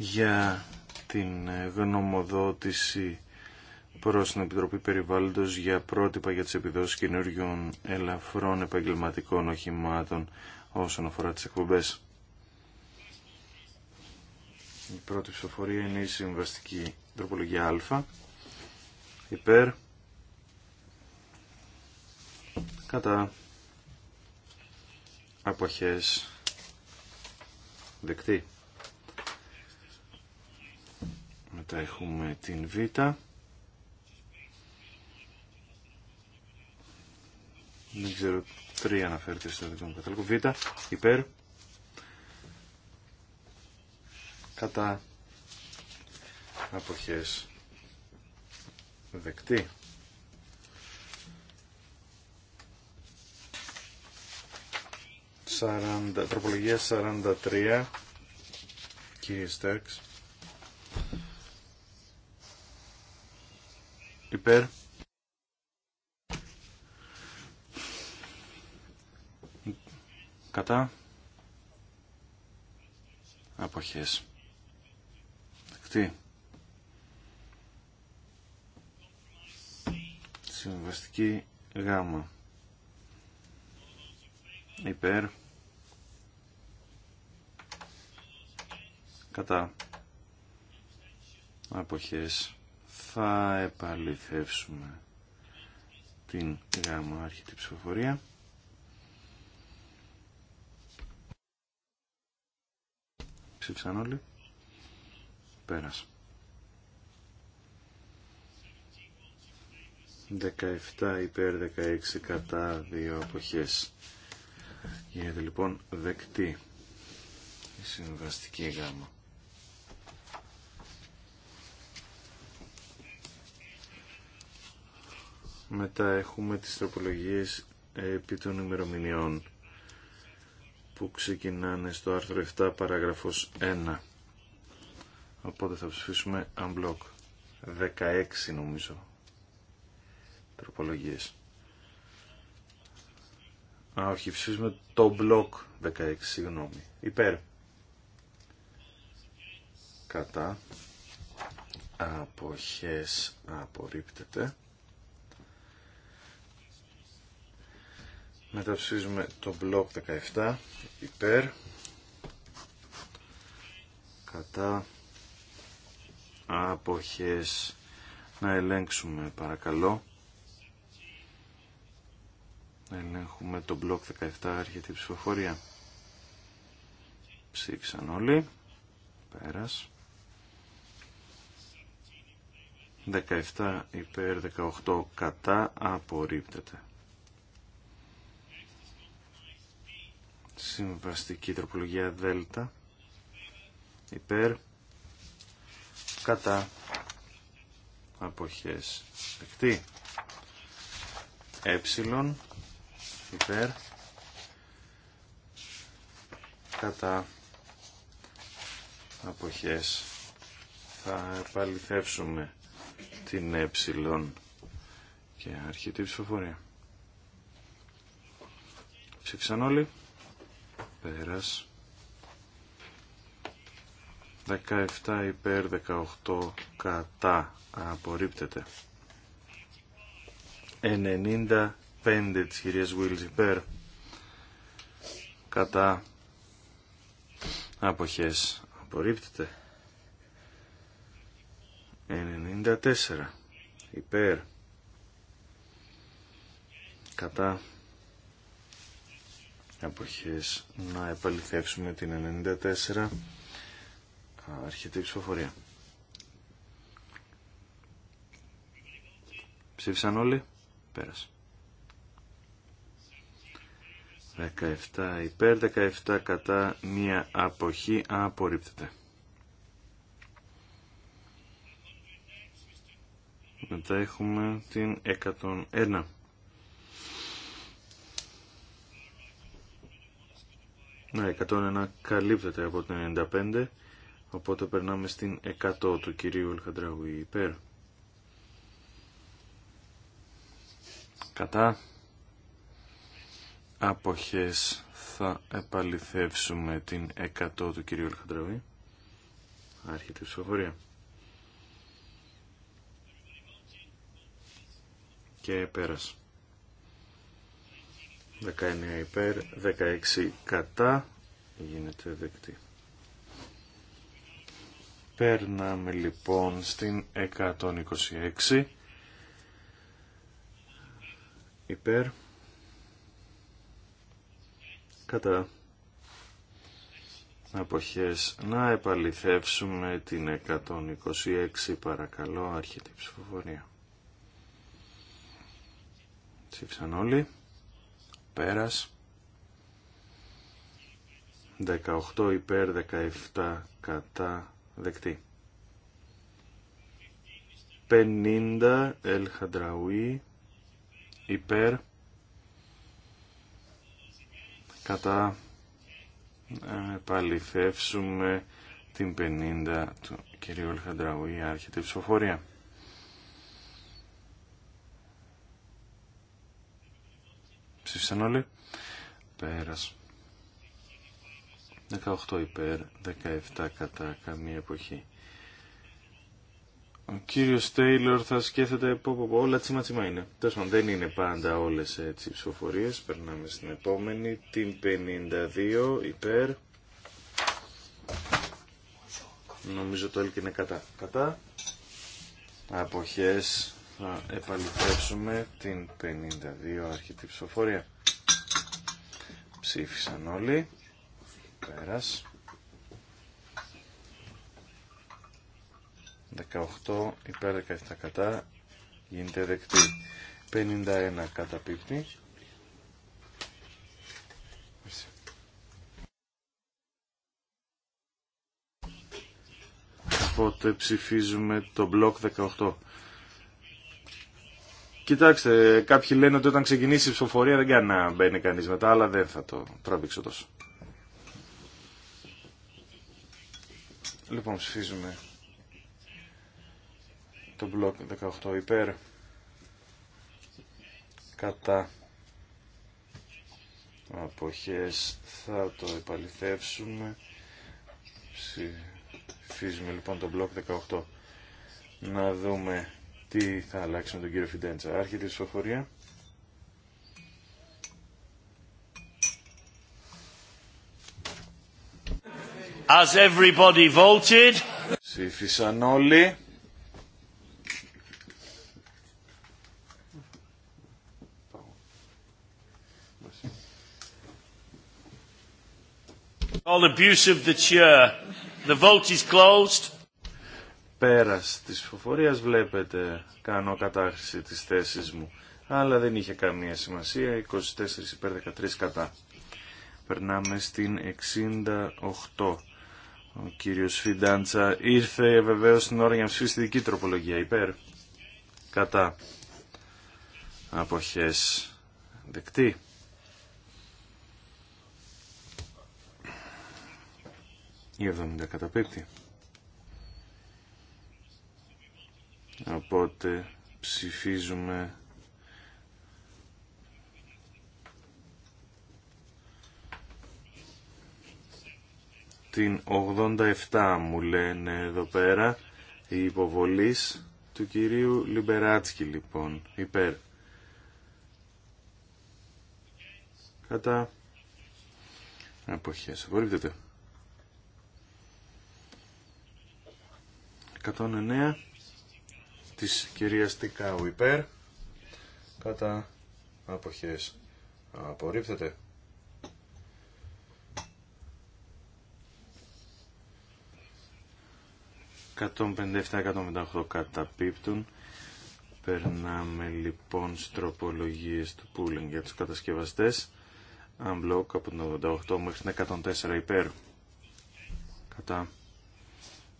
για την γνωμοδότηση προς την Επιτροπή Περιβάλλοντος για πρότυπα για τις επιδόσεις καινούριων ελαφρών επαγγελματικών οχημάτων όσον αφορά τις εκπομπές. Η πρώτη ψηφοφορία είναι η συμβαστική τροπολογία Α. Υπέρ. Κατά. Αποχές. Δεκτή. Μετά έχουμε την Β. Δεν ξέρω, τρία αναφέρεται στο δικό μου κατάλογο. Β, υπέρ. Κατά αποχές δεκτή. Τροπολογία 43 κύριε Στέρξ υπέρ κατά αποχές δεκτή συμβαστική γάμα υπέρ κατά αποχές θα επαληθεύσουμε την γάμα αρχιτή ψηφοφορία. Ψήφισαν όλοι. Πέρασε. 17 υπέρ 16 κατά δύο αποχές. Γίνεται λοιπόν δεκτή η συμβαστική γάμα. Μετά έχουμε τις τροπολογίες επί των ημερομηνιών που ξεκινάνε στο άρθρο 7 παράγραφος 1. Οπότε θα ψηφίσουμε unblock 16 νομίζω τροπολογίες. Α, όχι, ψηφίσουμε το block 16, συγγνώμη. Υπέρ. Κατά. Αποχές απορρίπτεται. μεταψίζουμε το μπλοκ 17 υπέρ κατά αποχές να ελέγξουμε παρακαλώ να ελέγχουμε το μπλοκ 17 έρχεται ψηφοφορία ψήφισαν όλοι πέρας 17 υπέρ 18 κατά απορρίπτεται συμβαστική τροπολογία δέλτα υπέρ κατά αποχές δεκτή ε υπέρ κατά αποχές θα επαληθεύσουμε την ε και αρχιτεί ψηφοφορία ψήφισαν όλοι πέρας 17 υπέρ 18 κατά απορρίπτεται 95 της κυρίας Βουίλς υπέρ κατά αποχές απορρίπτεται 94 υπέρ κατά αποχές να επαληθεύσουμε την 94 αρχιτεί ψηφοφορία ψήφισαν όλοι πέρασε 17 υπέρ 17 κατά μία αποχή απορρίπτεται μετά έχουμε την 101 Ναι, 101 καλύπτεται από το 95, οπότε περνάμε στην 100 του κυρίου Ελχαντραγουή υπέρ. Κατά αποχές θα επαληθεύσουμε την 100 του κυρίου Ελχαντραγουή. Άρχεται η ψηφοφορία. Και πέρασε. 19 υπέρ, 16 κατά, γίνεται δεκτή. Παίρναμε λοιπόν στην 126 υπέρ, κατά αποχές. Να επαληθεύσουμε την 126 παρακαλώ, άρχεται η ψηφοφορία. Ψήφισαν όλοι πέρας 18 υπέρ 17 κατά δεκτή 50 ελ χαντραουί υπέρ κατά επαληθεύσουμε την 50 του κυρίου Ελχαντραουή άρχεται η ψηφοφορία. Ψήφισαν όλοι. Πέρας. 18 υπέρ, 17 κατά καμία εποχή. Ο κύριος Τέιλορ θα σκέφτεται πω, πω, πω όλα τσιμα τσιμα είναι. Τόσο δεν είναι πάντα όλες έτσι ε, οι ψηφοφορίες. Περνάμε στην επόμενη, την 52 υπέρ. Νομίζω το έλκει είναι κατά. Κατά. Αποχές θα επαληθεύσουμε την 52 αρχιτή ψηφοφορία. Ψήφισαν όλοι. Πέρας. 18 υπέρ 17 κατά γίνεται δεκτή. 51 καταπίπτει. Οπότε ψηφίζουμε το μπλοκ 18. Κοιτάξτε, κάποιοι λένε ότι όταν ξεκινήσει η ψηφοφορία δεν κάνει να μπαίνει κανεί μετά, αλλά δεν θα το τραβήξω τόσο. Λοιπόν, ψηφίζουμε το μπλοκ 18 υπέρ κατά αποχές θα το επαληθεύσουμε ψηφίζουμε λοιπόν το μπλοκ 18 να δούμε τι θα αλλάξει με τον κύριο Φιντέντσα. Άρχεται η ψηφοφορία. As everybody voted. Ψήφισαν όλοι. All abuse of the chair. The vote is closed πέρας της ψηφοφορίας βλέπετε κάνω κατάχρηση της θέσης μου. Αλλά δεν είχε καμία σημασία, 24 υπέρ 13 κατά. Περνάμε στην 68. Ο κύριος Φιντάντσα ήρθε βεβαίως στην ώρα για να ψηφίσει τη δική τροπολογία. Υπέρ. Κατά. Αποχές. Δεκτή. Η 70 Οπότε ψηφίζουμε την 87 μου λένε εδώ πέρα η υποβολής του κυρίου Λιμπεράτσκι λοιπόν υπέρ κατά αποχές απορρίπτεται 109 της κυρίας τικα υπέρ κατά αποχές απορρίπτεται. καταπίπτουν. Περνάμε λοιπόν στροπολογίες του pooling για τους κατασκευαστές. Unblock από την 88 μέχρι την 104 υπέρ. Κατά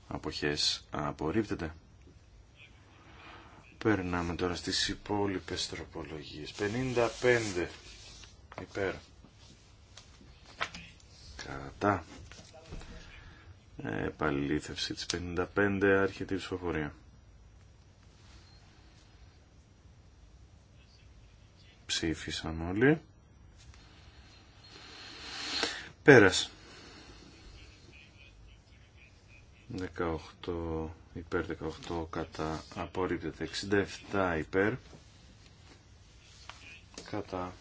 αποχές απορρίπτεται. Περνάμε τώρα στις υπόλοιπες τροπολογίες. 55 υπέρ. Κατά. Επαλήθευση της 55 άρχεται ψηφοφορία. Ψήφισαν όλοι. Πέρασε. 18 υπέρ 18 κατά απορρίπτεται 67 υπέρ κατά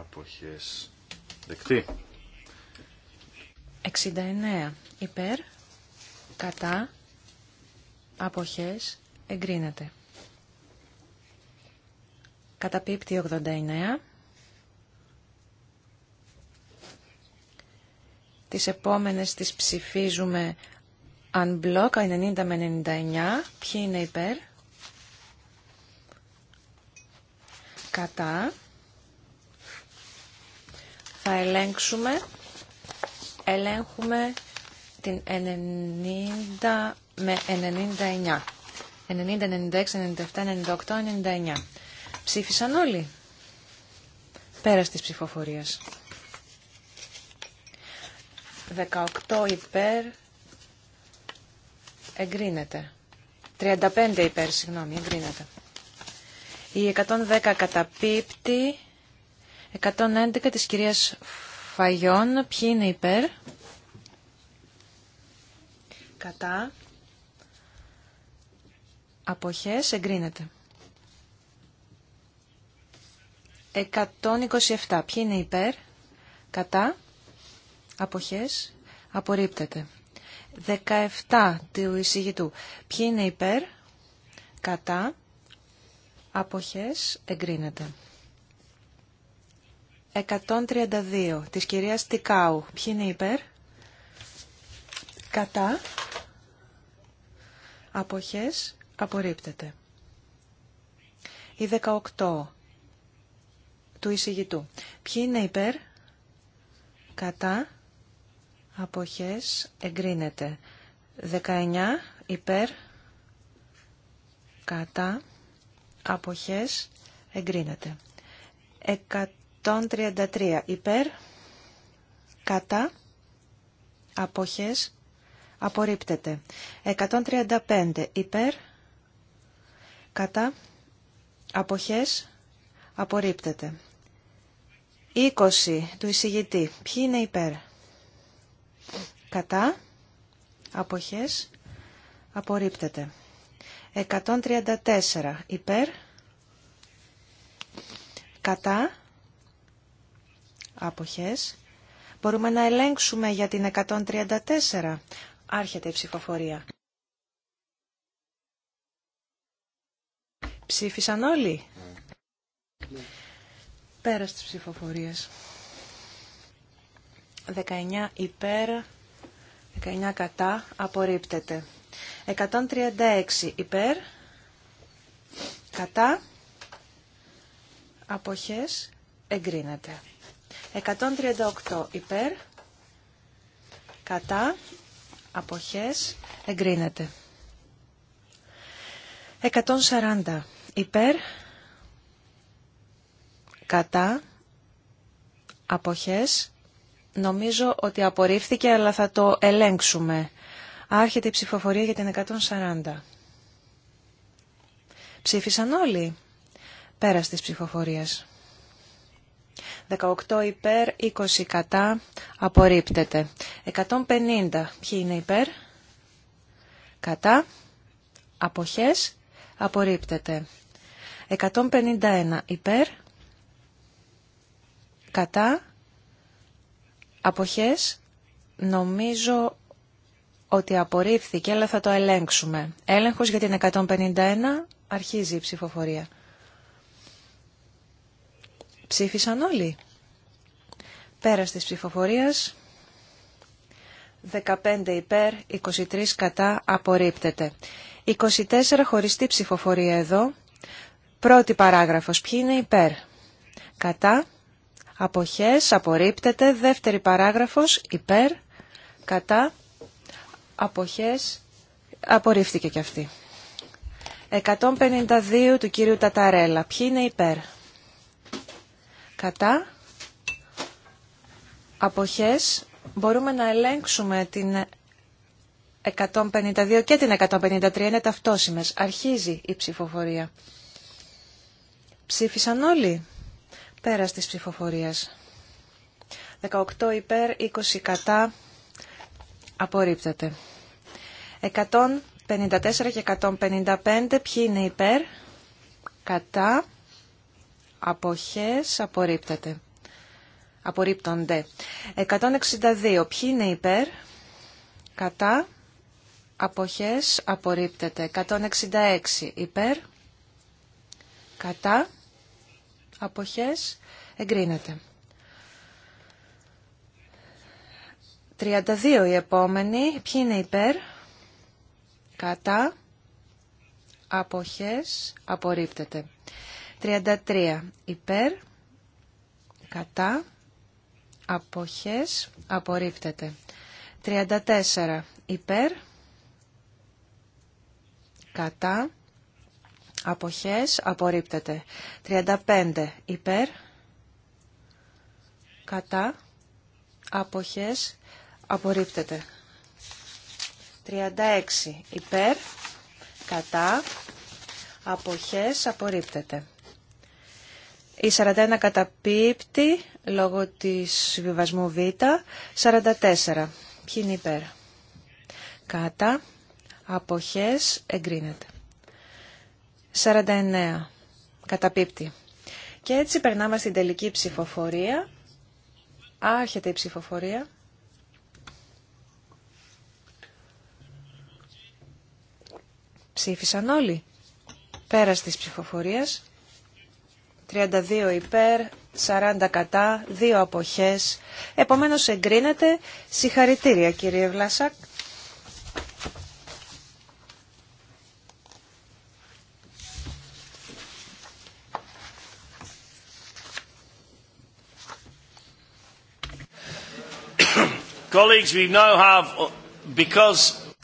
αποχές δεκτή 69 υπέρ κατά αποχές εγκρίνεται καταπίπτει 89 Τις επόμενες τις ψηφίζουμε αν μπλόκα 90 με 99. Ποιοι είναι υπέρ. Κατά. Θα ελέγξουμε. Ελέγχουμε την 90 με 99. 90, 96, 97, 98, 99. Ψήφισαν όλοι. Πέρα της ψηφοφορίας. 18 υπέρ, εγκρίνεται. 35 υπέρ, συγγνώμη, εγκρίνεται. Η 110 καταπίπτει, 111 της κυρίας Φαγιών, ποιοι είναι υπέρ. Κατά. Αποχές, εγκρίνεται. 127, ποιοι είναι υπέρ. Κατά. Αποχές, απορρίπτεται. 17 του εισηγητού. Ποιοι είναι υπέρ, κατά, αποχές, εγκρίνεται. 132 της κυρίας Τικάου. Ποιοι είναι υπέρ, κατά, αποχές, απορρίπτεται. Η 18 του εισηγητού. Ποιοι είναι υπέρ, κατά, αποχές εγκρίνεται. 19 υπέρ κατά αποχές εγκρίνεται. 133 υπέρ κατά αποχές απορρίπτεται. 135 υπέρ κατά αποχές απορρίπτεται. 20 του εισηγητή. Ποιοι είναι υπέρ κατά, αποχές, απορρίπτεται. 134 υπέρ, κατά, αποχές. Μπορούμε να ελέγξουμε για την 134. Άρχεται η ψηφοφορία. Ψήφισαν όλοι. Ναι. Πέρα στις ψηφοφορίες. 19 υπέρ, 19 κατά, απορρίπτεται. 136 υπέρ, κατά, αποχές, εγκρίνεται. 138 υπέρ, κατά, αποχές, εγκρίνεται. 140 υπέρ, κατά, αποχές, Νομίζω ότι απορρίφθηκε, αλλά θα το ελέγξουμε. Άρχεται η ψηφοφορία για την 140. Ψήφισαν όλοι. Πέρας της ψηφοφορίας. 18 υπέρ, 20 κατά, απορρίπτεται. 150. Ποιοι είναι υπέρ? Κατά. Αποχές. Απορρίπτεται. 151 υπέρ. Κατά. Αποχές νομίζω ότι απορρίφθηκε, αλλά θα το ελέγξουμε. Έλεγχος για την 151 αρχίζει η ψηφοφορία. Ψήφισαν όλοι. Πέρας της ψηφοφορίας, 15 υπέρ, 23 κατά, απορρίπτεται. 24 χωριστή ψηφοφορία εδώ. Πρώτη παράγραφος, ποιοι είναι υπέρ. Κατά, αποχές, απορρίπτεται. Δεύτερη παράγραφος, υπέρ, κατά, αποχές, απορρίφθηκε και αυτή. 152 του κύριου Ταταρέλα. Ποιοι είναι υπέρ. Κατά. Αποχές. Μπορούμε να ελέγξουμε την 152 και την 153. Είναι ταυτόσιμες. Αρχίζει η ψηφοφορία. Ψήφισαν όλοι. Πέρας της ψηφοφορίας. 18 υπέρ, 20 κατά. Απορρίπτεται. 154 και 155. Ποιοι είναι υπέρ. Κατά. Αποχές. Απορρίπτεται. Απορρίπτονται. 162. Ποιοι είναι υπέρ. Κατά. Αποχές. Απορρίπτεται. 166. Υπέρ. Κατά αποχές εγκρίνεται. 32 η επόμενη. Ποιοι είναι υπέρ. Κατά. Αποχές. Απορρίπτεται. 33 υπέρ. Κατά. Αποχές. Απορρίπτεται. 34 υπέρ. Κατά. Αποχές απορρίπτεται. 35 υπέρ. Κατά. Αποχές απορρίπτεται. 36 υπέρ. Κατά. Αποχές απορρίπτεται. Η 41 καταπίπτει λόγω της συμβιβασμού Β. 44. Ποιοι είναι υπέρ. Κατά. Αποχές εγκρίνεται. 49. Καταπίπτει. Και έτσι περνάμε στην τελική ψηφοφορία. Άρχεται η ψηφοφορία. Ψήφισαν όλοι. Πέρα της ψηφοφορίας. 32 υπέρ, 40 κατά, 2 αποχές. Επομένως εγκρίνεται. Συγχαρητήρια κύριε Βλάσακ.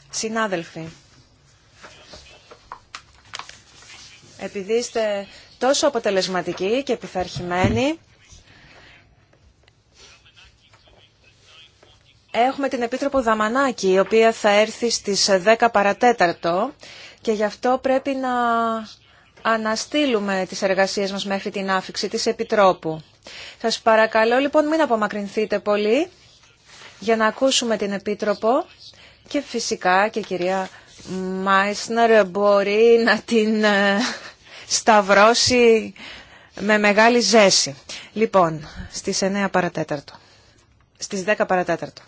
Συνάδελφοι, επειδή είστε τόσο αποτελεσματικοί και επιθαρχημένοι, έχουμε την Επίτροπο Δαμανάκη, η οποία θα έρθει στις 10 παρατέταρτο και γι' αυτό πρέπει να αναστείλουμε τις εργασίες μας μέχρι την άφηξη της Επιτρόπου. Σας παρακαλώ λοιπόν μην απομακρυνθείτε πολύ για να ακούσουμε την Επίτροπο και φυσικά και η κυρία Μάισνερ μπορεί να την ε, σταυρώσει με μεγάλη ζέση. Λοιπόν, στις 9 παρατέταρτο. Στις 10 παρατέταρτο.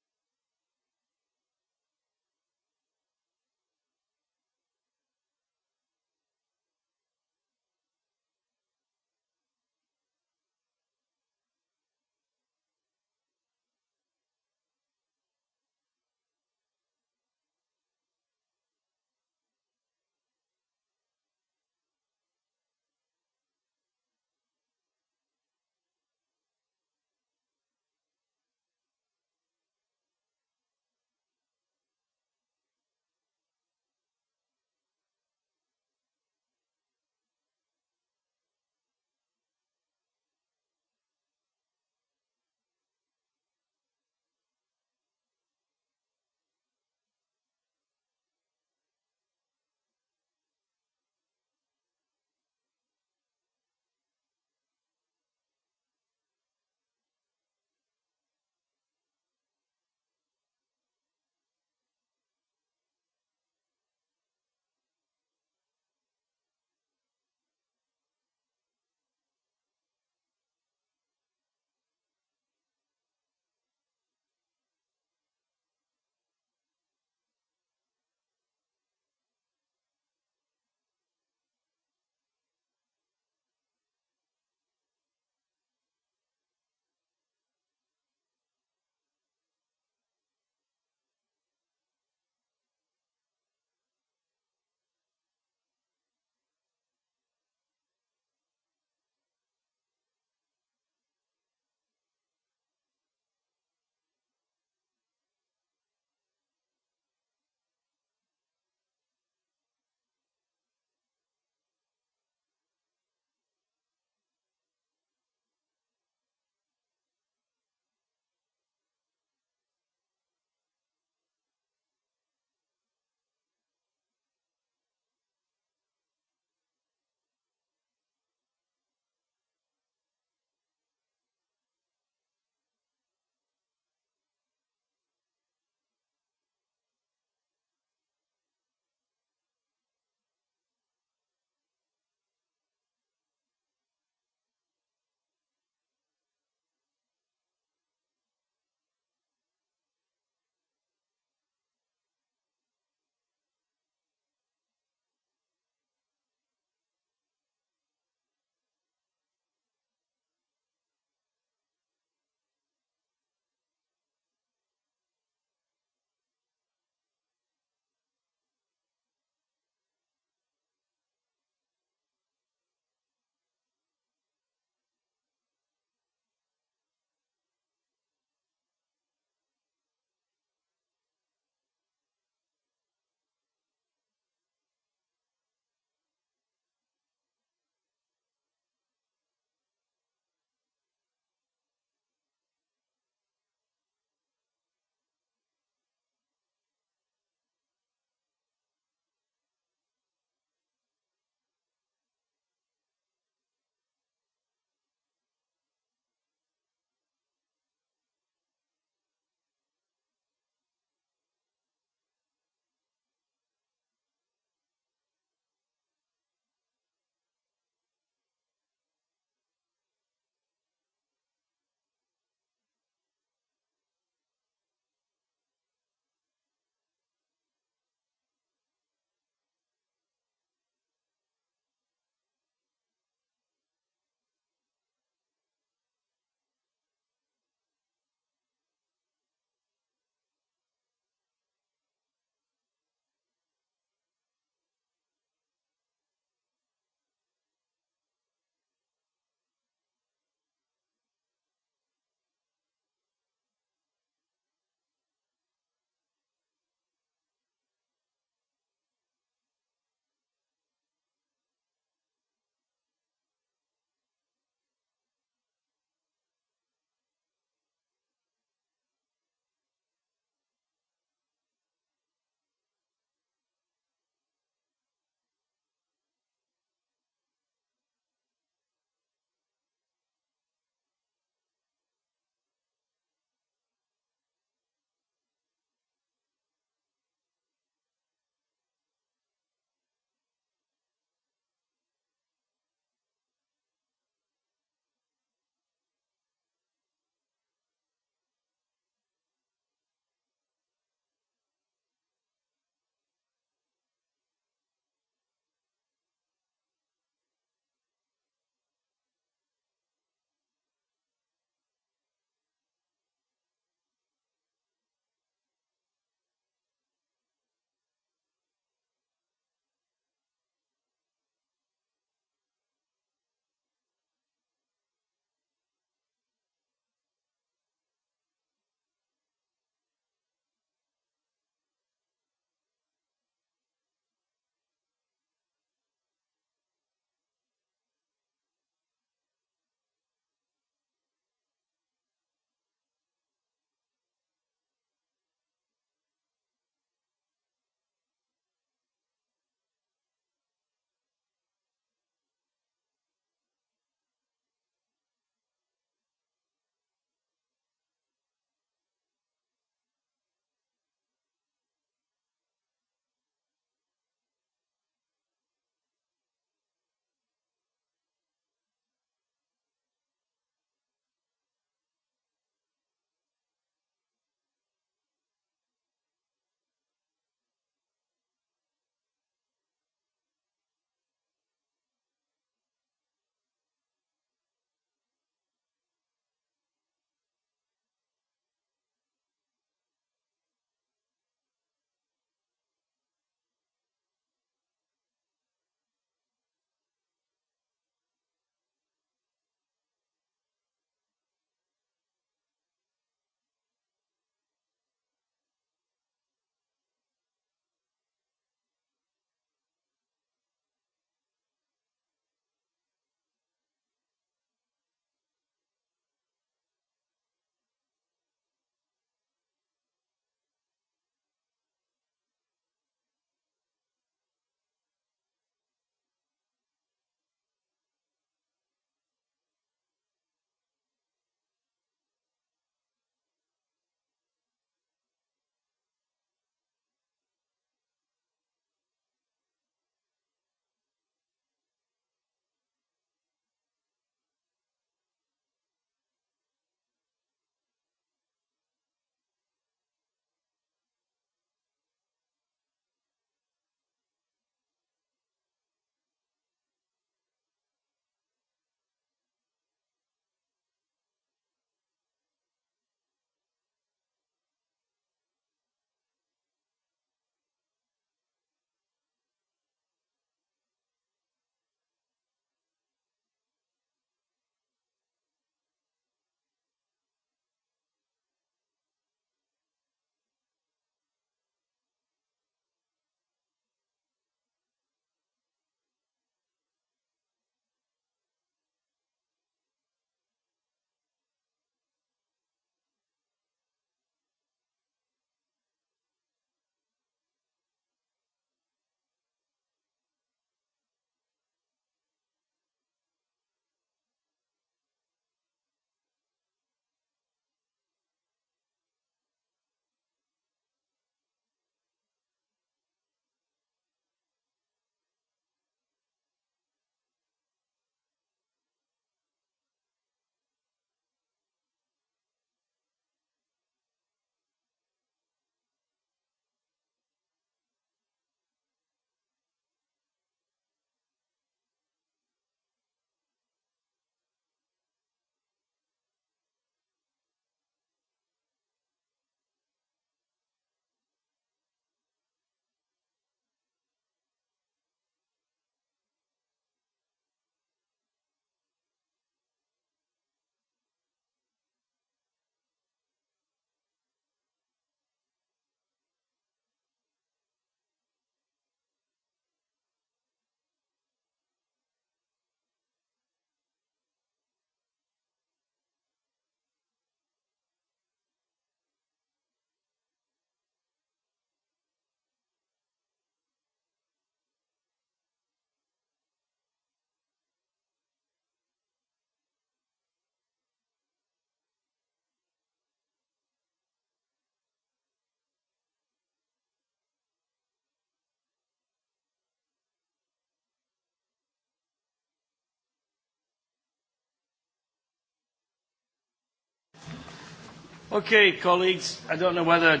Okay, colleagues. I don't know whether...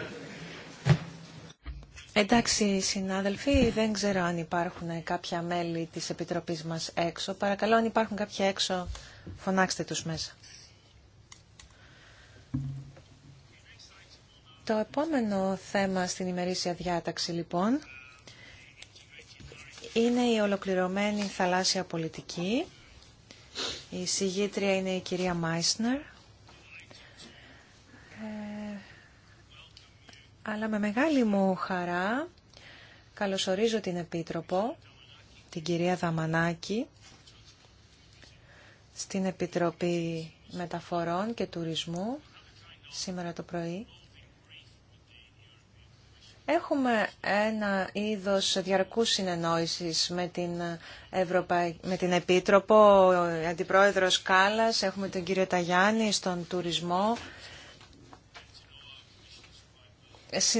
Εντάξει, συνάδελφοι, δεν ξέρω αν υπάρχουν κάποια μέλη της Επιτροπής μας έξω. Παρακαλώ, αν υπάρχουν κάποια έξω, φωνάξτε τους μέσα. Το επόμενο θέμα στην ημερήσια διάταξη, λοιπόν, είναι η ολοκληρωμένη θαλάσσια πολιτική. Η συγγήτρια είναι η κυρία Μάισνερ. αλλά με μεγάλη μου χαρά καλωσορίζω την Επίτροπο, την κυρία Δαμανάκη, στην Επιτροπή Μεταφορών και Τουρισμού σήμερα το πρωί. Έχουμε ένα είδος διαρκούς συνεννόησης με την, Ευρωπα... με την Επίτροπο, Αντιπρόεδρος Κάλλας, έχουμε τον κύριο Ταγιάννη στον τουρισμό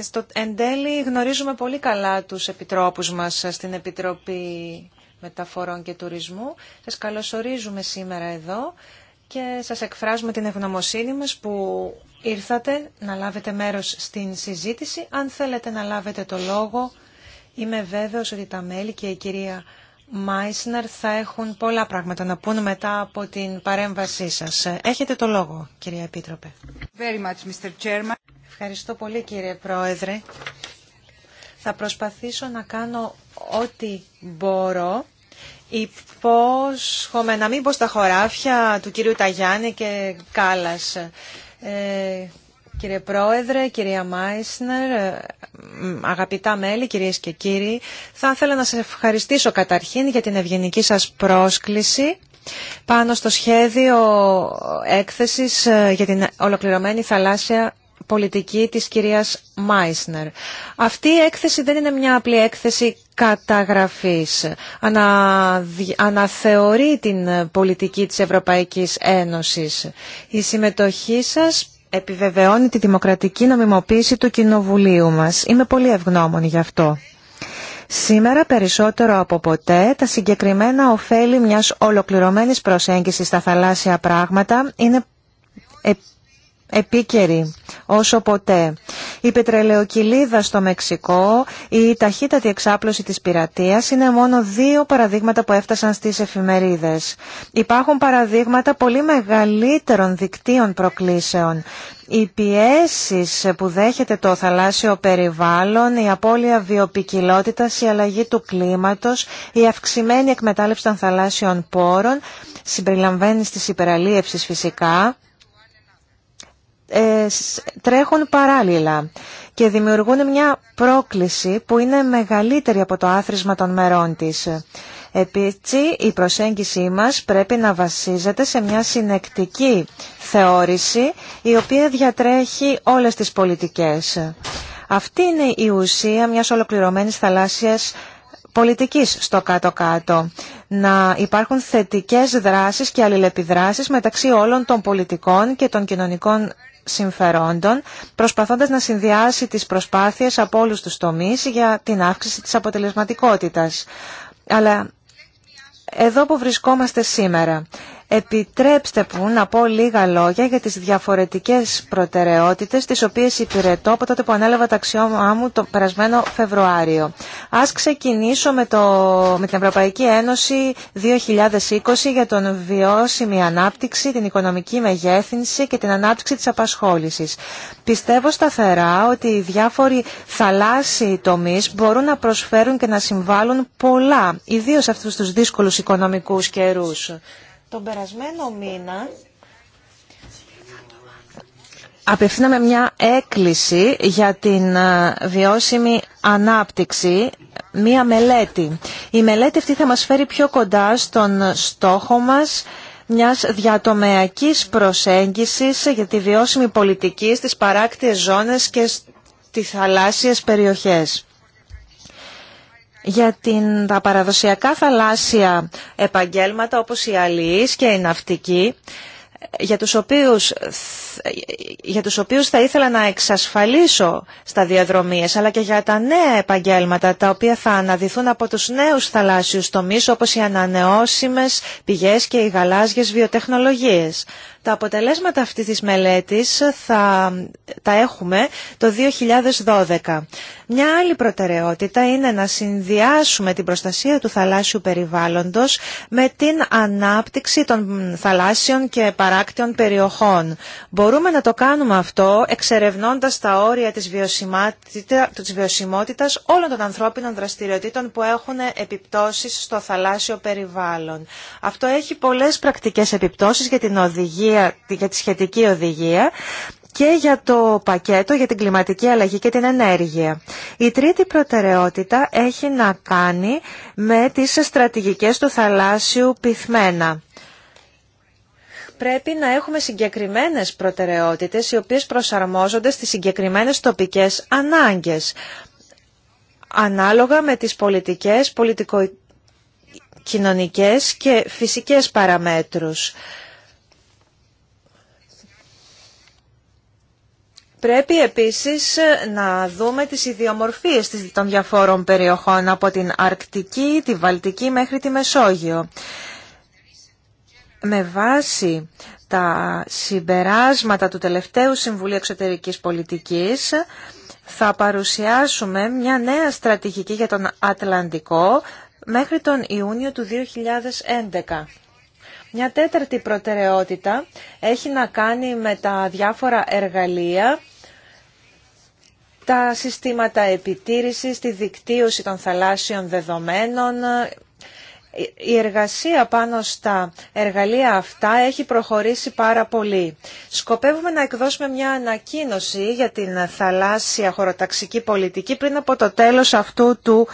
στο, εν τέλει γνωρίζουμε πολύ καλά τους επιτρόπους μας στην Επιτροπή Μεταφορών και Τουρισμού. Σας καλωσορίζουμε σήμερα εδώ και σας εκφράζουμε την ευγνωμοσύνη μας που ήρθατε να λάβετε μέρος στην συζήτηση. Αν θέλετε να λάβετε το λόγο, είμαι βέβαιος ότι τα μέλη και η κυρία Μάισνερ θα έχουν πολλά πράγματα να πούν μετά από την παρέμβασή σας. Έχετε το λόγο, κυρία Επίτροπε. Very much, Ευχαριστώ πολύ κύριε Πρόεδρε. Θα προσπαθήσω να κάνω ό,τι μπορώ. Υπόσχομαι να μην πω στα χωράφια του κύριου Ταγιάννη και Κάλλας. Ε, κύριε Πρόεδρε, κυρία Μάισνερ, ε, αγαπητά μέλη, κυρίες και κύριοι, θα ήθελα να σας ευχαριστήσω καταρχήν για την ευγενική σας πρόσκληση πάνω στο σχέδιο έκθεσης ε, για την ολοκληρωμένη θαλάσσια πολιτική της κυρίας Μάισνερ. Αυτή η έκθεση δεν είναι μια απλή έκθεση καταγραφής. Ανα... Αναθεωρεί την πολιτική της Ευρωπαϊκής Ένωσης. Η συμμετοχή σας επιβεβαιώνει τη δημοκρατική νομιμοποίηση του Κοινοβουλίου μας. Είμαι πολύ ευγνώμων γι' αυτό. Σήμερα περισσότερο από ποτέ τα συγκεκριμένα ωφέλη μιας ολοκληρωμένης προσέγγισης στα θαλάσσια πράγματα είναι επίκαιρη όσο ποτέ. Η πετρελαιοκυλίδα στο Μεξικό, η ταχύτατη εξάπλωση της πειρατείας είναι μόνο δύο παραδείγματα που έφτασαν στις εφημερίδες. Υπάρχουν παραδείγματα πολύ μεγαλύτερων δικτύων προκλήσεων. Οι πιέσεις που δέχεται το θαλάσσιο περιβάλλον, η απώλεια βιοπικιλότητας, η αλλαγή του κλίματος, η αυξημένη εκμετάλλευση των θαλάσσιων πόρων, συμπεριλαμβάνει της υπεραλίευσης φυσικά, ε, τρέχουν παράλληλα και δημιουργούν μια πρόκληση που είναι μεγαλύτερη από το άθροισμα των μερών της. Επίτσι, η προσέγγιση μας πρέπει να βασίζεται σε μια συνεκτική θεώρηση η οποία διατρέχει όλες τις πολιτικές. Αυτή είναι η ουσία μιας ολοκληρωμένης θαλάσσιας πολιτικής στο κάτω-κάτω. Να υπάρχουν θετικές δράσεις και αλληλεπιδράσεις μεταξύ όλων των πολιτικών και των κοινωνικών συμφερόντων, προσπαθώντας να συνδυάσει τις προσπάθειες από όλους τους τομείς για την αύξηση της αποτελεσματικότητας. Αλλά εδώ που βρισκόμαστε σήμερα, Επιτρέψτε μου να πω λίγα λόγια για τις διαφορετικές προτεραιότητες τις οποίες υπηρετώ από τότε που ανέλαβα τα αξιώμα μου το περασμένο Φεβρουάριο. Ας ξεκινήσω με, το, με την Ευρωπαϊκή Ένωση 2020 για τον βιώσιμη ανάπτυξη, την οικονομική μεγέθυνση και την ανάπτυξη της απασχόλησης. Πιστεύω σταθερά ότι οι διάφοροι θαλάσσιοι τομείς μπορούν να προσφέρουν και να συμβάλλουν πολλά, ιδίως αυτούς τους δύσκολους οικονομικούς καιρούς. Τον περασμένο μήνα απευθύναμε μια έκκληση για την ε, βιώσιμη ανάπτυξη, μια μελέτη. Η μελέτη αυτή θα μας φέρει πιο κοντά στον στόχο μας μιας διατομεακής προσέγγισης για τη βιώσιμη πολιτική στις παράκτιες ζώνες και στις θαλάσσιες περιοχές για την, τα παραδοσιακά θαλάσσια επαγγέλματα όπως η αλληλείς και η ναυτική για τους, οποίους, για τους οποίους θα ήθελα να εξασφαλίσω στα διαδρομίες αλλά και για τα νέα επαγγέλματα τα οποία θα αναδυθούν από τους νέους θαλάσσιους τομείς όπως οι ανανεώσιμες πηγές και οι γαλάζιες βιοτεχνολογίες. Τα αποτελέσματα αυτής της μελέτης θα τα έχουμε το 2012. Μια άλλη προτεραιότητα είναι να συνδυάσουμε την προστασία του θαλάσσιου περιβάλλοντος με την ανάπτυξη των θαλάσσιων και παράκτιων περιοχών. Μπορούμε να το κάνουμε αυτό εξερευνώντας τα όρια της, της βιωσιμότητας όλων των ανθρώπινων δραστηριοτήτων που έχουν επιπτώσεις στο θαλάσσιο περιβάλλον. Αυτό έχει πολλές πρακτικές επιπτώσεις για την οδηγία για τη σχετική οδηγία και για το πακέτο για την κλιματική αλλαγή και την ενέργεια. Η τρίτη προτεραιότητα έχει να κάνει με τις στρατηγικές του θαλάσσιου πυθμένα. Πρέπει να έχουμε συγκεκριμένες προτεραιότητες οι οποίες προσαρμόζονται στις συγκεκριμένες τοπικές ανάγκες. Ανάλογα με τις πολιτικές, πολιτικοκοινωνικές και φυσικές παραμέτρους. Πρέπει επίσης να δούμε τις ιδιομορφίες των διαφόρων περιοχών από την Αρκτική, τη Βαλτική μέχρι τη Μεσόγειο. Με βάση τα συμπεράσματα του τελευταίου Συμβουλίου Εξωτερικής Πολιτικής θα παρουσιάσουμε μια νέα στρατηγική για τον Ατλαντικό μέχρι τον Ιούνιο του 2011. Μια τέταρτη προτεραιότητα έχει να κάνει με τα διάφορα εργαλεία τα συστήματα επιτήρησης, τη δικτύωση των θαλάσσιων δεδομένων. Η εργασία πάνω στα εργαλεία αυτά έχει προχωρήσει πάρα πολύ. Σκοπεύουμε να εκδώσουμε μια ανακοίνωση για την θαλάσσια χωροταξική πολιτική πριν από το τέλος αυτού του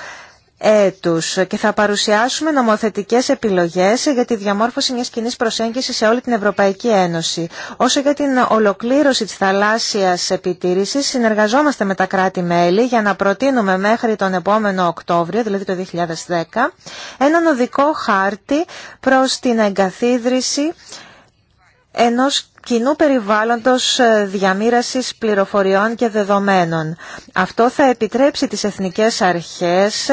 έτους και θα παρουσιάσουμε νομοθετικές επιλογές για τη διαμόρφωση μιας κοινή προσέγγισης σε όλη την Ευρωπαϊκή Ένωση. Όσο για την ολοκλήρωση της θαλάσσιας επιτήρησης, συνεργαζόμαστε με τα κράτη-μέλη για να προτείνουμε μέχρι τον επόμενο Οκτώβριο, δηλαδή το 2010, έναν οδικό χάρτη προς την εγκαθίδρυση ενός κοινού περιβάλλοντος ε, διαμήρασης πληροφοριών και δεδομένων. Αυτό θα επιτρέψει τις εθνικές αρχές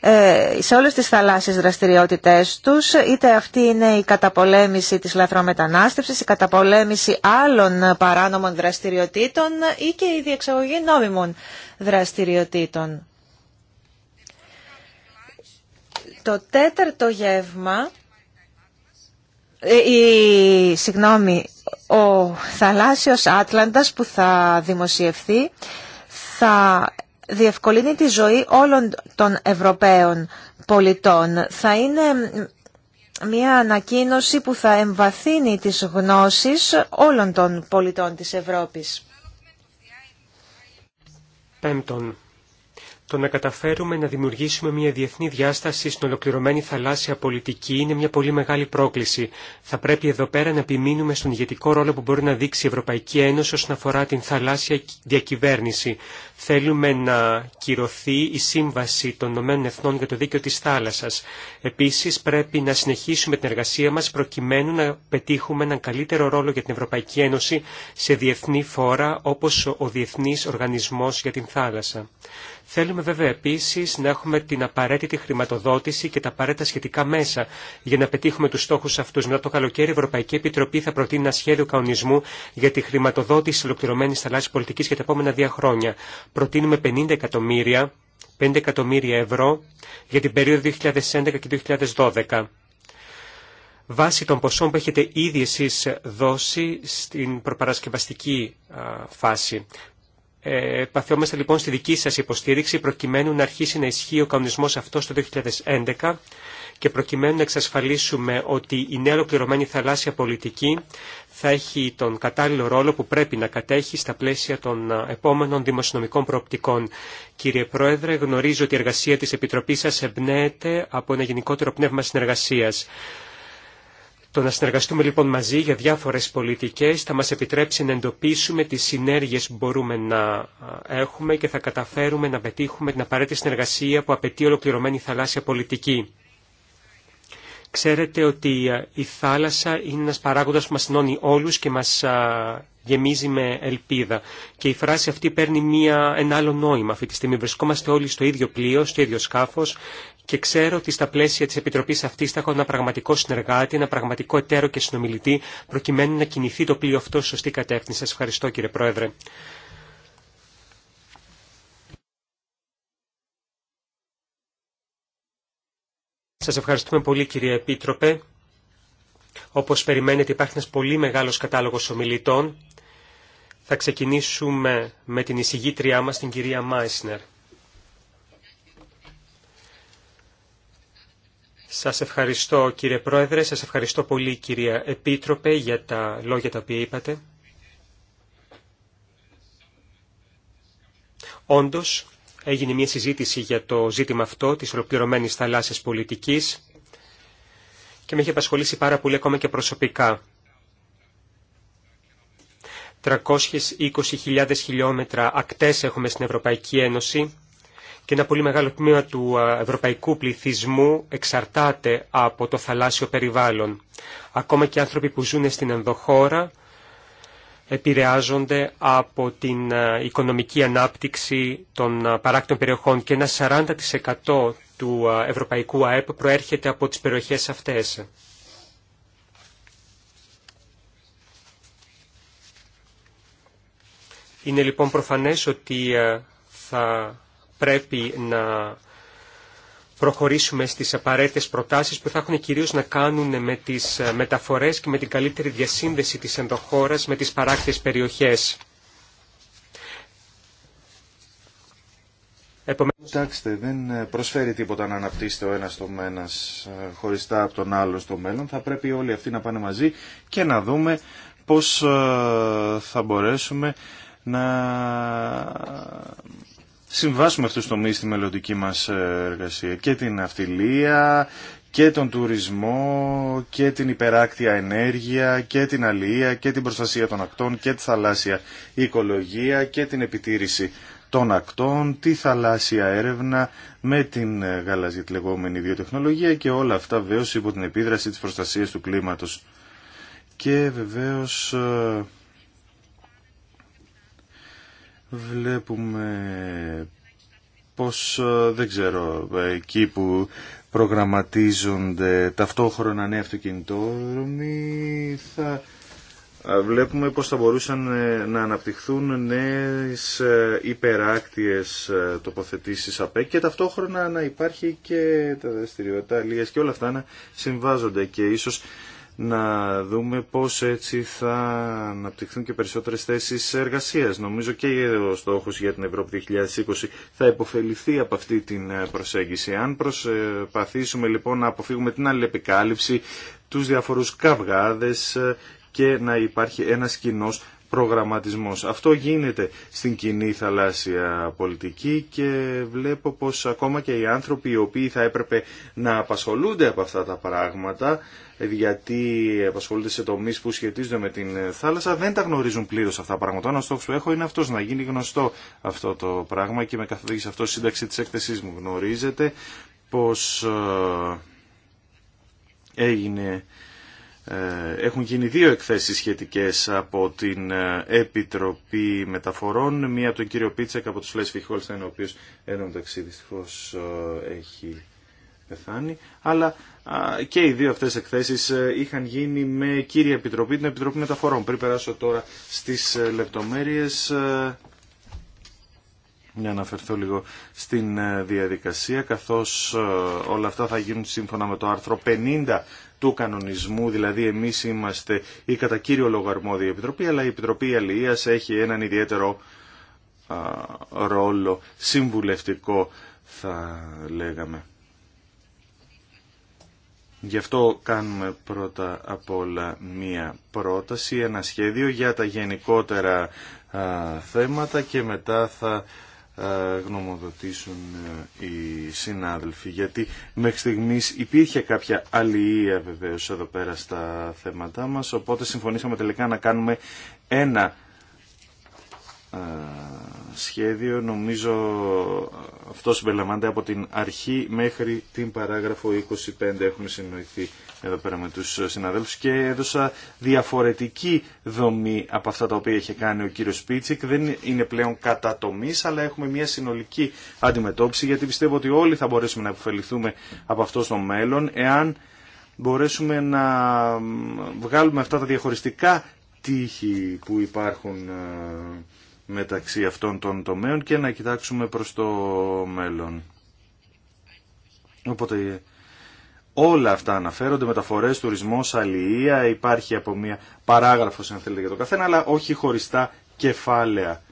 ε, σε όλες τις θαλάσσιες δραστηριότητές τους, είτε αυτή είναι η καταπολέμηση της λαθρομετανάστευσης, η καταπολέμηση άλλων παράνομων δραστηριοτήτων ή και η διεξαγωγή νόμιμων δραστηριοτήτων. Το τέταρτο γεύμα, ε, η, συγγνώμη, ο θαλάσσιος Άτλαντας που θα δημοσιευθεί, θα διευκολύνει τη ζωή όλων των Ευρωπαίων πολιτών. Θα είναι μια ανακοίνωση που θα εμβαθύνει τις γνώσεις όλων των πολιτών της Ευρώπης. Πέμπτον, το να καταφέρουμε να δημιουργήσουμε μια διεθνή διάσταση στην ολοκληρωμένη θαλάσσια πολιτική είναι μια πολύ μεγάλη πρόκληση. Θα πρέπει εδώ πέρα να επιμείνουμε στον ηγετικό ρόλο που μπορεί να δείξει η Ευρωπαϊκή Ένωση όσον αφορά την θαλάσσια διακυβέρνηση. Θέλουμε να κυρωθεί η Σύμβαση των Ηνωμένων Εθνών για το Δίκαιο της Θάλασσας. Επίσης πρέπει να συνεχίσουμε την εργασία μας προκειμένου να πετύχουμε έναν καλύτερο ρόλο για την Ευρωπαϊκή Ένωση σε διεθνή φόρα όπως ο Διεθνής Οργανισμός για την Θάλασσα. Θέλουμε βέβαια επίσης να έχουμε την απαραίτητη χρηματοδότηση και τα απαραίτητα σχετικά μέσα για να πετύχουμε τους στόχους αυτούς. Μετά το καλοκαίρι η Ευρωπαϊκή Επιτροπή θα προτείνει ένα σχέδιο κανονισμού για τη χρηματοδότηση ολοκληρωμένη θαλάσσης πολιτικής για τα επόμενα δύο χρόνια προτείνουμε 50 εκατομμύρια, 5 εκατομμύρια ευρώ για την περίοδο 2011 και 2012 βάσει των ποσών που έχετε ήδη εσείς δώσει στην προπαρασκευαστική φάση. Ε, παθιόμαστε λοιπόν στη δική σας υποστήριξη προκειμένου να αρχίσει να ισχύει ο κανονισμός αυτός το 2011 και προκειμένου να εξασφαλίσουμε ότι η νέα ολοκληρωμένη θαλάσσια πολιτική θα έχει τον κατάλληλο ρόλο που πρέπει να κατέχει στα πλαίσια των επόμενων δημοσιονομικών προοπτικών. Κύριε Πρόεδρε, γνωρίζω ότι η εργασία της Επιτροπής σας εμπνέεται από ένα γενικότερο πνεύμα συνεργασίας. Το να συνεργαστούμε λοιπόν μαζί για διάφορες πολιτικές θα μας επιτρέψει να εντοπίσουμε τις συνέργειες που μπορούμε να έχουμε και θα καταφέρουμε να πετύχουμε την απαραίτητη συνεργασία που απαιτεί ολοκληρωμένη θαλάσσια πολιτική. Ξέρετε ότι ε, η θάλασσα είναι ένας παράγοντας που μας συνώνει όλους και μας γεμίζει με ελπίδα. Και η φράση αυτή παίρνει μια, ένα άλλο νόημα αυτή τη στιγμή. Βρισκόμαστε όλοι στο ίδιο πλοίο, στο ίδιο σκάφος και ξέρω ότι στα πλαίσια της Επιτροπής αυτής θα έχω ένα πραγματικό συνεργάτη, ένα πραγματικό εταίρο και συνομιλητή προκειμένου να κινηθεί το πλοίο αυτό σωστή κατεύθυνση. Σας ευχαριστώ κύριε Πρόεδρε. Σας ευχαριστούμε πολύ κύριε Επίτροπε. Όπως περιμένετε υπάρχει ένας πολύ μεγάλος κατάλογος ομιλητών. Θα ξεκινήσουμε με την εισηγήτριά μας, την κυρία Μάισνερ. Σας ευχαριστώ κύριε Πρόεδρε, σας ευχαριστώ πολύ κυρία Επίτροπε για τα λόγια τα οποία είπατε. Όντως, έγινε μια συζήτηση για το ζήτημα αυτό της ολοκληρωμένης θαλάσσης πολιτικής και με έχει απασχολήσει πάρα πολύ ακόμα και προσωπικά. 320.000 χιλιόμετρα ακτές έχουμε στην Ευρωπαϊκή Ένωση και ένα πολύ μεγάλο τμήμα του ευρωπαϊκού πληθυσμού εξαρτάται από το θαλάσσιο περιβάλλον. Ακόμα και άνθρωποι που ζουν στην ενδοχώρα επηρεάζονται από την ε, οικονομική ανάπτυξη των ε, παράκτων περιοχών και ένα 40% του ε, ευρωπαϊκού ΑΕΠ προέρχεται από τις περιοχές αυτές. Είναι λοιπόν προφανές ότι θα πρέπει να προχωρήσουμε στις απαραίτητες προτάσεις που θα έχουν κυρίως να κάνουν με τις ε, μεταφορές και με την καλύτερη διασύνδεση της ενδοχώρας με τις παράκτιες περιοχές. Επομένως... Κοιτάξτε, δεν ε, προσφέρει τίποτα να αναπτύσσεται ο ένας τομένας ε, χωριστά από τον άλλο στο μέλλον. Θα πρέπει όλοι αυτοί να πάνε μαζί και να δούμε πώς θα μπορέσουμε να συμβάσουμε αυτούς τους τομείς στη μελλοντική μας ε, εργασία και την αυτιλία και τον τουρισμό και την υπεράκτια ενέργεια και την αλληλεία και την προστασία των ακτών και τη θαλάσσια οικολογία και την επιτήρηση των ακτών, τη θαλάσσια έρευνα με την ε, γαλάζια τη λεγόμενη βιοτεχνολογία και όλα αυτά βέβαια υπό την επίδραση της προστασίας του κλίματος. Και βεβαίως ε, βλέπουμε πως ε, δεν ξέρω ε, εκεί που προγραμματίζονται ταυτόχρονα νέα αυτοκινητόδρομοι θα ε, βλέπουμε πως θα μπορούσαν να αναπτυχθούν νέες υπεράκτιες τοποθετήσεις ΑΠΕ και ταυτόχρονα να υπάρχει και τα δραστηριότητα αλίας και όλα αυτά να συμβάζονται και ίσως να δούμε πώς έτσι θα αναπτυχθούν και περισσότερες θέσεις εργασίας. Νομίζω και ο στόχος για την Ευρώπη 2020 θα υποφεληθεί από αυτή την προσέγγιση. Αν προσπαθήσουμε λοιπόν να αποφύγουμε την αλληλεπικάλυψη, τους διαφορούς καυγάδες και να υπάρχει ένας κοινός προγραμματισμός. Αυτό γίνεται στην κοινή θαλάσσια πολιτική και βλέπω πως ακόμα και οι άνθρωποι οι οποίοι θα έπρεπε να απασχολούνται από αυτά τα πράγματα γιατί απασχολούνται σε τομεί που σχετίζονται με την θάλασσα, δεν τα γνωρίζουν πλήρω αυτά τα πράγματα. Ένα στόχο που έχω είναι αυτό, να γίνει γνωστό αυτό το πράγμα και με καθοδήγησε αυτό η σύνταξη τη έκθεσή μου. Γνωρίζετε πω ε, έγινε ε, έχουν γίνει δύο εκθέσεις σχετικές από την ε, Επιτροπή Μεταφορών. Μία από τον κύριο Πίτσεκ από τους Λέσφι Χόλσταν, ο οποίος ενώ δυστυχώς ε, έχει πεθάνει. Αλλά και οι δύο αυτές εκθέσεις είχαν γίνει με κύρια Επιτροπή, την Επιτροπή Μεταφορών. Πριν περάσω τώρα στις λεπτομέρειες, για να αναφερθώ λίγο στην διαδικασία, καθώς όλα αυτά θα γίνουν σύμφωνα με το άρθρο 50 του κανονισμού, δηλαδή κατά κύριο είμαστε η κατά κύριο λόγο επιτροπή, αλλά η Επιτροπή Αλληλεία έχει έναν ιδιαίτερο α, ρόλο συμβουλευτικό θα λέγαμε. Γι' αυτό κάνουμε πρώτα απ' όλα μία πρόταση, ένα σχέδιο για τα γενικότερα α, θέματα και μετά θα ε, γνωμοδοτήσουν ε, οι συνάδελφοι γιατί μέχρι στιγμή υπήρχε κάποια αλληλεία βεβαίω εδώ πέρα στα θέματά μας οπότε συμφωνήσαμε τελικά να κάνουμε ένα σχέδιο νομίζω αυτό συμπεριλαμβάνεται από την αρχή μέχρι την παράγραφο 25 έχουμε συνοηθεί εδώ πέρα με τους συναδέλφους και έδωσα διαφορετική δομή από αυτά τα οποία είχε κάνει ο κύριος Πίτσικ δεν είναι πλέον κατά αλλά έχουμε μια συνολική αντιμετώπιση γιατί πιστεύω ότι όλοι θα μπορέσουμε να αποφεληθούμε από αυτό στο μέλλον εάν μπορέσουμε να βγάλουμε αυτά τα διαχωριστικά τύχη που υπάρχουν μεταξύ αυτών των τομέων και να κοιτάξουμε προς το μέλλον. Οπότε όλα αυτά αναφέρονται, μεταφορές, τουρισμός, αλληλεία, υπάρχει από μία παράγραφος αν θέλετε για το καθένα, αλλά όχι χωριστά κεφάλαια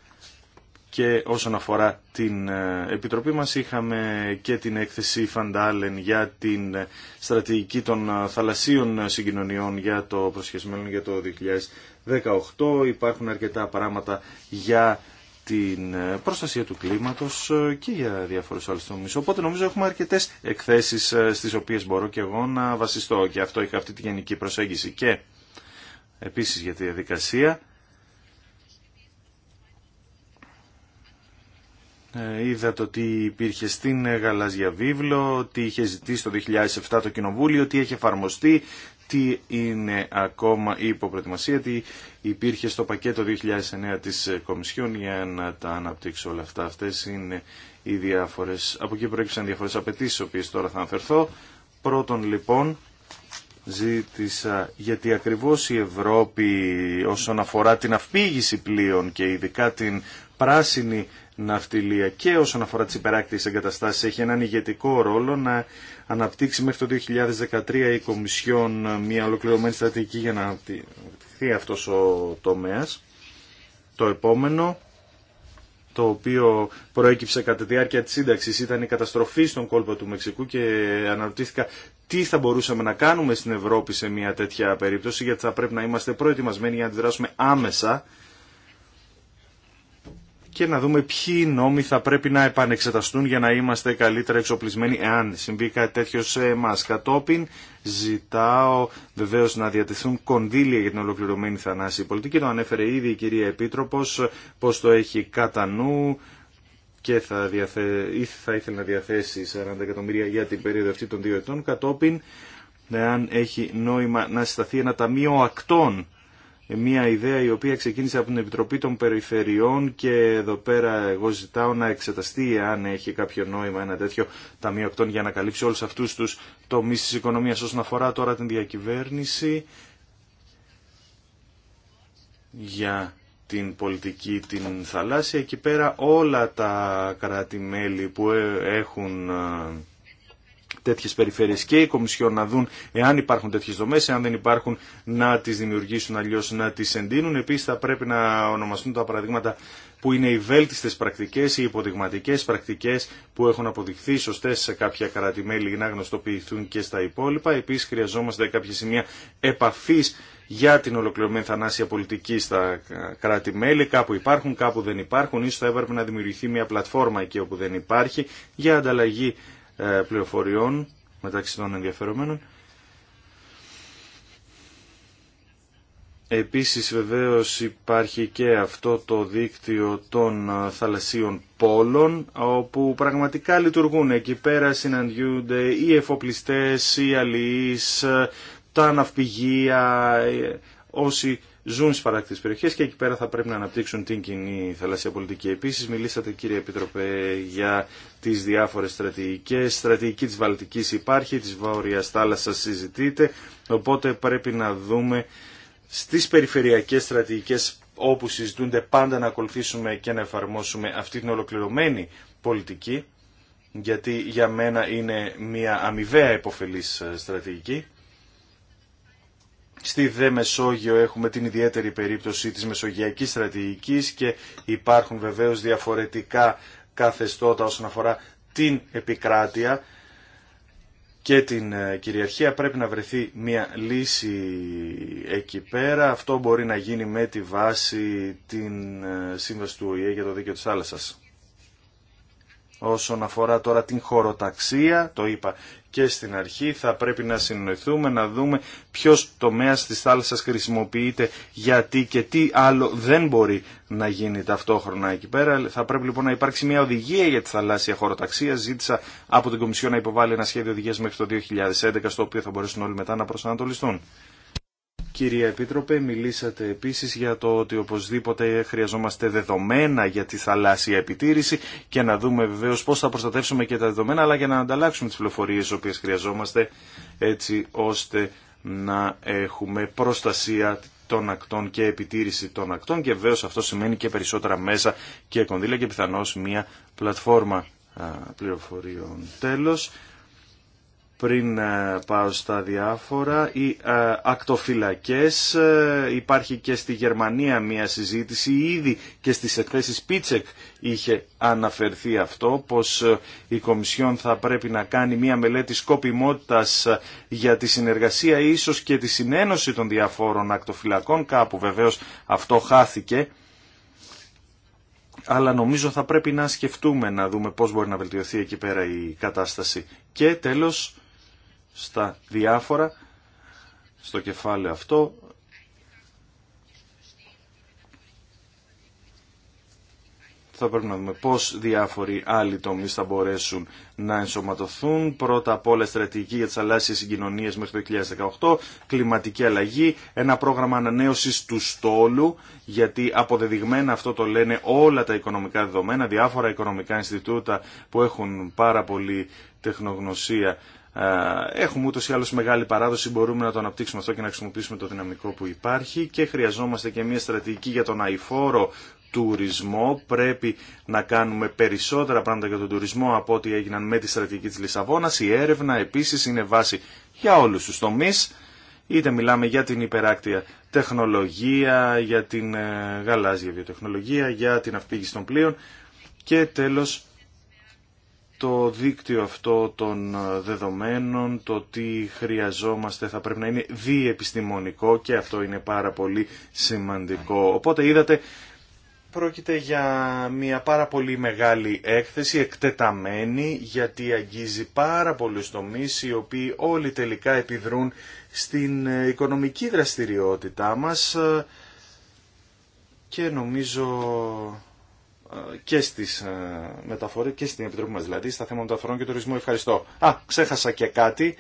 και όσον αφορά την ε, Επιτροπή μας είχαμε και την έκθεση Φαντάλεν για την στρατηγική των ε, θαλασσίων συγκοινωνιών για το προσχεσμένο για το 2018. Υπάρχουν αρκετά πράγματα για την ε, προστασία του κλίματος και για διάφορους άλλους τομείς. Οπότε νομίζω έχουμε αρκετές εκθέσεις στις οποίες μπορώ και εγώ να βασιστώ και αυτό είχα αυτή τη γενική προσέγγιση και επίσης για τη διαδικασία Ε, είδα το τι υπήρχε στην Γαλάζια Βίβλο, τι είχε ζητήσει το 2007 το Κοινοβούλιο, τι έχει εφαρμοστεί, τι είναι ακόμα η υποπροετοιμασία, τι υπήρχε στο πακέτο 2009 της Κομισιόν για να τα αναπτύξω όλα αυτά. Αυτές είναι οι διάφορες, από εκεί προέκυψαν διάφορες απαιτήσεις, οποίες τώρα θα αναφερθώ. Πρώτον λοιπόν, ζήτησα γιατί ακριβώς η Ευρώπη όσον αφορά την αυπήγηση πλοίων και ειδικά την πράσινη ναυτιλία και όσον αφορά τις υπεράκτητες εγκαταστάσεις έχει έναν ηγετικό ρόλο να αναπτύξει μέχρι το 2013 η Κομισιόν μια ολοκληρωμένη στρατηγική για να αναπτυχθεί αυτός ο τομέας. Το επόμενο το οποίο προέκυψε κατά τη διάρκεια της σύνταξης ήταν η καταστροφή στον κόλπο του Μεξικού και αναρωτήθηκα τι θα μπορούσαμε να κάνουμε στην Ευρώπη σε μια τέτοια περίπτωση γιατί θα πρέπει να είμαστε προετοιμασμένοι για να αντιδράσουμε άμεσα και να δούμε ποιοι νόμοι θα πρέπει να επανεξεταστούν για να είμαστε καλύτερα εξοπλισμένοι εάν συμβεί κάτι τέτοιο σε εμά. Κατόπιν ζητάω βεβαίως να διατηθούν κονδύλια για την ολοκληρωμένη θανάση πολιτική. Το ανέφερε ήδη η κυρία Επίτροπος πώς το έχει κατά νου και θα, διαθε... θα ήθελε να διαθέσει 40 εκατομμύρια για την περίοδο αυτή των δύο ετών. Κατόπιν εάν έχει νόημα να συσταθεί ένα ταμείο ακτών μια ιδέα η οποία ξεκίνησε από την Επιτροπή των Περιφερειών και εδώ πέρα εγώ ζητάω να εξεταστεί αν έχει κάποιο νόημα ένα τέτοιο ταμείο εκτών για να καλύψει όλους αυτούς τους τομείς της οικονομίας όσον αφορά τώρα την διακυβέρνηση για την πολιτική την θαλάσσια εκεί πέρα όλα τα κράτη-μέλη που έχουν ε, τέτοιες περιφέρειες και οι Κομισιόν να δουν εάν υπάρχουν τέτοιες δομές, εάν δεν υπάρχουν να τις δημιουργήσουν αλλιώς να τις εντείνουν. Επίσης θα πρέπει να ονομαστούν τα παραδείγματα που είναι οι βέλτιστες πρακτικές, οι υποδειγματικές πρακτικές που έχουν αποδειχθεί σωστές σε κάποια κρατημέλη να γνωστοποιηθούν και στα υπόλοιπα. Επίσης χρειαζόμαστε κάποια σημεία επαφής για την ολοκληρωμένη θανάσια πολιτική στα κράτη-μέλη. Κάπου υπάρχουν, κάπου δεν υπάρχουν. Ίσως θα έπρεπε να δημιουργηθεί μια πλατφόρμα εκεί όπου δεν υπάρχει για ανταλλαγή ε, πληροφοριών μεταξύ των ενδιαφερομένων. Επίσης βεβαίως υπάρχει και αυτό το δίκτυο των ε, θαλασσίων πόλων όπου πραγματικά λειτουργούν. Εκεί πέρα συναντιούνται οι εφοπλιστές, οι αλληλείς, ε, τα ναυπηγεία, όσοι ζουν στι παράκτητε περιοχέ και εκεί πέρα θα πρέπει να αναπτύξουν την κοινή θαλασσία πολιτική. Επίση, μιλήσατε, κύριε Επίτροπε, για τι διάφορε στρατηγικέ. Στρατηγική τη Βαλτική υπάρχει, τη Βόρεια Θάλασσα συζητείτε. Οπότε πρέπει να δούμε στι περιφερειακέ στρατηγικέ όπου συζητούνται πάντα να ακολουθήσουμε και να εφαρμόσουμε αυτή την ολοκληρωμένη πολιτική γιατί για μένα είναι μια αμοιβαία υποφελής στρατηγική Στη Δε Μεσόγειο έχουμε την ιδιαίτερη περίπτωση της μεσογειακής στρατηγικής και υπάρχουν βεβαίως διαφορετικά καθεστώτα όσον αφορά την επικράτεια και την ε, κυριαρχία. Πρέπει να βρεθεί μια λύση εκεί πέρα. Αυτό μπορεί να γίνει με τη βάση την ε, σύμβαση του ΟΗΕ για το δίκαιο της θάλασσας. Όσον αφορά τώρα την χωροταξία, το είπα και στην αρχή, θα πρέπει να συνοηθούμε, να δούμε ποιος τομέας της θάλασσας χρησιμοποιείται, γιατί και τι άλλο δεν μπορεί να γίνει ταυτόχρονα εκεί πέρα. Θα πρέπει λοιπόν να υπάρξει μια οδηγία για τη θαλάσσια χωροταξία. Ζήτησα από την Κομισιό να υποβάλει ένα σχέδιο οδηγίας μέχρι το 2011, στο οποίο θα μπορέσουν όλοι μετά να προσανατολιστούν. Κυρία Επίτροπε, μιλήσατε επίσης για το ότι οπωσδήποτε χρειαζόμαστε δεδομένα για τη θαλάσσια επιτήρηση και να δούμε βεβαίως πώς θα προστατεύσουμε και τα δεδομένα, αλλά για να ανταλλάξουμε τις πληροφορίες οποίε οποίες χρειαζόμαστε, έτσι ώστε να έχουμε προστασία των ακτών και επιτήρηση των ακτών και βεβαίως αυτό σημαίνει και περισσότερα μέσα και κονδύλια και πιθανώς μια πλατφόρμα πληροφοριών. Τέλος, πριν ε, πάω στα διάφορα, οι ε, ακτοφυλακές, ε, υπάρχει και στη Γερμανία μια συζήτηση, ήδη και στις εκθέσεις Πίτσεκ είχε αναφερθεί αυτό, πως η Κομισιόν θα πρέπει να κάνει μια μελέτη σκοπιμότητας για τη συνεργασία, ίσως και τη συνένωση των διαφόρων ακτοφυλακών, κάπου βεβαίως αυτό χάθηκε, αλλά νομίζω θα πρέπει να σκεφτούμε να δούμε πώς μπορεί να βελτιωθεί εκεί πέρα η κατάσταση. Και τέλος, στα διάφορα, στο κεφάλαιο αυτό. Θα πρέπει να δούμε πώς διάφοροι άλλοι τομείς θα μπορέσουν να ενσωματωθούν. Πρώτα απ' όλα στρατηγική για τις αλλάσιες συγκοινωνίες μέχρι το 2018, κλιματική αλλαγή, ένα πρόγραμμα ανανέωσης του στόλου, γιατί αποδεδειγμένα αυτό το λένε όλα τα οικονομικά δεδομένα, διάφορα οικονομικά Ινστιτούτα που έχουν πάρα πολύ τεχνογνωσία Έχουμε ούτω ή άλλω μεγάλη παράδοση, μπορούμε να το αναπτύξουμε αυτό και να χρησιμοποιήσουμε το δυναμικό που υπάρχει και χρειαζόμαστε και μια στρατηγική για τον αηφόρο τουρισμό. Πρέπει να κάνουμε περισσότερα πράγματα για τον τουρισμό από ό,τι έγιναν με τη στρατηγική της Λισαβόνας. Η έρευνα επίσης είναι βάση για όλους τους τομείς. Είτε μιλάμε για την υπεράκτια τεχνολογία, για την ε, γαλάζια βιοτεχνολογία, για την αυπήγηση των πλοίων και τέλος το δίκτυο αυτό των δεδομένων, το τι χρειαζόμαστε θα πρέπει να είναι διεπιστημονικό και αυτό είναι πάρα πολύ σημαντικό. Οπότε είδατε, πρόκειται για μια πάρα πολύ μεγάλη έκθεση, εκτεταμένη, γιατί αγγίζει πάρα πολλού τομείς, οι οποίοι όλοι τελικά επιδρούν στην οικονομική δραστηριότητά μας και νομίζω και, στι ε, μεταφορέ και στην Επιτροπή μας, δηλαδή στα θέματα μεταφορών και τουρισμού. Ευχαριστώ. Α, ξέχασα και κάτι.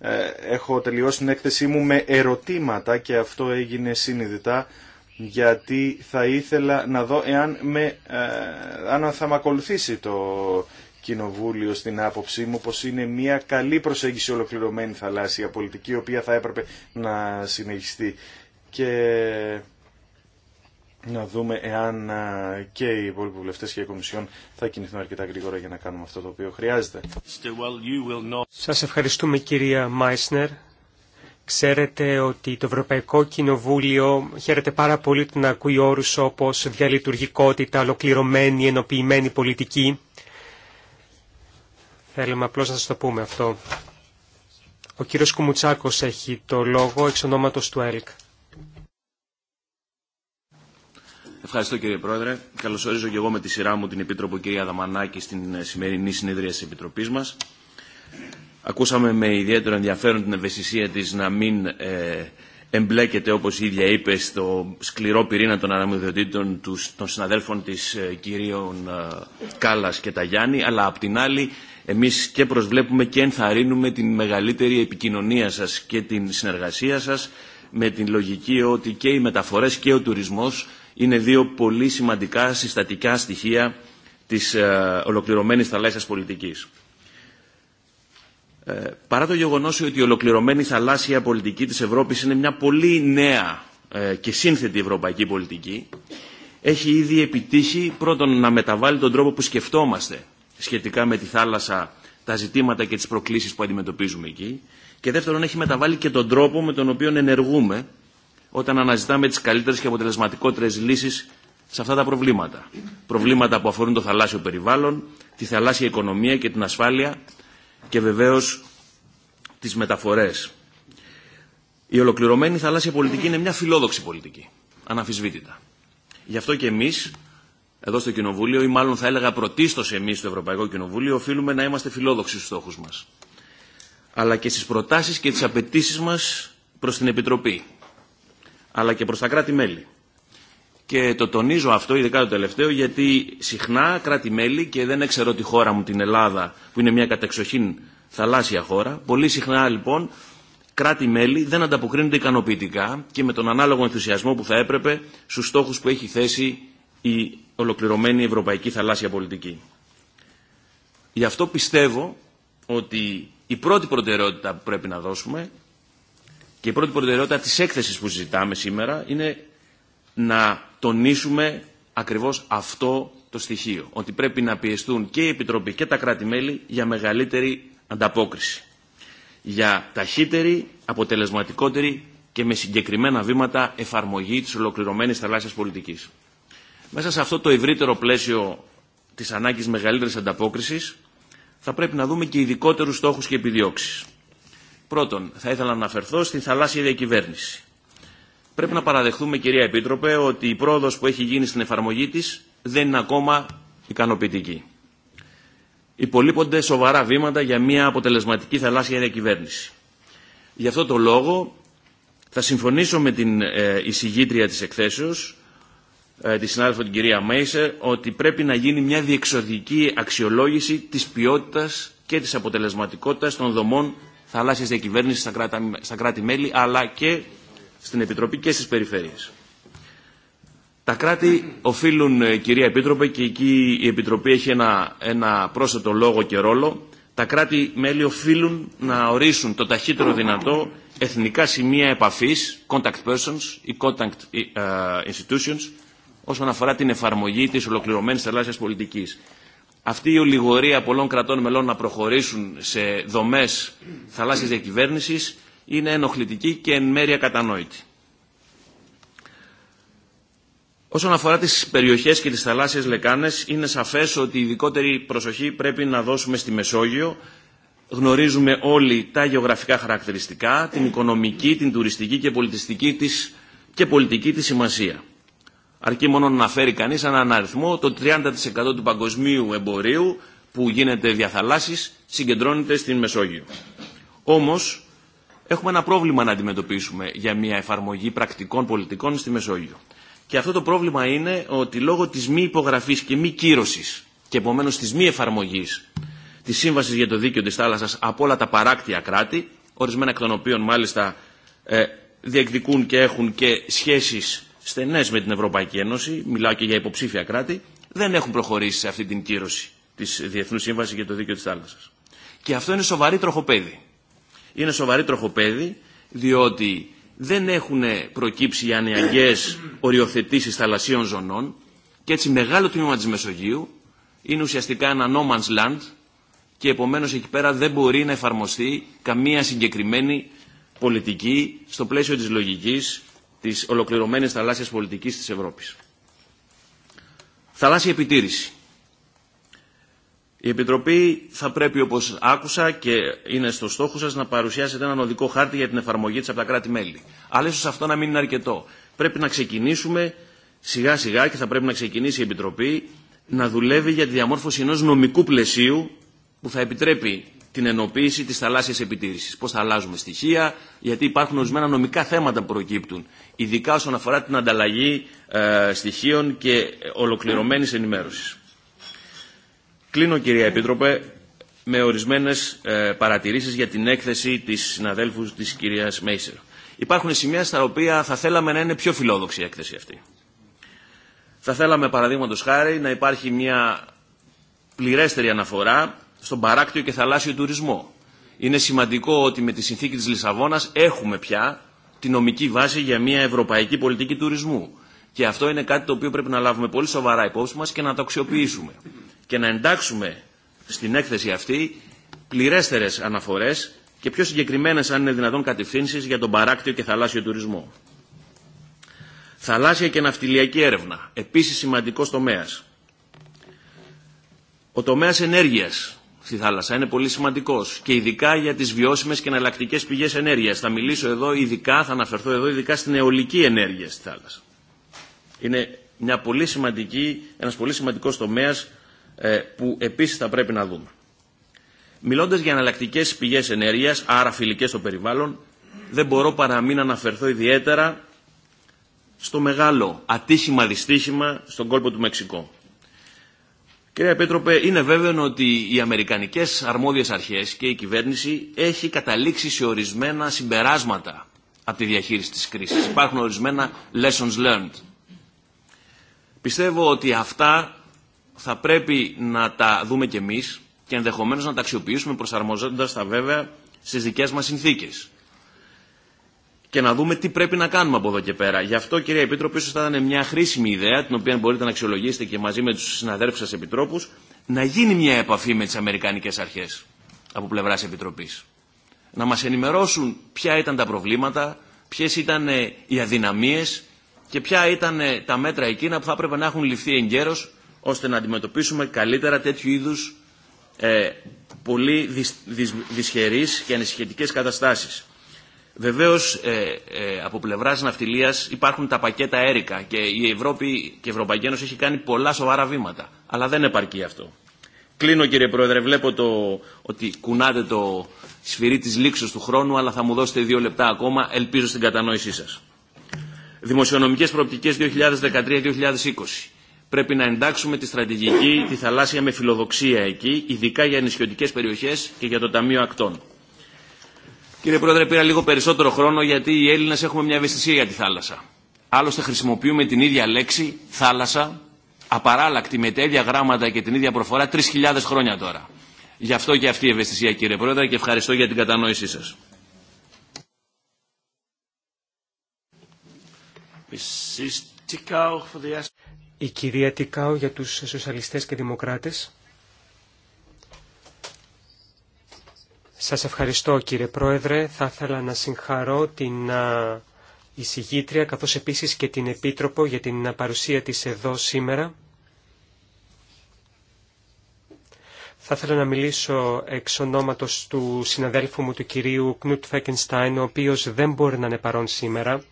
Ε, έχω τελειώσει την έκθεσή μου με ερωτήματα και αυτό έγινε συνειδητά γιατί θα ήθελα να δω εάν με, ε, αν θα με ακολουθήσει το Κοινοβούλιο στην άποψή μου πως είναι μια καλή προσέγγιση ολοκληρωμένη θαλάσσια πολιτική η οποία θα έπρεπε να συνεχιστεί. Και να δούμε εάν και οι υπόλοιποι βουλευτέ και η Κομισιόν θα κινηθούν αρκετά γρήγορα για να κάνουμε αυτό το οποίο χρειάζεται. Σας ευχαριστούμε κυρία Μάισνερ. Ξέρετε ότι το Ευρωπαϊκό Κοινοβούλιο χαίρεται πάρα πολύ να ακούει όρου όπω διαλειτουργικότητα, ολοκληρωμένη, ενοποιημένη πολιτική. Θέλουμε απλώ να σα το πούμε αυτό. Ο κύριο Κουμουτσάκο έχει το λόγο εξ ονόματος του ΕΛΚ. Ευχαριστώ κύριε Πρόεδρε. Καλωσορίζω και εγώ με τη σειρά μου την Επίτροπο κυρία Δαμανάκη στην ε, σημερινή συνεδρία της Επιτροπής μας. Ακούσαμε με ιδιαίτερο ενδιαφέρον την ευαισθησία της να μην ε, εμπλέκεται όπως η ίδια είπε στο σκληρό πυρήνα των αναμειδιοτήτων των συναδέλφων της ε, κυρίων Κάλλας και Ταγιάννη αλλά απ' την άλλη εμείς και προσβλέπουμε και ενθαρρύνουμε την μεγαλύτερη επικοινωνία σας και την συνεργασία σας με την λογική ότι και οι μεταφορές και ο τουρισμός είναι δύο πολύ σημαντικά συστατικά στοιχεία της ε, ολοκληρωμένης θαλάσσιας πολιτικής. Ε, παρά το γεγονός ότι η ολοκληρωμένη θαλάσσια πολιτική της Ευρώπης είναι μια πολύ νέα ε, και σύνθετη ευρωπαϊκή πολιτική, έχει ήδη επιτύχει πρώτον να μεταβάλει τον τρόπο που σκεφτόμαστε σχετικά με τη θάλασσα, τα ζητήματα και τις προκλήσεις που αντιμετωπίζουμε εκεί και δεύτερον έχει μεταβάλει και τον τρόπο με τον οποίο ενεργούμε όταν αναζητάμε τις καλύτερες και αποτελεσματικότερες λύσεις σε αυτά τα προβλήματα. Προβλήματα που αφορούν το θαλάσσιο περιβάλλον, τη θαλάσσια οικονομία και την ασφάλεια και βεβαίως τις μεταφορές. Η ολοκληρωμένη θαλάσσια πολιτική είναι μια φιλόδοξη πολιτική, αναφυσβήτητα. Γι' αυτό και εμείς, εδώ στο Κοινοβούλιο, ή μάλλον θα έλεγα πρωτίστως εμείς στο Ευρωπαϊκό Κοινοβούλιο, οφείλουμε να είμαστε φιλόδοξοι στους στόχους μας. Αλλά και στις προτάσεις και τις απαιτήσει μας προς την Επιτροπή αλλά και προ τα κράτη-μέλη. Και το τονίζω αυτό, ειδικά το τελευταίο, γιατί συχνά κράτη-μέλη, και δεν ξέρω τη χώρα μου, την Ελλάδα, που είναι μια κατεξοχήν θαλάσσια χώρα, πολύ συχνά λοιπόν κράτη-μέλη δεν ανταποκρίνονται ικανοποιητικά και με τον ανάλογο ενθουσιασμό που θα έπρεπε στους στόχους που έχει θέσει η ολοκληρωμένη ευρωπαϊκή θαλάσσια πολιτική. Γι' αυτό πιστεύω ότι η πρώτη προτεραιότητα που πρέπει να δώσουμε και η πρώτη προτεραιότητα της έκθεσης που συζητάμε σήμερα είναι να τονίσουμε ακριβώς αυτό το στοιχείο. Ότι πρέπει να πιεστούν και οι Επιτροπή και τα κράτη-μέλη για μεγαλύτερη ανταπόκριση. Για ταχύτερη, αποτελεσματικότερη και με συγκεκριμένα βήματα εφαρμογή της ολοκληρωμένης θαλάσσιας πολιτικής. Μέσα σε αυτό το ευρύτερο πλαίσιο της ανάγκης μεγαλύτερης ανταπόκρισης θα πρέπει να δούμε και ειδικότερους στόχους και επιδιώξεις. Πρώτον, θα ήθελα να αναφερθώ στην θαλάσσια διακυβέρνηση. Πρέπει να παραδεχθούμε, κυρία Επίτροπε, ότι η πρόοδο που έχει γίνει στην εφαρμογή τη δεν είναι ακόμα ικανοποιητική. Υπολείπονται σοβαρά βήματα για μια αποτελεσματική θαλάσσια διακυβέρνηση. Γι' αυτό το λόγο θα συμφωνήσω με την ε, εισηγήτρια της εκθέσεως, ε, τη συνάδελφο την κυρία Μέισερ, ότι πρέπει να γίνει μια διεξοδική αξιολόγηση της ποιότητας και της αποτελεσματικότητας των δομών θαλάσσιας διακυβέρνηση στα κράτη-μέλη, αλλά και στην Επιτροπή και στις περιφέρειες. Τα κράτη οφείλουν, ε, κυρία Επίτροπε, και εκεί η Επιτροπή έχει ένα, ένα πρόσθετο λόγο και ρόλο, τα κράτη-μέλη οφείλουν να ορίσουν το ταχύτερο δυνατό εθνικά σημεία επαφής, contact persons ή contact ε, ε, institutions, όσον αφορά την εφαρμογή της ολοκληρωμένη θαλάσσια πολιτική αυτή η ολιγορία πολλών κρατών μελών να προχωρήσουν σε δομές θαλάσσιας διακυβέρνησης είναι ενοχλητική και εν μέρει ακατανόητη. Όσον αφορά τις περιοχές και τις θαλάσσιες λεκάνες, είναι σαφές ότι ειδικότερη προσοχή πρέπει να δώσουμε στη Μεσόγειο. Γνωρίζουμε όλοι τα γεωγραφικά χαρακτηριστικά, την οικονομική, την τουριστική και πολιτιστική της και πολιτική της σημασία. Αρκεί μόνο να φέρει κανείς έναν αριθμό, το 30% του παγκοσμίου εμπορίου που γίνεται δια θαλάσσης συγκεντρώνεται στην Μεσόγειο. Όμως, έχουμε ένα πρόβλημα να αντιμετωπίσουμε για μια εφαρμογή πρακτικών πολιτικών στη Μεσόγειο. Και αυτό το πρόβλημα είναι ότι λόγω της μη υπογραφής και μη κύρωσης και επομένως της μη εφαρμογής της Σύμβασης για το Δίκαιο της Θάλασσας από όλα τα παράκτια κράτη, ορισμένα εκ των οποίων μάλιστα ε, διεκδικούν και έχουν και σχέσεις στενές με την Ευρωπαϊκή Ένωση, μιλάω και για υποψήφια κράτη, δεν έχουν προχωρήσει σε αυτή την κύρωση της Διεθνούς Σύμβασης για το Δίκαιο της Θάλασσας. Και αυτό είναι σοβαρή τροχοπέδη. Είναι σοβαρή τροχοπέδη διότι δεν έχουν προκύψει οι ανιαγκαίες οριοθετήσεις θαλασσίων ζωνών και έτσι μεγάλο τμήμα της Μεσογείου είναι ουσιαστικά ένα no man's land και επομένως εκεί πέρα δεν μπορεί να εφαρμοστεί καμία συγκεκριμένη πολιτική στο πλαίσιο της λογικής της ολοκληρωμένης θαλάσσιας πολιτικής της Ευρώπης. Θαλάσσια επιτήρηση. Η Επιτροπή θα πρέπει, όπως άκουσα και είναι στο στόχο σας, να παρουσιάσετε έναν οδικό χάρτη για την εφαρμογή της από τα κράτη-μέλη. Αλλά ίσως αυτό να μην είναι αρκετό. Πρέπει να ξεκινήσουμε σιγά-σιγά και θα πρέπει να ξεκινήσει η Επιτροπή να δουλεύει για τη διαμόρφωση ενός νομικού πλαισίου που θα επιτρέπει την ενοποίηση τη θαλάσσια επιτήρηση. Πώ θα αλλάζουμε στοιχεία, γιατί υπάρχουν ορισμένα νομικά θέματα που προκύπτουν, ειδικά όσον αφορά την ανταλλαγή ε, στοιχείων και ολοκληρωμένη ενημέρωση. Κλείνω, κυρία Επίτροπε, με ορισμένε ε, παρατηρήσει για την έκθεση τη συναδέλφου τη κυρία Μέισερ. Υπάρχουν σημεία στα οποία θα θέλαμε να είναι πιο φιλόδοξη η έκθεση αυτή. Θα θέλαμε, παραδείγματο χάρη, να υπάρχει μια πληρέστερη αναφορά στον παράκτιο και θαλάσσιο τουρισμό. Είναι σημαντικό ότι με τη συνθήκη της Λισαβόνας έχουμε πια τη νομική βάση για μια ευρωπαϊκή πολιτική τουρισμού. Και αυτό είναι κάτι το οποίο πρέπει να λάβουμε πολύ σοβαρά υπόψη μας και να το αξιοποιήσουμε. Και να εντάξουμε στην έκθεση αυτή πληρέστερες αναφορές και πιο συγκεκριμένες αν είναι δυνατόν κατευθύνσεις για τον παράκτιο και θαλάσσιο τουρισμό. Θαλάσσια και ναυτιλιακή έρευνα, επίσης σημαντικός τομέας. Ο τομέας ενέργειας, στη θάλασσα. Είναι πολύ σημαντικό. Και ειδικά για τι βιώσιμε και εναλλακτικέ πηγέ ενέργεια. Θα μιλήσω εδώ ειδικά, θα αναφερθώ εδώ ειδικά στην αιωλική ενέργεια στη θάλασσα. Είναι μια πολύ σημαντική, ένας πολύ σημαντικός τομέας ε, που επίσης θα πρέπει να δούμε. Μιλώντας για εναλλακτικέ πηγές ενέργειας, άρα φιλικές στο περιβάλλον, δεν μπορώ παρά μην αναφερθώ ιδιαίτερα στο μεγάλο ατύχημα δυστύχημα στον κόλπο του Μεξικού. Κύριε Επίτροπε, είναι βέβαιο ότι οι αμερικανικές αρμόδιες αρχές και η κυβέρνηση έχει καταλήξει σε ορισμένα συμπεράσματα από τη διαχείριση της κρίσης. Υπάρχουν ορισμένα lessons learned. Πιστεύω ότι αυτά θα πρέπει να τα δούμε κι εμείς και ενδεχομένως να τα αξιοποιήσουμε προσαρμοζόντας τα βέβαια στις δικές μας συνθήκες και να δούμε τι πρέπει να κάνουμε από εδώ και πέρα. Γι' αυτό, κυρία Επίτροπη, ίσω θα ήταν μια χρήσιμη ιδέα, την οποία μπορείτε να αξιολογήσετε και μαζί με του συναδέλφου σα επιτρόπου, να γίνει μια επαφή με τι Αμερικανικέ Αρχέ από πλευρά Επιτροπή. Να μα ενημερώσουν ποια ήταν τα προβλήματα, ποιε ήταν ε, οι αδυναμίε και ποια ήταν ε, τα μέτρα εκείνα που θα έπρεπε να έχουν ληφθεί εγκαίρω ώστε να αντιμετωπίσουμε καλύτερα τέτοιου είδου ε, πολύ δυσχερεί και ανησυχητικέ καταστάσει. Βεβαίως ε, ε, από πλευρά ναυτιλία υπάρχουν τα πακέτα έρικα και η Ευρώπη και η Ευρωπαϊκή Ένωση έχει κάνει πολλά σοβαρά βήματα. Αλλά δεν επαρκεί αυτό. Κλείνω κύριε Πρόεδρε, βλέπω το, ότι κουνάτε το σφυρί τη λήξη του χρόνου, αλλά θα μου δώσετε δύο λεπτά ακόμα, ελπίζω στην κατανόησή σα. δημοσιονομικε προοπτικες προοπτικές 2013-2020. Πρέπει να εντάξουμε τη στρατηγική, τη θαλάσσια με φιλοδοξία εκεί, ειδικά για νησιωτικέ περιοχέ και για το Ταμείο Ακτών. Κύριε Πρόεδρε, πήρα λίγο περισσότερο χρόνο γιατί οι Έλληνε έχουμε μια ευαισθησία για τη θάλασσα. Άλλωστε χρησιμοποιούμε την ίδια λέξη θάλασσα, απαράλλακτη με τα ίδια γράμματα και την ίδια προφορά 3.000 χρόνια τώρα. Γι' αυτό και αυτή η ευαισθησία κύριε Πρόεδρε και ευχαριστώ για την κατανόησή σα. Η κυρία Τικάου για τους σοσιαλιστές και δημοκράτες. Σας ευχαριστώ κύριε Πρόεδρε. Θα ήθελα να συγχαρώ την εισηγήτρια καθώς επίσης και την Επίτροπο για την παρουσία της εδώ σήμερα. Θα ήθελα να μιλήσω εξ ονόματος του συναδέλφου μου του κυρίου Κνούτ Φέκενστάιν, ο οποίος δεν μπορεί να είναι παρόν σήμερα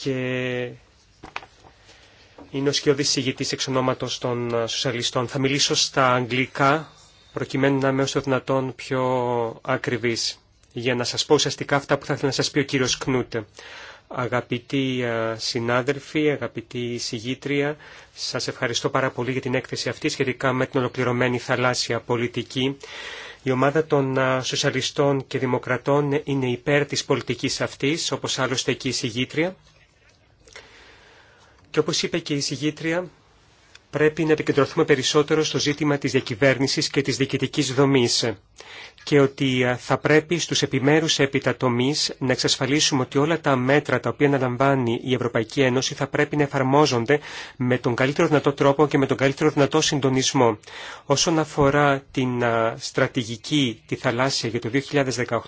και είναι ο σκιώδης συγητής εξ ονόματος των σοσιαλιστών. Θα μιλήσω στα αγγλικά προκειμένου να είμαι όσο δυνατόν πιο ακριβής για να σας πω ουσιαστικά αυτά που θα ήθελα να σας πει ο κύριος Κνούτε. Αγαπητοί ε, συνάδελφοι, αγαπητοί συγγήτρια, σας ευχαριστώ πάρα πολύ για την έκθεση αυτή σχετικά με την ολοκληρωμένη θαλάσσια πολιτική. Η ομάδα των ε, σοσιαλιστών και δημοκρατών είναι υπέρ της πολιτικής αυτής, όπως άλλωστε και η συγγήτρια. Και όπως είπε και η συγγήτρια, πρέπει να επικεντρωθούμε περισσότερο στο ζήτημα της διακυβέρνησης και της διοικητικής δομής και ότι ε, θα πρέπει στους επιμέρους τομείς να εξασφαλίσουμε ότι όλα τα μέτρα τα οποία αναλαμβάνει η Ευρωπαϊκή Ένωση θα πρέπει να εφαρμόζονται με τον καλύτερο δυνατό τρόπο και με τον καλύτερο δυνατό συντονισμό. Όσον αφορά την ε, στρατηγική τη θαλάσσια για το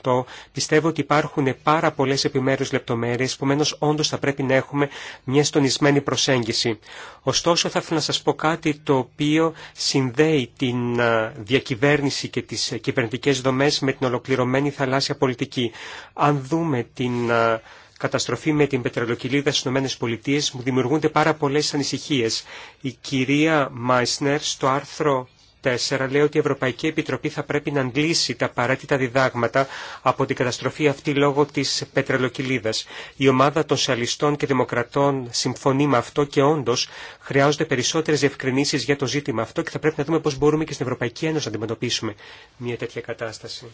2018, πιστεύω ότι υπάρχουν πάρα πολλές επιμέρους λεπτομέρειες, επομένω όντως θα πρέπει να έχουμε μια στονισμένη προσέγγιση. Ωστόσο θα ήθελα να σας πω κάτι το οποίο συνδέει την ε, διακυβέρνηση και τις κυβερνητικές δομές με την ολοκληρωμένη θαλάσσια πολιτική. Αν δούμε την καταστροφή με την πετρελοκυλίδα στι ΗΠΑ μου δημιουργούνται πάρα πολλέ ανησυχίε. Η κυρία Μάισνερ στο άρθρο 4 λέει ότι η Ευρωπαϊκή Επιτροπή θα πρέπει να αντλήσει τα απαραίτητα διδάγματα από την καταστροφή αυτή λόγω της πετρελοκυλίδας. Η ομάδα των Σοσιαλιστών και Δημοκρατών συμφωνεί με αυτό και όντως χρειάζονται περισσότερες διευκρινήσεις για το ζήτημα αυτό και θα πρέπει να δούμε πώς μπορούμε και στην Ευρωπαϊκή Ένωση να αντιμετωπίσουμε μια τέτοια κατάσταση.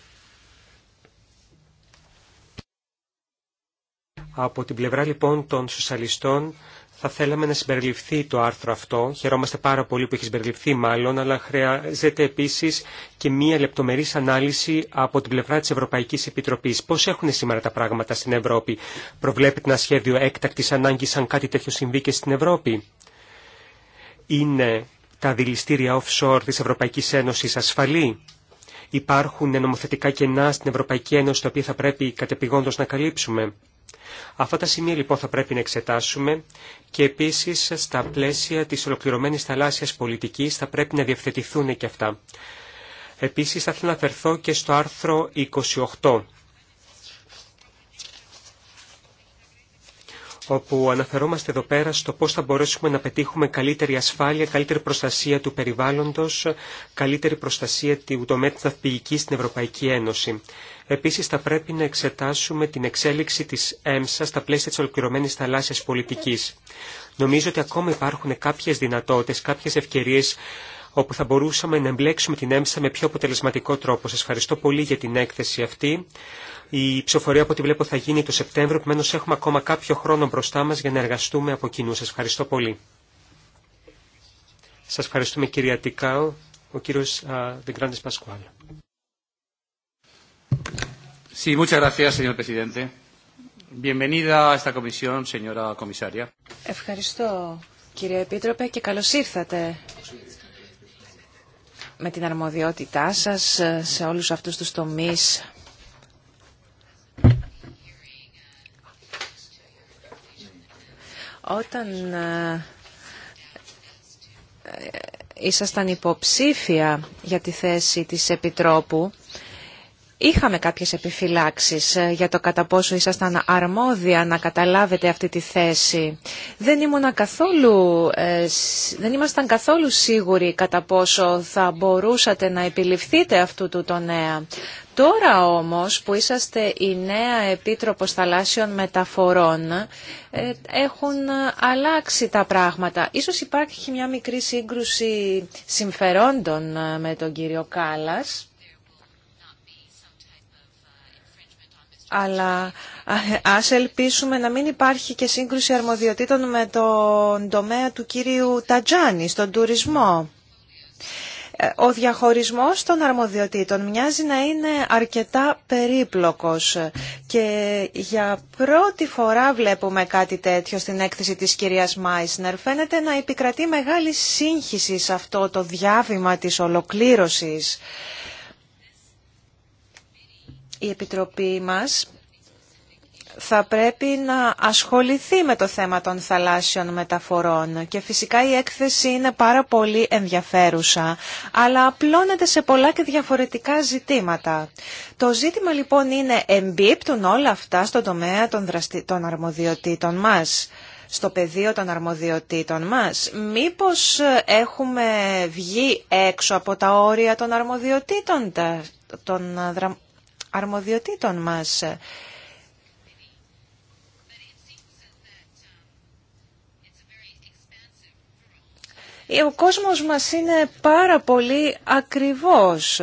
Από την πλευρά λοιπόν των σοσιαλιστών θα θέλαμε να συμπεριληφθεί το άρθρο αυτό. Χαιρόμαστε πάρα πολύ που έχει συμπεριληφθεί μάλλον, αλλά χρειάζεται επίσης και μία λεπτομερής ανάλυση από την πλευρά της Ευρωπαϊκής Επιτροπής. Πώς έχουν σήμερα τα πράγματα στην Ευρώπη. Προβλέπετε ένα σχέδιο έκτακτης ανάγκης αν κάτι τέτοιο συμβεί και στην Ευρώπη. Είναι τα δηληστήρια offshore της Ευρωπαϊκής Ένωσης ασφαλή. Υπάρχουν νομοθετικά κενά στην Ευρωπαϊκή Ένωση τα οποία θα πρέπει κατεπηγόντως να καλύψουμε. Αυτά τα σημεία λοιπόν θα πρέπει να εξετάσουμε και επίσης στα πλαίσια της ολοκληρωμένης θαλάσσιας πολιτικής θα πρέπει να διευθετηθούν και αυτά. Επίσης θα ήθελα να αφαιρθώ και στο άρθρο 28 όπου αναφερόμαστε εδώ πέρα στο πώς θα μπορέσουμε να πετύχουμε καλύτερη ασφάλεια, καλύτερη προστασία του περιβάλλοντος, καλύτερη προστασία του τομέα της στην Ευρωπαϊκή Ένωση. Επίσης θα πρέπει να εξετάσουμε την εξέλιξη της ΕΜΣΑ στα πλαίσια της ολοκληρωμένης θαλάσσιας πολιτικής. Νομίζω ότι ακόμα υπάρχουν κάποιες δυνατότητες, κάποιες ευκαιρίες όπου θα μπορούσαμε να εμπλέξουμε την ΕΜΣΑ με πιο αποτελεσματικό τρόπο. Σας ευχαριστώ πολύ για την έκθεση αυτή. Η ψηφοφορία από ό,τι βλέπω θα γίνει το Σεπτέμβριο, επομένως έχουμε ακόμα κάποιο χρόνο μπροστά μας για να εργαστούμε από κοινού. Σας ευχαριστώ πολύ. Σας ευχαριστούμε κυρία ο κύριος Ευχαριστώ, κύριε Επίτροπε, και καλώς ήρθατε με την αρμοδιότητά σας σε όλους αυτούς τους τομείς. Όταν ε, ε, ήσασταν υποψήφια για τη θέση της Επιτρόπου, Είχαμε κάποιες επιφυλάξεις ε, για το κατά πόσο ήσασταν αρμόδια να καταλάβετε αυτή τη θέση. Δεν, ήμουν καθόλου, ε, δεν ήμασταν καθόλου σίγουροι κατά πόσο θα μπορούσατε να επιληφθείτε αυτού του νέα. Τώρα όμως που είσαστε η νέα Επίτροπος Θαλάσσιων Μεταφορών ε, έχουν αλλάξει τα πράγματα. Ίσως υπάρχει μια μικρή σύγκρουση συμφερόντων με τον κύριο Κάλλας. αλλά ας ελπίσουμε να μην υπάρχει και σύγκρουση αρμοδιοτήτων με τον τομέα του κύριου Τατζάνη στον τουρισμό. Ε, ο διαχωρισμός των αρμοδιοτήτων μοιάζει να είναι αρκετά περίπλοκος και για πρώτη φορά βλέπουμε κάτι τέτοιο στην έκθεση της κυρίας Μάισνερ. Φαίνεται να επικρατεί μεγάλη σύγχυση σε αυτό το διάβημα της ολοκλήρωσης η Επιτροπή μας θα πρέπει να ασχοληθεί με το θέμα των θαλάσσιων μεταφορών και φυσικά η έκθεση είναι πάρα πολύ ενδιαφέρουσα, αλλά απλώνεται σε πολλά και διαφορετικά ζητήματα. Το ζήτημα λοιπόν είναι εμπίπτουν όλα αυτά στον τομέα των, δραστη... των αρμοδιοτήτων μας στο πεδίο των αρμοδιοτήτων μας. Μήπως ε, έχουμε βγει έξω από τα όρια των αρμοδιοτήτων των ε, αρμοδιοτήτων μας. Ο κόσμος μας είναι πάρα πολύ ακριβός.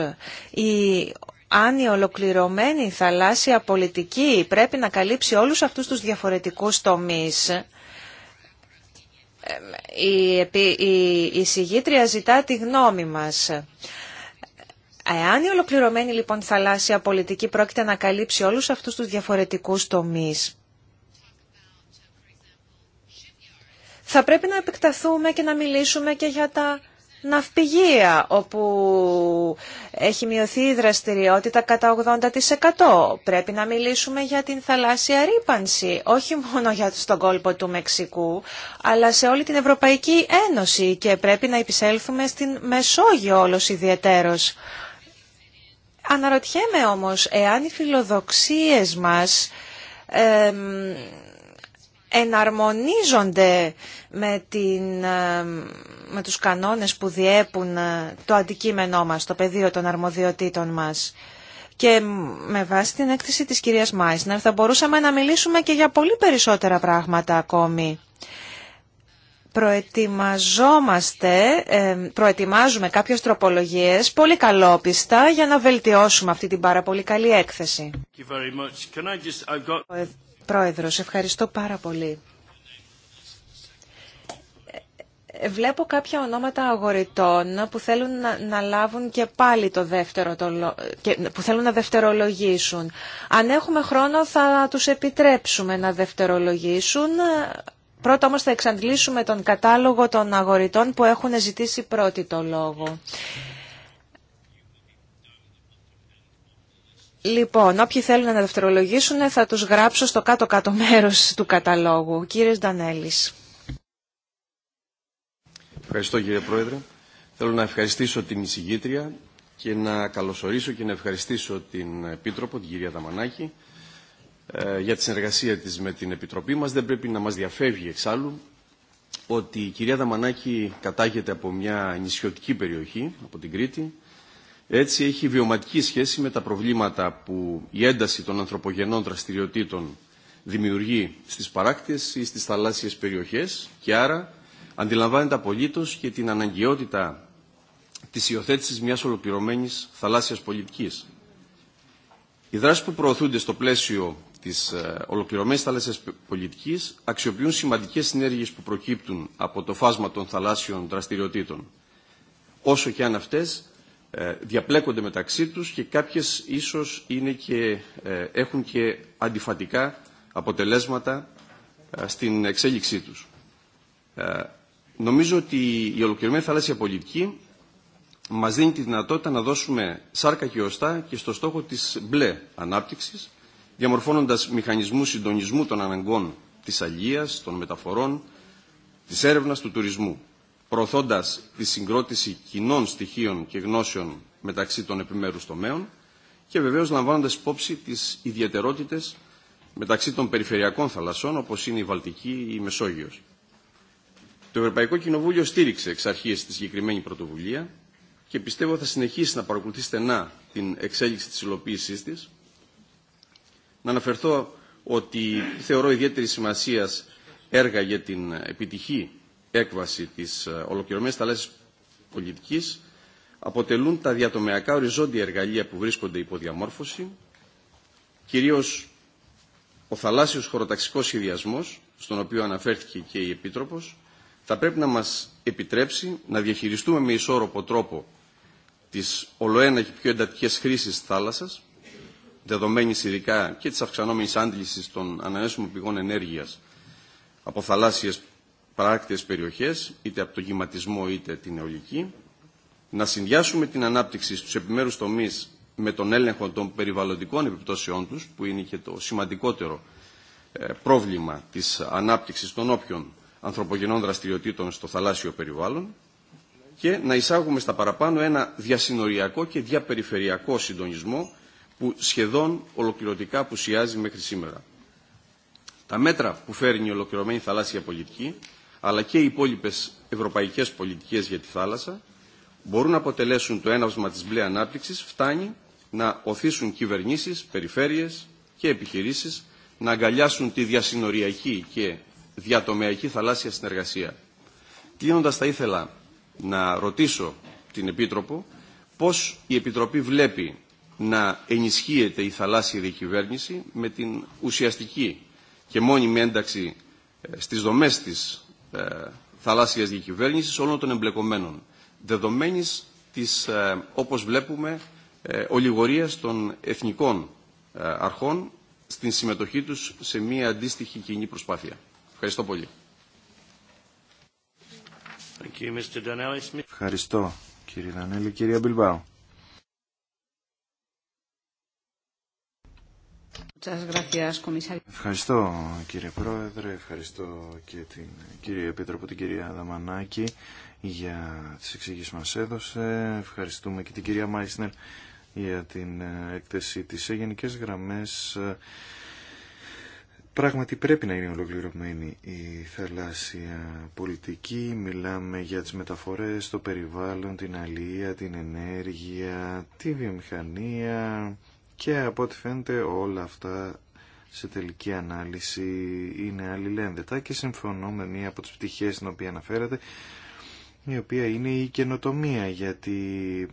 Η... Αν η ολοκληρωμένη θαλάσσια πολιτική πρέπει να καλύψει όλους αυτούς τους διαφορετικούς τομείς, ε, η, η, η συγγήτρια ζητά τη γνώμη μας. Εάν η ολοκληρωμένη λοιπόν θαλάσσια πολιτική πρόκειται να καλύψει όλους αυτούς τους διαφορετικούς τομείς, θα πρέπει να επεκταθούμε και να μιλήσουμε και για τα ναυπηγεία, όπου έχει μειωθεί η δραστηριότητα κατά 80%. Πρέπει να μιλήσουμε για την θαλάσσια ρήπανση, όχι μόνο για στον κόλπο του Μεξικού, αλλά σε όλη την Ευρωπαϊκή Ένωση και πρέπει να επισέλθουμε στην Μεσόγειο όλος ιδιαιτέρως. Αναρωτιέμαι όμως εάν οι φιλοδοξίες μας εναρμονίζονται με, την, με τους κανόνες που διέπουν ε, το αντικείμενό μας, το πεδίο των αρμοδιοτήτων μας. Και με βάση την έκθεση της κυρίας Μάισνερ θα μπορούσαμε να μιλήσουμε και για πολύ περισσότερα πράγματα ακόμη προετοιμαζόμαστε, ε, προετοιμάζουμε κάποιες τροπολογίες πολύ καλόπιστα για να βελτιώσουμε αυτή την πάρα πολύ καλή έκθεση. Just... Ε, πρόεδρος, ευχαριστώ πάρα πολύ. Ε, βλέπω κάποια ονόματα αγοριτών που θέλουν να, λάβουν και πάλι το δεύτερο, που θέλουν να δευτερολογήσουν. Αν έχουμε χρόνο θα τους επιτρέψουμε να δευτερολογήσουν Πρώτα όμως θα εξαντλήσουμε τον κατάλογο των αγοριτών που έχουν ζητήσει πρώτη το λόγο. Λοιπόν, όποιοι θέλουν να δευτερολογήσουν θα τους γράψω στο κάτω-κάτω μέρος του καταλόγου. Κύριε Ντανέλης. Ευχαριστώ κύριε Πρόεδρε. Θέλω να ευχαριστήσω την εισηγήτρια και να καλωσορίσω και να ευχαριστήσω την Επίτροπο, την κυρία Δαμανάκη, ε, για τη συνεργασία της με την Επιτροπή μας. Δεν πρέπει να μας διαφεύγει εξάλλου ότι η κυρία Δαμανάκη κατάγεται από μια νησιωτική περιοχή, από την Κρήτη. Έτσι έχει βιωματική σχέση με τα προβλήματα που η ένταση των ανθρωπογενών δραστηριοτήτων δημιουργεί στις παράκτες ή στις θαλάσσιες περιοχές και άρα αντιλαμβάνεται απολύτω και την αναγκαιότητα της υιοθέτηση μιας ολοκληρωμένης θαλάσσιας πολιτικής. Οι δράσεις που προωθούνται στο πλαίσιο της ε, ολοκληρωμένης θαλάσσιας πολιτικής αξιοποιούν σημαντικές συνέργειες που προκύπτουν από το φάσμα των θαλάσσιων δραστηριοτήτων, όσο και αν αυτές ε, διαπλέκονται μεταξύ τους και κάποιες ίσως είναι και, ε, έχουν και αντιφατικά αποτελέσματα στην εξέλιξή τους. Νομίζω ότι η ολοκληρωμένη θαλάσσια πολιτική μας δίνει τη δυνατότητα να δώσουμε σάρκα και οστά και στο στόχο της μπλε ανάπτυξης, διαμορφώνοντας μηχανισμού συντονισμού των αναγκών της αλληλεία, των μεταφορών, της έρευνας του τουρισμού, προωθώντας τη συγκρότηση κοινών στοιχείων και γνώσεων μεταξύ των επιμέρους τομέων και βεβαίως λαμβάνοντας υπόψη τις ιδιαιτερότητες μεταξύ των περιφερειακών θαλασσών όπως είναι η Βαλτική ή η Μεσόγειος. Το Ευρωπαϊκό Κοινοβούλιο στήριξε εξ αρχής τη συγκεκριμένη πρωτοβουλία και πιστεύω θα συνεχίσει να παρακολουθεί στενά την εξέλιξη της υλοποίησής της να αναφερθώ ότι θεωρώ ιδιαίτερη σημασία έργα για την επιτυχή έκβαση της ε, ολοκληρωμένης θαλάσσης πολιτικής αποτελούν τα διατομεακά οριζόντια εργαλεία που βρίσκονται υπό διαμόρφωση, κυρίως ο θαλάσσιος χωροταξικός σχεδιασμός, στον οποίο αναφέρθηκε και η Επίτροπος, θα πρέπει να μας επιτρέψει να διαχειριστούμε με ισόρροπο τρόπο τις ολοένα και πιο εντατικές χρήσεις θάλασσας, δεδομένη ειδικά και τη αυξανόμενη άντληση των ανανέσιμων πηγών ενέργεια από θαλάσσιε παράκτιε περιοχέ, είτε από τον κυματισμό είτε την αιωλική, να συνδυάσουμε την ανάπτυξη στου επιμέρου τομεί με τον έλεγχο των περιβαλλοντικών επιπτώσεών του, που είναι και το σημαντικότερο ε, πρόβλημα τη ανάπτυξη των όποιων ανθρωπογενών δραστηριοτήτων στο θαλάσσιο περιβάλλον και να εισάγουμε στα παραπάνω ένα διασυνοριακό και διαπεριφερειακό συντονισμό που σχεδόν ολοκληρωτικά πουσιάζει μέχρι σήμερα. Τα μέτρα που φέρνει η ολοκληρωμένη θαλάσσια πολιτική, αλλά και οι υπόλοιπε ευρωπαϊκέ πολιτικέ για τη θάλασσα, μπορούν να αποτελέσουν το έναυσμα τη μπλε ανάπτυξη, φτάνει να οθήσουν κυβερνήσει, περιφέρειε και επιχειρήσει να αγκαλιάσουν τη διασυνοριακή και διατομεακή θαλάσσια συνεργασία. Κλείνοντα, θα ήθελα να ρωτήσω την Επίτροπο πώς η Επιτροπή βλέπει να ενισχύεται η θαλάσσια διακυβέρνηση με την ουσιαστική και μόνιμη ένταξη ε, στις δομές της ε, θαλάσσιας διακυβέρνησης όλων των εμπλεκομένων, δεδομένης της, ε, όπως βλέπουμε, ολιγορίας των εθνικών αρχών στην συμμετοχή τους σε μία αντίστοιχη κοινή προσπάθεια. Ευχαριστώ πολύ. Ευχαριστώ κύριε Δανέλη. Κυρία Μπιλμπάου. Ευχαριστώ κύριε Πρόεδρε, ευχαριστώ και την κυρία Επίτροπο, την κυρία Δαμανάκη για τις εξηγήσεις μας έδωσε. Ευχαριστούμε και την κυρία Μάισνερ για την ε, έκθεσή της. Σε γενικές γραμμές ε, πράγματι πρέπει να είναι ολοκληρωμένη η θαλάσσια πολιτική. Μιλάμε για τις μεταφορές, το περιβάλλον, την αλληλεία, την ενέργεια, τη βιομηχανία και από ό,τι φαίνεται όλα αυτά σε τελική ανάλυση είναι αλληλένδετα και συμφωνώ με μία από τις πτυχές στην οποία αναφέρατε η οποία είναι η καινοτομία γιατί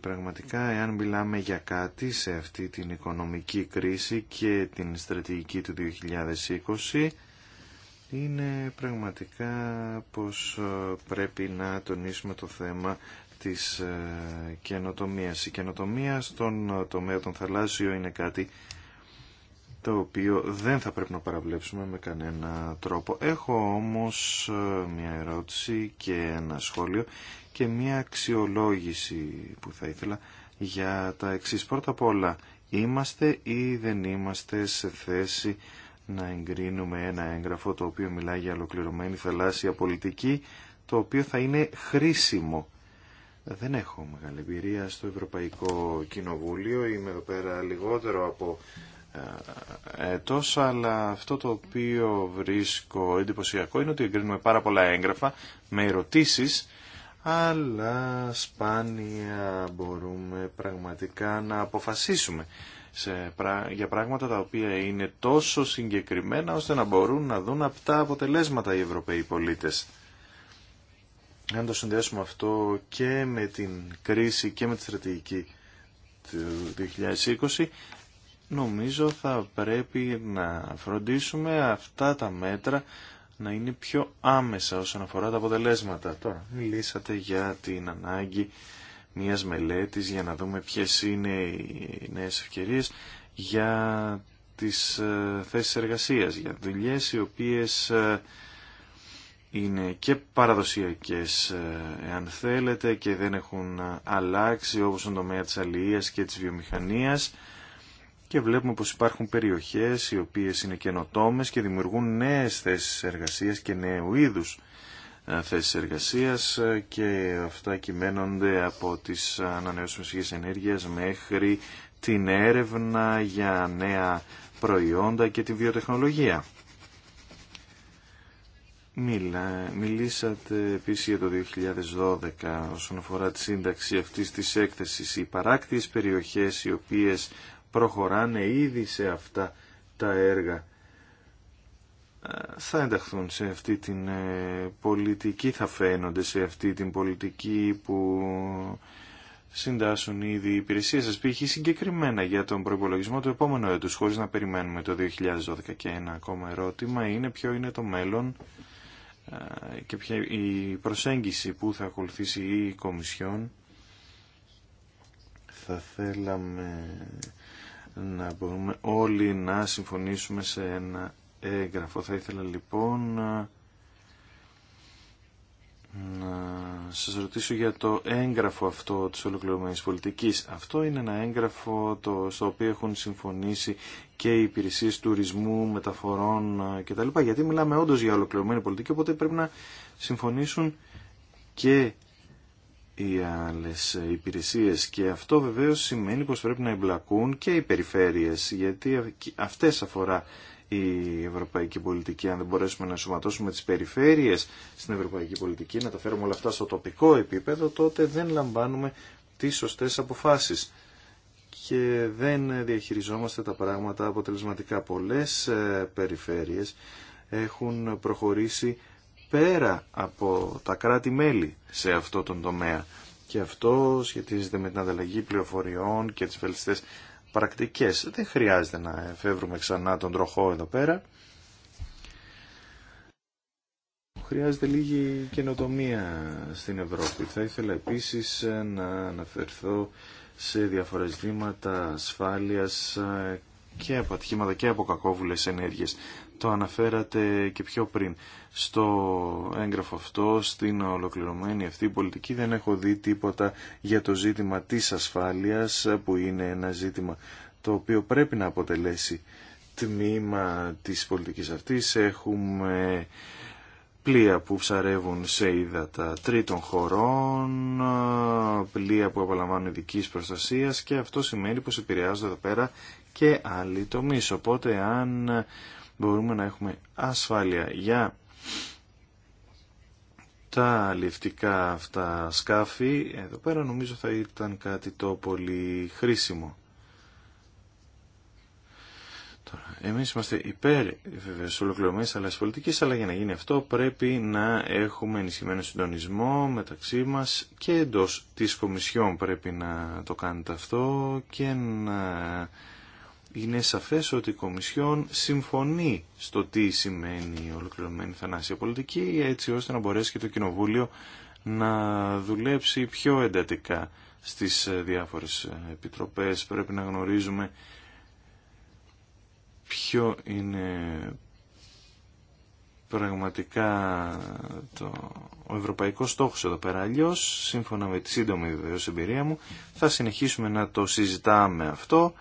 πραγματικά εάν μιλάμε για κάτι σε αυτή την οικονομική κρίση και την στρατηγική του 2020 είναι πραγματικά πως ε, πρέπει να τονίσουμε το θέμα της ε, καινοτομίας. Η καινοτομία στον τομέα των θαλάσσιων είναι κάτι το οποίο δεν θα πρέπει να παραβλέψουμε με κανένα τρόπο. Έχω όμως ε, μια ερώτηση και ένα σχόλιο και μια αξιολόγηση που θα ήθελα για τα εξής. Πρώτα απ' όλα, είμαστε ή δεν είμαστε σε θέση να εγκρίνουμε ένα έγγραφο το οποίο μιλάει για ολοκληρωμένη θαλάσσια πολιτική, το οποίο θα είναι χρήσιμο δεν έχω μεγάλη εμπειρία στο Ευρωπαϊκό Κοινοβούλιο. Είμαι εδώ πέρα λιγότερο από ε, τόσο, αλλά αυτό το οποίο βρίσκω εντυπωσιακό είναι ότι εγκρίνουμε πάρα πολλά έγγραφα με ερωτήσεις, αλλά σπάνια μπορούμε πραγματικά να αποφασίσουμε σε, για πράγματα τα οποία είναι τόσο συγκεκριμένα ώστε να μπορούν να δουν αυτά αποτελέσματα οι Ευρωπαίοι πολίτες αν το συνδυάσουμε αυτό και με την κρίση και με τη στρατηγική του 2020, νομίζω θα πρέπει να φροντίσουμε αυτά τα μέτρα να είναι πιο άμεσα όσον αφορά τα αποτελέσματα. Τώρα, μιλήσατε για την ανάγκη μιας μελέτης για να δούμε ποιες είναι οι νέες ευκαιρίες για τις ε, θέσεις εργασίας, για δουλειές οι οποίες ε, είναι και παραδοσιακές ε, εάν θέλετε και δεν έχουν αλλάξει όπως στον τομέα της αλληλείας και της βιομηχανίας και βλέπουμε πως υπάρχουν περιοχές οι οποίες είναι καινοτόμε και δημιουργούν νέες θέσεις εργασίας και νέου είδους ε, θέσεις εργασίας ε, και αυτά κυμαίνονται από τις ανανεώσιμες πηγές ενέργειας μέχρι την έρευνα για νέα προϊόντα και τη βιοτεχνολογία. Μιλά, μιλήσατε επίσης για το 2012 όσον αφορά τη σύνταξη αυτής της έκθεσης. Οι παράκτιες περιοχές οι οποίες προχωράνε ήδη σε αυτά τα έργα ε, θα ενταχθούν σε αυτή την ε, πολιτική, θα φαίνονται σε αυτή την πολιτική που συντάσσουν ήδη οι υπηρεσίες σας π.χ. συγκεκριμένα για τον προϋπολογισμό του επόμενου έτους χωρίς να περιμένουμε το 2012 και ένα ακόμα ερώτημα είναι ποιο είναι το μέλλον ε, και ποια η προσέγγιση που θα ακολουθήσει η Κομισιόν θα θέλαμε να μπορούμε όλοι να συμφωνήσουμε σε ένα έγγραφο. Θα ήθελα λοιπόν να να σας ρωτήσω για το έγγραφο αυτό της ολοκληρωμένης πολιτικής. Αυτό είναι ένα έγγραφο το, στο οποίο έχουν συμφωνήσει και οι υπηρεσίε τουρισμού, μεταφορών ε, κτλ. Γιατί μιλάμε όντως για ολοκληρωμένη πολιτική, οπότε πρέπει να συμφωνήσουν και οι άλλες υπηρεσίες και αυτό βεβαίως σημαίνει πως πρέπει να εμπλακούν και οι περιφέρειες γιατί αυτές αφορά η ευρωπαϊκή πολιτική, αν δεν μπορέσουμε να σωματώσουμε τις περιφέρειες στην ευρωπαϊκή πολιτική, να τα φέρουμε όλα αυτά στο τοπικό επίπεδο, τότε δεν λαμβάνουμε τις σωστές αποφάσεις και δεν διαχειριζόμαστε τα πράγματα αποτελεσματικά. Πολλές ε, περιφέρειες έχουν προχωρήσει πέρα από τα κράτη-μέλη σε αυτό τον τομέα. Και αυτό σχετίζεται με την ανταλλαγή πληροφοριών και τις βελτιστές πρακτικές. Δεν χρειάζεται να εφεύρουμε ξανά τον τροχό εδώ πέρα. Χρειάζεται λίγη καινοτομία στην Ευρώπη. Θα ήθελα επίσης να αναφερθώ σε διαφορετικά ασφάλειας και από ατυχήματα και από κακόβουλες ενέργειες. Το αναφέρατε και πιο πριν. Στο έγγραφο αυτό, στην ολοκληρωμένη αυτή πολιτική, δεν έχω δει τίποτα για το ζήτημα της ασφάλειας, που είναι ένα ζήτημα το οποίο πρέπει να αποτελέσει τμήμα της πολιτικής αυτής. Έχουμε πλοία που ψαρεύουν σε ύδατα τρίτων χωρών, πλοία που απολαμβάνουν ειδική προστασία και αυτό σημαίνει πως επηρεάζονται εδώ πέρα και άλλοι τομεί. Οπότε αν μπορούμε να έχουμε ασφάλεια για τα ληφτικά αυτά σκάφη, εδώ πέρα νομίζω θα ήταν κάτι το πολύ χρήσιμο. Τώρα, εμείς είμαστε υπέρ στους ολοκληρωμένες πολιτικής, αλλά για να γίνει αυτό πρέπει να έχουμε ενισχυμένο συντονισμό μεταξύ μας και εντός της Κομισιόν πρέπει να το κάνετε αυτό και να είναι σαφές ότι η Κομισιόν συμφωνεί στο τι σημαίνει η ολοκληρωμένη θανάσια πολιτική έτσι ώστε να μπορέσει και το Κοινοβούλιο να δουλέψει πιο εντατικά στις διάφορες επιτροπές. Πρέπει να γνωρίζουμε ποιο είναι πραγματικά το, ο ευρωπαϊκός στόχος εδώ πέρα. Αλλιώ, σύμφωνα με τη σύντομη βεβαίως εμπειρία μου, θα συνεχίσουμε να το συζητάμε αυτό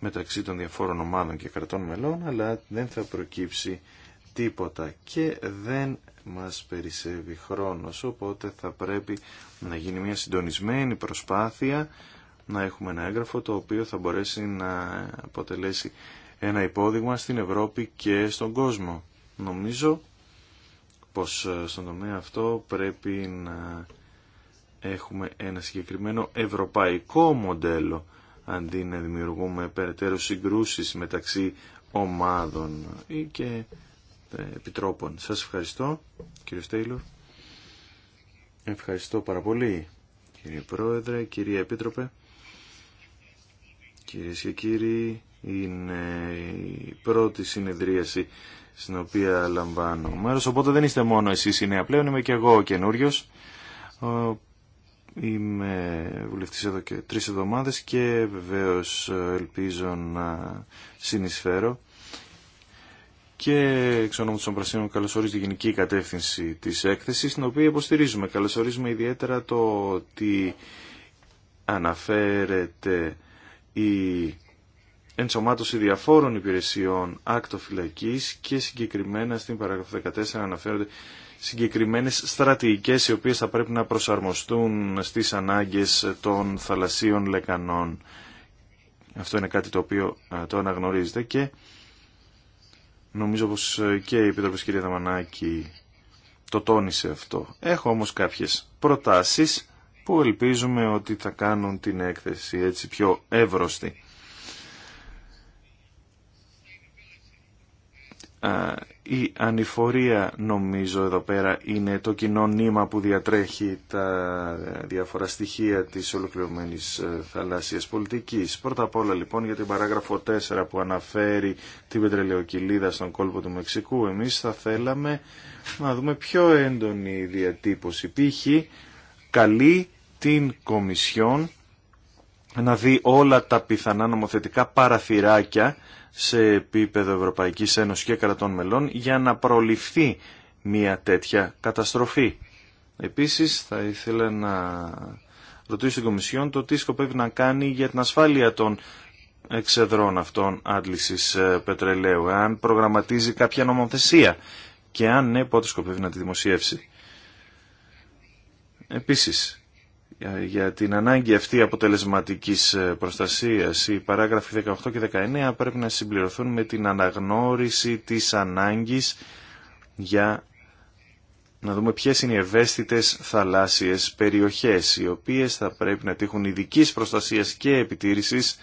μεταξύ των διαφόρων ομάδων και κρατών μελών, αλλά δεν θα προκύψει τίποτα και δεν μας περισσεύει χρόνος, οπότε θα πρέπει να γίνει μια συντονισμένη προσπάθεια να έχουμε ένα έγγραφο το οποίο θα μπορέσει να αποτελέσει ένα υπόδειγμα στην Ευρώπη και στον κόσμο. Νομίζω πως ε, στον τομέα αυτό πρέπει να έχουμε ένα συγκεκριμένο ευρωπαϊκό μοντέλο αντί να δημιουργούμε περαιτέρω συγκρούσεις μεταξύ ομάδων ή και ε, επιτρόπων. Σας ευχαριστώ, κύριε Στέιλορ. Ευχαριστώ πάρα πολύ, κύριε Πρόεδρε, κύριε Επίτροπε. Κυρίε και κύριοι, είναι η πρώτη συνεδρίαση στην οποία λαμβάνω μέρος, οπότε δεν είστε μόνο εσείς οι νέα πλέον, είμαι και εγώ καινούριο. Είμαι βουλευτής εδώ και τρεις εβδομάδες και βεβαίως ε, ελπίζω να συνεισφέρω και εξ ονόμου των Πρασίνων καλωσορίζει τη γενική κατεύθυνση της έκθεσης την οποία υποστηρίζουμε. Καλωσορίζουμε ιδιαίτερα το ότι αναφέρεται η ενσωμάτωση διαφόρων υπηρεσιών άκτοφυλακής και συγκεκριμένα στην παράγραφο 14 αναφέρονται συγκεκριμένες στρατηγικές οι οποίες θα πρέπει να προσαρμοστούν στις ανάγκες των θαλασσίων λεκανών. Αυτό είναι κάτι το οποίο το αναγνωρίζετε και νομίζω πως και η Επιτροπής κυρία Δαμανάκη το τόνισε αυτό. Έχω όμως κάποιες προτάσεις που ελπίζουμε ότι θα κάνουν την έκθεση έτσι πιο εύρωστη η ανηφορία νομίζω εδώ πέρα είναι το κοινό νήμα που διατρέχει τα διάφορα στοιχεία της ολοκληρωμένης ε, θαλάσσιας πολιτικής. Πρώτα απ' όλα λοιπόν για την παράγραφο 4 που αναφέρει την πετρελαιοκυλίδα στον κόλπο του Μεξικού εμείς θα θέλαμε να δούμε πιο έντονη διατύπωση. Π.χ. καλεί την Κομισιόν να δει όλα τα πιθανά νομοθετικά παραθυράκια σε επίπεδο Ευρωπαϊκής Ένωσης και κρατών μελών για να προληφθεί μια τέτοια καταστροφή. Επίσης θα ήθελα να ρωτήσω την Κομισιόν το τι σκοπεύει να κάνει για την ασφάλεια των εξεδρών αυτών άντλησης ε, πετρελαίου, αν προγραμματίζει κάποια νομοθεσία και αν ναι πότε σκοπεύει να τη δημοσιεύσει. Επίσης, ε, για την ανάγκη αυτή αποτελεσματικής ε, προστασίας. Οι παράγραφοι 18 και 19 πρέπει να συμπληρωθούν με την αναγνώριση της ανάγκης για να δούμε ποιες είναι οι ευαίσθητες θαλάσσιες περιοχές, οι οποίες θα πρέπει να τύχουν ειδική προστασίας και επιτήρησης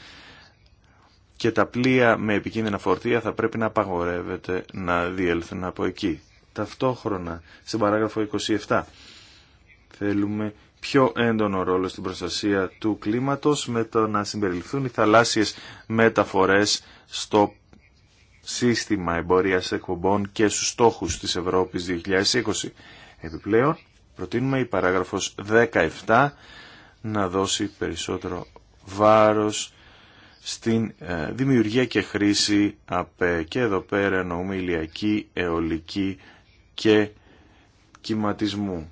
και τα πλοία με επικίνδυνα φορτία θα πρέπει να απαγορεύεται να διέλθουν από εκεί. Ταυτόχρονα, στην παράγραφο 27, θέλουμε πιο έντονο ρόλο στην προστασία του κλίματος με το να συμπεριληφθούν οι θαλάσσιες μεταφορές στο σύστημα εμπορίας εκπομπών και στους στόχους της Ευρώπης 2020. Επιπλέον, προτείνουμε η παράγραφος 17 να δώσει περισσότερο βάρος στην ε, δημιουργία και χρήση ΑΠΕ. Και εδώ πέρα εννοούμε ηλιακή, αιωλική και κυματισμού.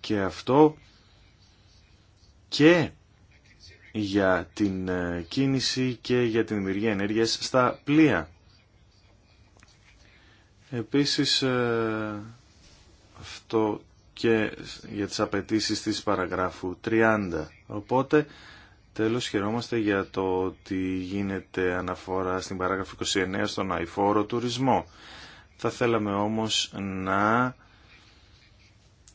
Και αυτό και για την ε, κίνηση και για την δημιουργία ενέργειας στα πλοία. Επίσης ε, αυτό και για τις απαιτήσεις της παραγράφου 30. Οπότε τέλος χαιρόμαστε για το ότι γίνεται αναφορά στην παράγραφο 29 στον αηφόρο τουρισμό. Θα θέλαμε όμως να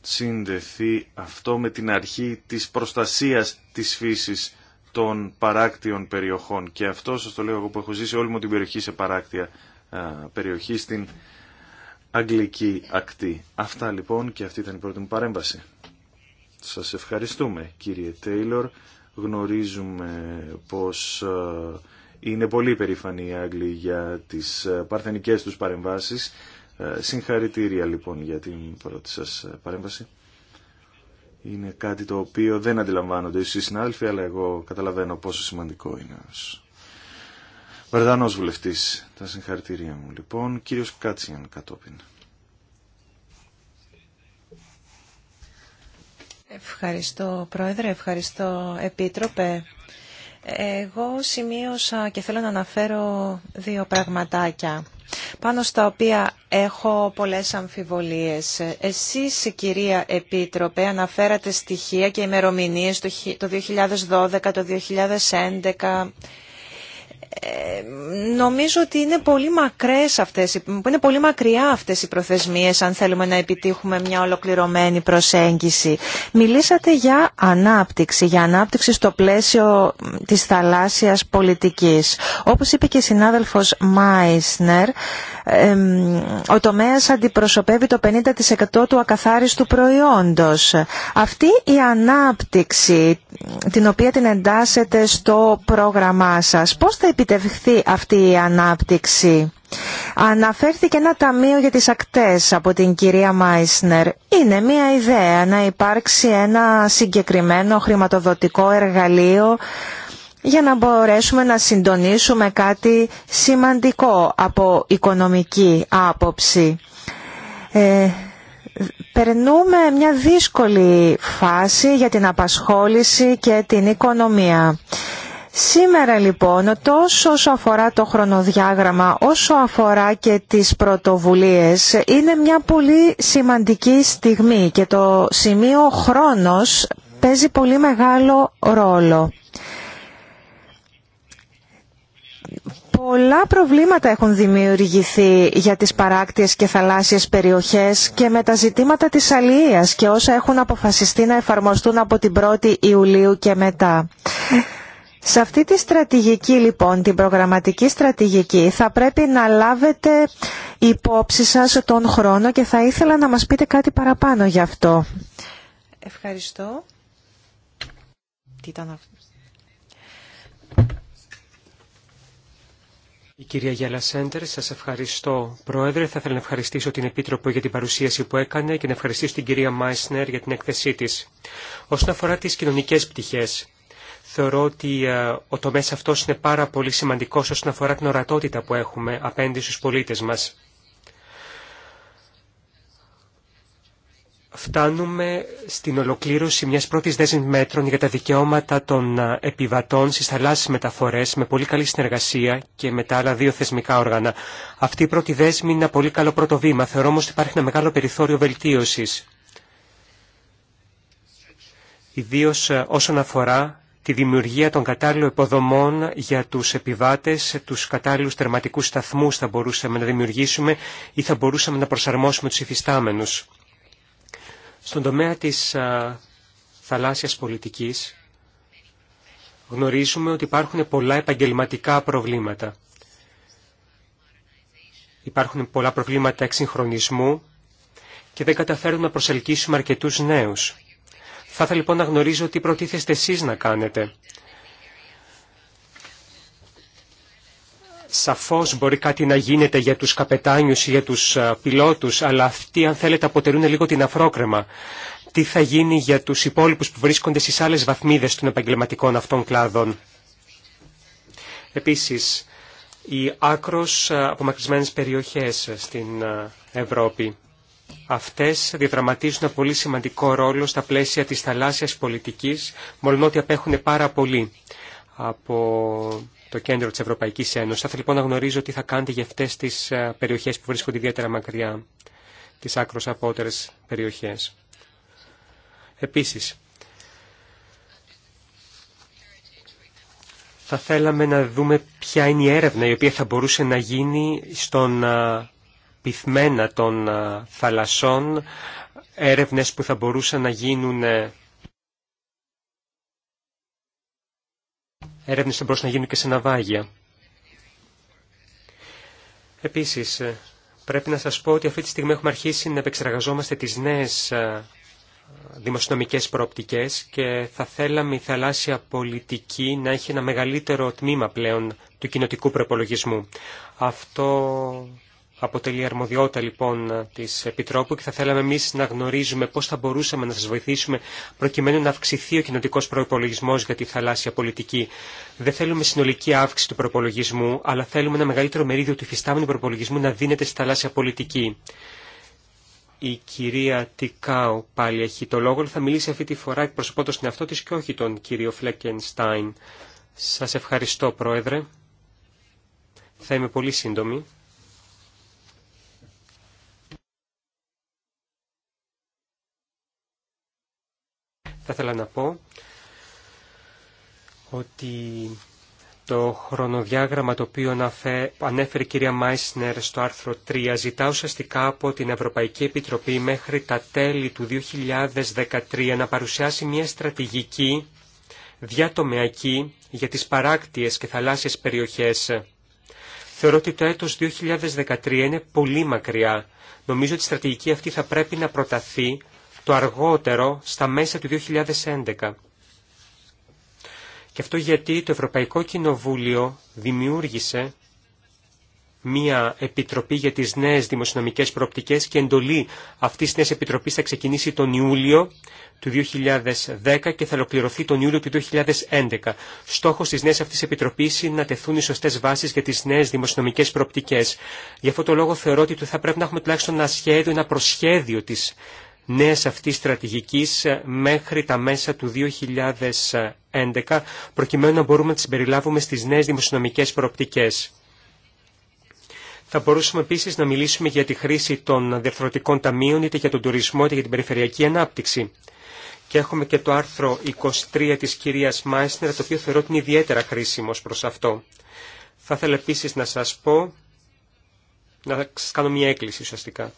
συνδεθεί αυτό με την αρχή της προστασίας της φύσης των παράκτιων περιοχών. Και αυτό σας το λέω εγώ που έχω ζήσει όλη μου την περιοχή σε παράκτια περιοχή στην Αγγλική ακτή. Αυτά λοιπόν και αυτή ήταν η πρώτη μου παρέμβαση. Σας ευχαριστούμε κύριε Τέιλορ. Γνωρίζουμε πως είναι πολύ περήφανοι οι Άγγλοι για τις παρθενικές τους παρεμβάσεις ε, συγχαρητήρια λοιπόν για την πρώτη σας ε, παρέμβαση. Είναι κάτι το οποίο δεν αντιλαμβάνονται οι συνάδελφοι, αλλά εγώ καταλαβαίνω πόσο σημαντικό είναι ως Βρετανός βουλευτής. Τα συγχαρητήρια μου λοιπόν. Κύριος Κάτσιαν κατόπιν. Ευχαριστώ Πρόεδρε, ευχαριστώ Επίτροπε εγώ σημείωσα και θέλω να αναφέρω δύο πραγματάκια πάνω στα οποία έχω πολλές αμφιβολίες. Εσείς, κυρία Επίτροπε, αναφέρατε στοιχεία και ημερομηνίες το 2012, το 2011 νομίζω ότι είναι πολύ μακρές αυτές, είναι πολύ μακριά αυτές οι προθεσμίες αν θέλουμε να επιτύχουμε μια ολοκληρωμένη προσέγγιση. Μιλήσατε για ανάπτυξη, για ανάπτυξη στο πλαίσιο της θαλάσσιας πολιτικής. Όπως είπε και η συνάδελφος Μάισνερ, ο τομέας αντιπροσωπεύει το 50% του ακαθάριστου προϊόντος. Αυτή η ανάπτυξη την οποία την εντάσσετε στο πρόγραμμά σας, πώς θα επιτύχετε επιτευχθεί αυτή η ανάπτυξη. Αναφέρθηκε ένα ταμείο για τις ακτές από την κυρία Μάισνερ. Είναι μια ιδέα να υπάρξει ένα συγκεκριμένο χρηματοδοτικό εργαλείο για να μπορέσουμε να συντονίσουμε κάτι σημαντικό από οικονομική άποψη. Ε, περνούμε μια δύσκολη φάση για την απασχόληση και την οικονομία. Σήμερα λοιπόν, τόσο όσο αφορά το χρονοδιάγραμμα, όσο αφορά και τις πρωτοβουλίες, είναι μια πολύ σημαντική στιγμή και το σημείο χρόνος παίζει πολύ μεγάλο ρόλο. Πολλά προβλήματα έχουν δημιουργηθεί για τις παράκτιες και θαλάσσιες περιοχές και με τα ζητήματα της αλληλείας και όσα έχουν αποφασιστεί να εφαρμοστούν από την 1η Ιουλίου και μετά. Σε αυτή τη στρατηγική λοιπόν, την προγραμματική στρατηγική, θα πρέπει να λάβετε υπόψη σας τον χρόνο και θα ήθελα να μας πείτε κάτι παραπάνω γι' αυτό. Ευχαριστώ. Τι ήταν αυτό. Η κυρία Γιάλα Σέντερ, σα ευχαριστώ. Πρόεδρε, θα ήθελα να ευχαριστήσω την Επίτροπο για την παρουσίαση που έκανε και να ευχαριστήσω την κυρία Μάισνερ για την έκθεσή τη. Όσον αφορά τι κοινωνικέ πτυχέ, Θεωρώ ότι ε, ο τομέας αυτός είναι πάρα πολύ σημαντικός όσον αφορά την ορατότητα που έχουμε απέναντι στους πολίτες μας. Φτάνουμε στην ολοκλήρωση μιας πρώτης δέσμης μέτρων για τα δικαιώματα των ε, επιβατών στις θαλάσσιες μεταφορές με πολύ καλή συνεργασία και με τα άλλα δύο θεσμικά όργανα. Αυτή η πρώτη δέσμη είναι ένα πολύ καλό πρώτο βήμα. Θεωρώ όμως ότι υπάρχει ένα μεγάλο περιθώριο βελτίωσης. Ιδίως ε, όσον αφορά τη δημιουργία των κατάλληλων υποδομών για τους επιβάτες, τους κατάλληλους τερματικούς σταθμούς θα μπορούσαμε να δημιουργήσουμε ή θα μπορούσαμε να προσαρμόσουμε τους υφιστάμενους. Στον τομέα της θαλάσσιας πολιτικής γνωρίζουμε ότι υπάρχουν πολλά επαγγελματικά προβλήματα. Υπάρχουν πολλά προβλήματα εξυγχρονισμού και δεν καταφέρουμε να προσελκύσουμε αρκετούς νέους. Θα ήθελα λοιπόν να γνωρίζω τι προτίθεστε εσείς να κάνετε. Σαφώς μπορεί κάτι να γίνεται για τους καπετάνιους ή για τους πιλότους, αλλά αυτοί αν θέλετε αποτελούν λίγο την αφρόκρεμα. Τι θα γίνει για τους υπόλοιπους που βρίσκονται στις άλλες βαθμίδες των επαγγελματικών αυτών κλάδων. Επίσης, οι άκρος απομακρυσμένες περιοχές στην Ευρώπη. Αυτές διαδραματίζουν ένα πολύ σημαντικό ρόλο στα πλαίσια της θαλάσσιας πολιτικής, μόνο ότι απέχουν πάρα πολύ από το κέντρο της Ευρωπαϊκής Ένωσης. Θα λοιπόν να γνωρίζω τι θα κάνετε για αυτές τις ε, περιοχές που βρίσκονται ιδιαίτερα μακριά, τις άκρο απότερε περιοχές. Επίσης, θα θέλαμε να δούμε ποια είναι η έρευνα η οποία θα μπορούσε να γίνει στον ε, πυθμένα των θαλασσών, έρευνες που θα μπορούσαν να γίνουν ε, έρευνες θα μπορούσαν να γίνουν και σε ναυάγια. Επίσης, ε, πρέπει να σας πω ότι αυτή τη στιγμή έχουμε αρχίσει να επεξεργαζόμαστε τις νέες δημοσιονομικές προοπτικές και θα θέλαμε η θαλάσσια πολιτική να έχει ένα μεγαλύτερο τμήμα πλέον του κοινοτικού προπολογισμού. Αυτό Αποτελεί αρμοδιότητα λοιπόν τη Επιτρόπου και θα θέλαμε εμεί να γνωρίζουμε πώ θα μπορούσαμε να σα βοηθήσουμε προκειμένου να αυξηθεί ο κοινοτικό προπολογισμό για τη θαλάσσια πολιτική. Δεν θέλουμε συνολική αύξηση του προπολογισμού, αλλά θέλουμε ένα μεγαλύτερο μερίδιο του υφιστάμενου προπολογισμού να δίνεται στη θαλάσσια πολιτική. Η κυρία Τικάου πάλι έχει το λόγο, θα μιλήσει αυτή τη φορά εκπροσωπώντα τον εαυτό τη και όχι τον κύριο Φλέκενστάιν. Σα ευχαριστώ, Πρόεδρε. Θα είμαι πολύ σύντομη. Θα ήθελα να πω ότι το χρονοδιάγραμμα το οποίο ανέφερε η κυρία Μάισνερ στο άρθρο 3 ζητά ουσιαστικά από την Ευρωπαϊκή Επιτροπή μέχρι τα τέλη του 2013 να παρουσιάσει μια στρατηγική διατομεακή για τις παράκτιες και θαλάσσιες περιοχές. Θεωρώ ότι το έτος 2013 είναι πολύ μακριά. Νομίζω ότι η στρατηγική αυτή θα πρέπει να προταθεί το αργότερο στα μέσα του 2011. Και αυτό γιατί το Ευρωπαϊκό Κοινοβούλιο δημιούργησε μία επιτροπή για τις νέες δημοσιονομικές προοπτικές και εντολή αυτής της νέας επιτροπής θα ξεκινήσει τον Ιούλιο του 2010 και θα ολοκληρωθεί τον Ιούλιο του 2011. Στόχος της νέας αυτής επιτροπής είναι να τεθούν οι σωστές βάσεις για τις νέες δημοσιονομικές προοπτικές. Γι' αυτό το λόγο θεωρώ ότι θα πρέπει να έχουμε τουλάχιστον ένα σχέδιο, ένα προσχέδιο της νέας αυτής στρατηγικής ε, μέχρι τα μέσα του 2011, προκειμένου να μπορούμε να τις περιλάβουμε στις νέες δημοσιονομικές προοπτικές. Θα μπορούσαμε επίσης να μιλήσουμε για τη χρήση των διευθυντικών ταμείων, είτε για τον τουρισμό, είτε για την περιφερειακή ανάπτυξη. Και έχουμε και το άρθρο 23 της κυρίας Μάισνερ, το οποίο θεωρώ ότι είναι ιδιαίτερα χρήσιμο προς αυτό. Θα ήθελα επίσης να σας πω, να κάνω μια έκκληση ουσιαστικά.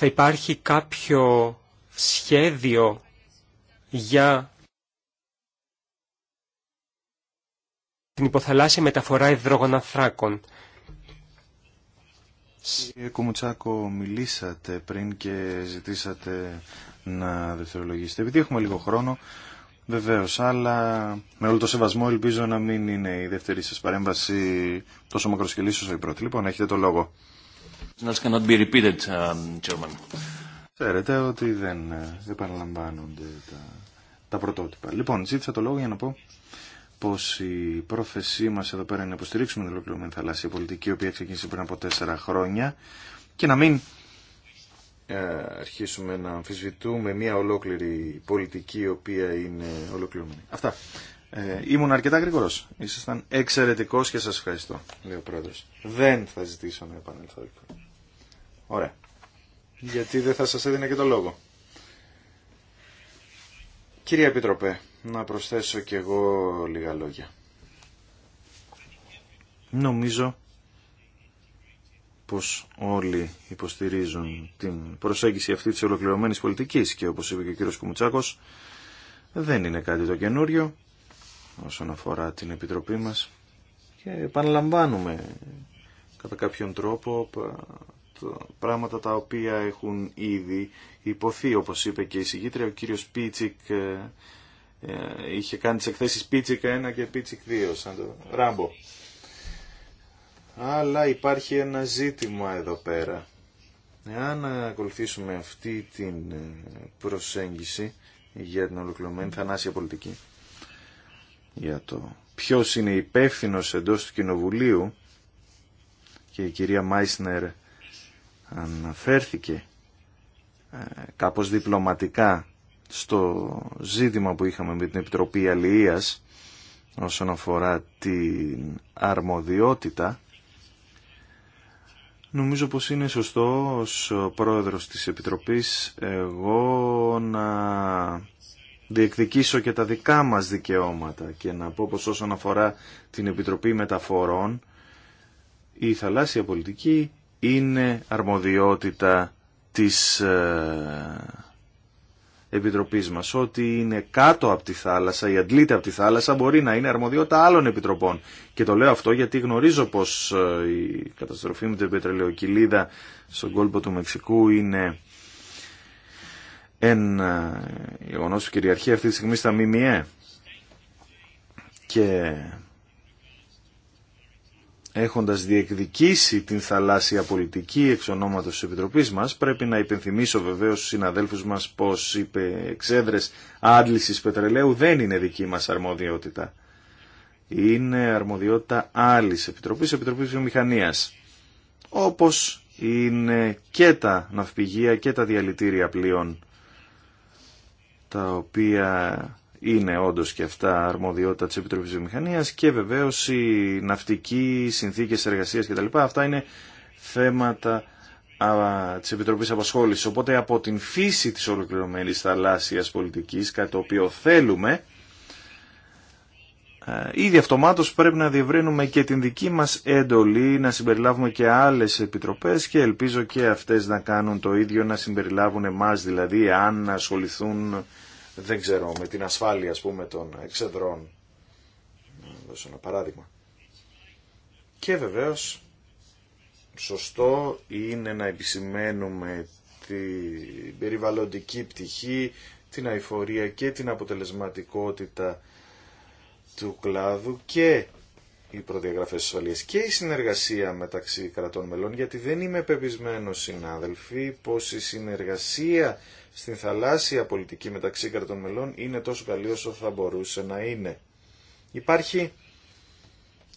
θα υπάρχει κάποιο σχέδιο για την υποθαλάσσια μεταφορά υδρογοναθράκων. Κύριε Κουμουτσάκο, μιλήσατε πριν και ζητήσατε να δευτερολογήσετε. Επειδή έχουμε λίγο χρόνο, Βεβαίω, αλλά με όλο το σεβασμό ελπίζω να μην είναι η δεύτερη σα παρέμβαση τόσο μακροσκελή όσο η πρώτη. Λοιπόν, έχετε το λόγο cannot be repeated, German. Um, Ξέρετε ότι δεν επαναλαμβάνονται τα, τα πρωτότυπα. Λοιπόν, ζήτησα το λόγο για να πω πως η πρόθεσή μα εδώ πέρα είναι να υποστηρίξουμε την ολοκληρωμένη θαλάσσια πολιτική, η οποία ξεκίνησε πριν από τέσσερα χρόνια και να μην ε, αρχίσουμε να αμφισβητούμε μια ολόκληρη πολιτική η οποία είναι ολοκληρωμένη. Αυτά. Ε, ήμουν αρκετά γρήγορος. Ήσασταν εξαιρετικός και σας ευχαριστώ, λέει ο πρόεδρος. Δεν θα ζητήσω να επανέλθω. Ωραία. Γιατί δεν θα σας έδινε και το λόγο. Κυρία Επιτροπέ, να προσθέσω κι εγώ λίγα λόγια. Νομίζω πως όλοι υποστηρίζουν την προσέγγιση αυτή της ολοκληρωμένης πολιτικής και όπως είπε και ο κύριος Κουμουτσάκος δεν είναι κάτι το καινούριο όσον αφορά την Επιτροπή μας και επαναλαμβάνουμε κατά κάποιον τρόπο πράγματα τα οποία έχουν ήδη υποθεί, όπως είπε και η συγκήτρια, ο κύριος Πίτσικ ε, ε, είχε κάνει τις εκθέσεις Πίτσικ 1 και Πίτσικ 2, σαν το Ράμπο. Αλλά υπάρχει ένα ζήτημα εδώ πέρα. Εάν ακολουθήσουμε αυτή την ε, προσέγγιση για την ολοκληρωμένη θανάσια πολιτική, για το ποιος είναι υπεύθυνο εντός του Κοινοβουλίου, και η κυρία Μάισνερ αναφέρθηκε ε, κάπως διπλωματικά στο ζήτημα που είχαμε με την Επιτροπή Αλληλείας όσον αφορά την αρμοδιότητα νομίζω πως είναι σωστό ως πρόεδρος της Επιτροπής εγώ να διεκδικήσω και τα δικά μας δικαιώματα και να πω πως όσον αφορά την Επιτροπή Μεταφορών η θαλάσσια πολιτική είναι αρμοδιότητα της ε, Επιτροπής μας. Ότι είναι κάτω από τη θάλασσα ή αντλείται από τη θάλασσα μπορεί να είναι αρμοδιότητα άλλων επιτροπών. Και το λέω αυτό γιατί γνωρίζω πως ε, η καταστροφή με την πετρελαιοκυλίδα στον κόλπο του Μεξικού είναι ένα ε, γεγονός που κυριαρχεί αυτή τη στιγμή στα ΜΜΕ. Και έχοντας διεκδικήσει την θαλάσσια πολιτική εξ ονόματος της Επιτροπής μας, πρέπει να υπενθυμίσω βεβαίως στους συναδέλφους μας πως είπε εξέδρες άντλησης πετρελαίου δεν είναι δική μας αρμοδιότητα. Είναι αρμοδιότητα άλλης Επιτροπής, Επιτροπής Βιομηχανίας. Όπως είναι και τα ναυπηγεία και τα διαλυτήρια πλοίων, τα οποία είναι όντω και αυτά αρμοδιότητα τη Επιτροπή Βιομηχανία και βεβαίω οι ναυτικοί οι συνθήκες εργασίας κτλ. Αυτά είναι θέματα τη επιτροπή απασχόληση. Οπότε από την φύση της ολοκληρωμένη θαλάσσια πολιτική κάτι το οποίο θέλουμε, Ήδη αυτομάτω πρέπει να διευρύνουμε και την δική μας έντολη, να συμπεριλάβουμε και άλλε επιτροπέ και ελπίζω και αυτέ να κάνουν το ίδιο, να συμπεριλάβουν εμά δηλαδή αν ασχοληθούν δεν ξέρω, με την ασφάλεια ας πούμε των εξεδρών. Να δώσω ένα παράδειγμα. Και βεβαίως σωστό είναι να επισημαίνουμε την περιβαλλοντική πτυχή, την αηφορία και την αποτελεσματικότητα του κλάδου και οι προδιαγραφές ασφαλείας και η συνεργασία μεταξύ κρατών μελών, γιατί δεν είμαι πεπισμένος συνάδελφοι πως η συνεργασία στην θαλάσσια πολιτική μεταξύ κρατών μελών είναι τόσο καλή όσο θα μπορούσε να είναι. Υπάρχει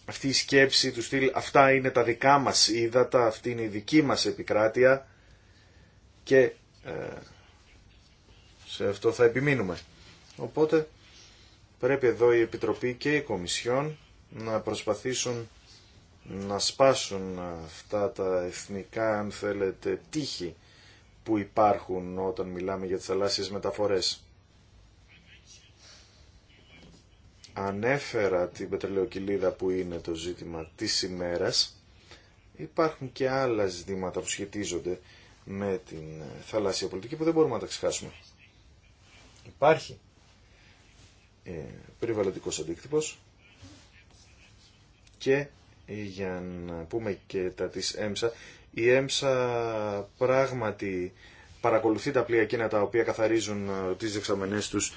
αυτή η σκέψη του στυλ αυτά είναι τα δικά μας ύδατα, αυτή είναι η δική μας επικράτεια και ε, σε αυτό θα επιμείνουμε. Οπότε πρέπει εδώ η Επιτροπή και η Κομισιόν να προσπαθήσουν να σπάσουν αυτά τα εθνικά αν θέλετε τείχη που υπάρχουν όταν μιλάμε για τις θαλάσσιες μεταφορές. Ανέφερα την πετρελαιοκυλίδα που είναι το ζήτημα της ημέρας. Υπάρχουν και άλλα ζητήματα που σχετίζονται με την θαλάσσια πολιτική που δεν μπορούμε να τα ξεχάσουμε. Υπάρχει ε, περιβαλλοντικός αντίκτυπος και για να πούμε και τα της ΕΜΣΑ η ΕΜΣΑ πράγματι παρακολουθεί τα πλοία εκείνα τα οποία καθαρίζουν ε, τις δεξαμενές τους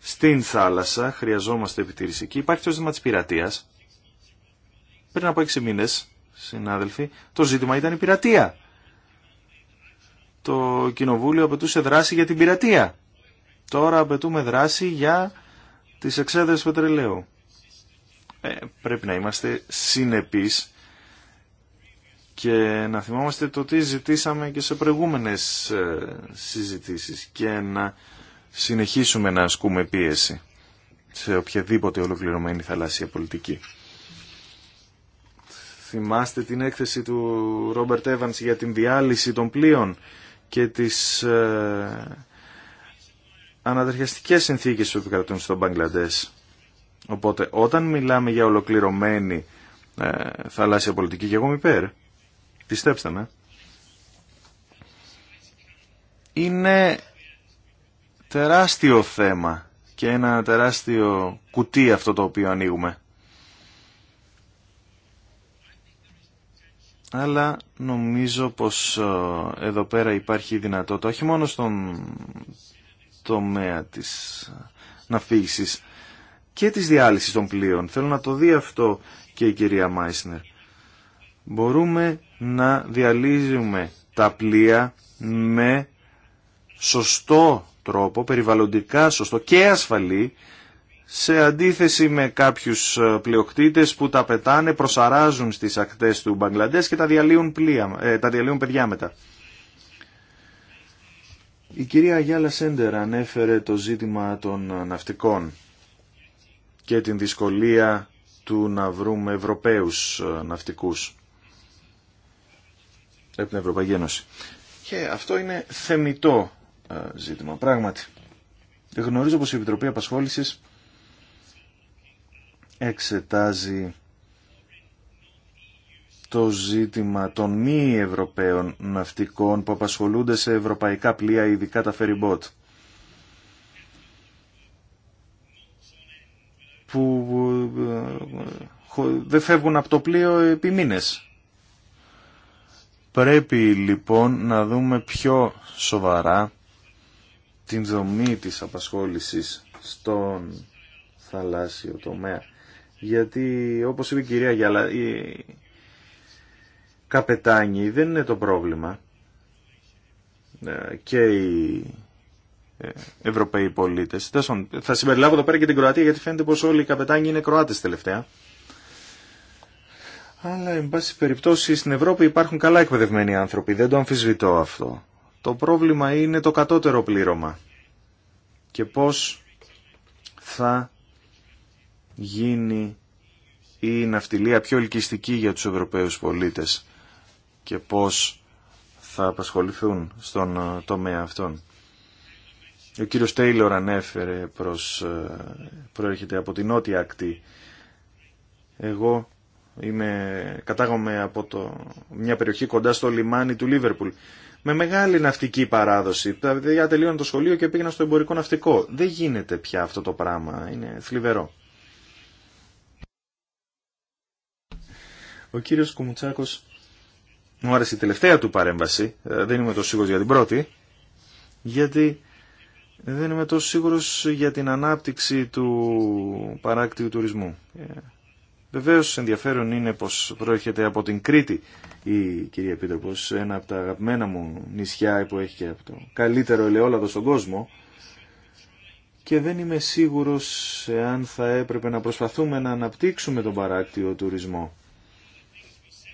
στην θάλασσα. Χρειαζόμαστε επιτήρηση εκεί. Υπάρχει το ζήτημα της πειρατείας. Πριν από έξι μήνες, συνάδελφοι, το ζήτημα ήταν η πειρατεία. Το κοινοβούλιο απαιτούσε δράση για την πειρατεία. Τώρα απαιτούμε δράση για τις εξέδρες πετρελαίου. Ε, πρέπει να είμαστε συνεπείς και να θυμόμαστε το τι ζητήσαμε και σε προηγούμενες ε, συζητήσεις και να συνεχίσουμε να ασκούμε πίεση σε οποιαδήποτε ολοκληρωμένη θαλάσσια πολιτική. Θυμάστε την έκθεση του Ρόμπερτ Evans για την διάλυση των πλοίων και τις ε, συνθήκες που επικρατούν στο Μπαγκλαντές. Οπότε όταν μιλάμε για ολοκληρωμένη ε, θαλάσσια πολιτική και εγώ Πιστέψτε με. Είναι τεράστιο θέμα και ένα τεράστιο κουτί αυτό το οποίο ανοίγουμε. αλλά νομίζω πως ε, εδώ πέρα υπάρχει δυνατότητα όχι μόνο στον τομέα της ε, ναυπήγησης και της διάλυσης των πλοίων. Θέλω να το δει αυτό και η κυρία Μάισνερ μπορούμε να διαλύζουμε τα πλοία με σωστό τρόπο, περιβαλλοντικά σωστό και ασφαλή, σε αντίθεση με κάποιους ε, πλειοκτήτες που τα πετάνε, προσαράζουν στις ακτές του Μπαγκλαντές και τα διαλύουν, πλοία, ε, τα διαλύουν παιδιά μετά. Η κυρία Γιάλα Σέντερ ανέφερε το ζήτημα των ε, ναυτικών και την δυσκολία του να βρούμε Ευρωπαίους ναυτικούς από την Ευρωπαϊκή Ένωση. Και αυτό είναι θεμητό ε, ζήτημα, πράγματι. Γνωρίζω πως η Επιτροπή Απασχόλησης εξετάζει το ζήτημα των μη Ευρωπαίων ναυτικών που απασχολούνται σε ευρωπαϊκά πλοία, ειδικά τα ferry που ε, ε, δεν φεύγουν από το πλοίο επί μήνες. Πρέπει λοιπόν να δούμε πιο σοβαρά την δομή της απασχόλησης στον θαλάσσιο τομέα. Γιατί όπως είπε η κυρία Γιάλα, οι καπετάνιοι δεν είναι το πρόβλημα ε, και οι ε, Ευρωπαίοι πολίτες. Θα συμπεριλάβω εδώ πέρα και την Κροατία γιατί φαίνεται πως όλοι οι καπετάνιοι είναι Κροάτες τελευταία. Αλλά, εν πάση περιπτώσει, στην Ευρώπη υπάρχουν καλά εκπαιδευμένοι άνθρωποι. Δεν το αμφισβητώ αυτό. Το πρόβλημα είναι το κατώτερο πλήρωμα. Και πώς θα γίνει η ναυτιλία πιο ελκυστική για τους Ευρωπαίους πολίτες και πώς θα απασχοληθούν στον ε, τομέα αυτόν. Ο κύριος Τέιλορ ανέφερε προς, ε, προέρχεται από την νότια ακτή. Εγώ Είμαι, κατάγομαι από το, μια περιοχή κοντά στο λιμάνι του Λίβερπουλ. Με μεγάλη ναυτική παράδοση. Τα παιδιά τελείωναν το σχολείο και πήγαιναν στο εμπορικό ναυτικό. Δεν γίνεται πια αυτό το πράγμα. Είναι θλιβερό. Ο κύριος Κουμουτσάκος μου άρεσε η τελευταία του παρέμβαση. Ε, δεν είμαι τόσο σίγουρος για την πρώτη. Γιατί δεν είμαι τόσο σίγουρος για την ανάπτυξη του παράκτιου τουρισμού. Ε, Βεβαίω ενδιαφέρον είναι πω προέρχεται από την Κρήτη η κυρία Επίτροπο, ένα από τα αγαπημένα μου νησιά που έχει και το καλύτερο ελαιόλαδο στον κόσμο και δεν είμαι σίγουρο εάν θα έπρεπε να προσπαθούμε να αναπτύξουμε τον παράκτιο τουρισμό.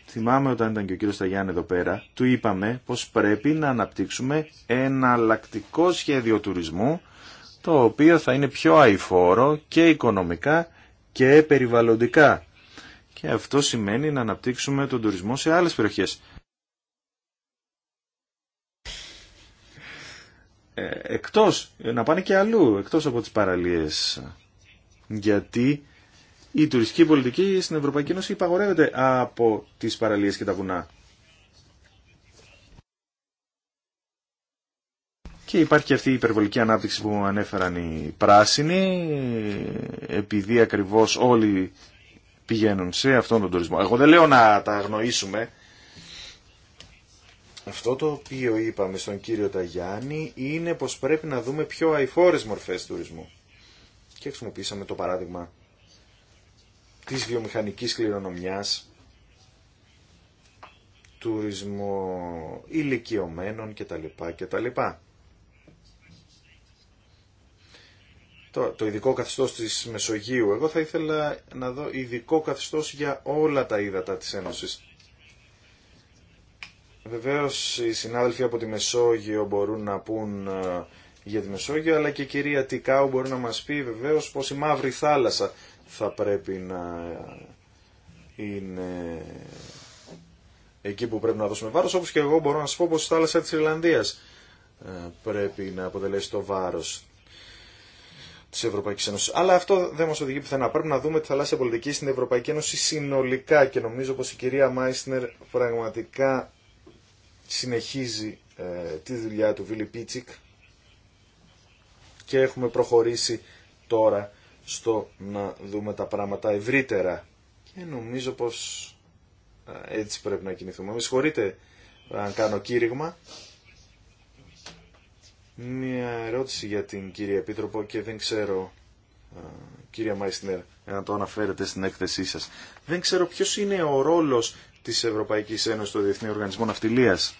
Θυμάμαι όταν ήταν και ο κύριο Σταγιάν εδώ πέρα, του είπαμε πω πρέπει να αναπτύξουμε εναλλακτικό σχέδιο τουρισμού, το οποίο θα είναι πιο αηφόρο και οικονομικά και περιβαλλοντικά. Και αυτό σημαίνει να αναπτύξουμε τον τουρισμό σε άλλες περιοχές. Ε, εκτός, να πάνε και αλλού, εκτός από τις παραλίες. Γιατί η τουριστική πολιτική στην Ευρωπαϊκή Ένωση υπαγορεύεται από τις παραλίες και τα βουνά. Και υπάρχει και αυτή η υπερβολική ανάπτυξη που ανέφεραν οι πράσινοι, επειδή ακριβώς όλοι πηγαίνουν σε αυτόν τον τουρισμό. Εγώ δεν λέω να τα αγνοήσουμε. Αυτό το οποίο είπαμε στον κύριο Ταγιάννη είναι πως πρέπει να δούμε πιο αηφόρες μορφές τουρισμού. Και χρησιμοποίησαμε το παράδειγμα της βιομηχανικής κληρονομιάς, τουρισμό ηλικιωμένων κτλ. κτλ. το, το ειδικό καθεστώ τη Μεσογείου. Εγώ θα ήθελα να δω ειδικό καθεστώ για όλα τα ύδατα τη Ένωση. Βεβαίω οι συνάδελφοι από τη Μεσόγειο μπορούν να πούν ε, για τη Μεσόγειο, αλλά και η κυρία Τικάου μπορεί να μα πει βεβαίω πω η Μαύρη Θάλασσα θα πρέπει να ε, είναι εκεί που πρέπει να δώσουμε βάρος, όπως και εγώ μπορώ να σας πω πως η θάλασσα της Ιρλανδίας ε, πρέπει να αποτελέσει το βάρος τη Ευρωπαϊκή Ένωση. Αλλά αυτό δεν μα οδηγεί πουθενά. Πρέπει να δούμε τη θαλάσσια πολιτική στην Ευρωπαϊκή Ένωση συνολικά και νομίζω πω η κυρία Μάισνερ πραγματικά συνεχίζει ε, τη δουλειά του Βίλι Πίτσικ και έχουμε προχωρήσει τώρα στο να δούμε τα πράγματα ευρύτερα. Και νομίζω πως ε, έτσι πρέπει να κινηθούμε. Με συγχωρείτε αν κάνω κήρυγμα, μια ερώτηση για την κυρία Επίτροπο και δεν ξέρω, κυρία Μάισνερ, να το αναφέρετε στην έκθεσή σας. Δεν ξέρω ποιος είναι ο ρόλος της Ευρωπαϊκής Ένωσης στο Διεθνή Οργανισμό Ναυτιλίας.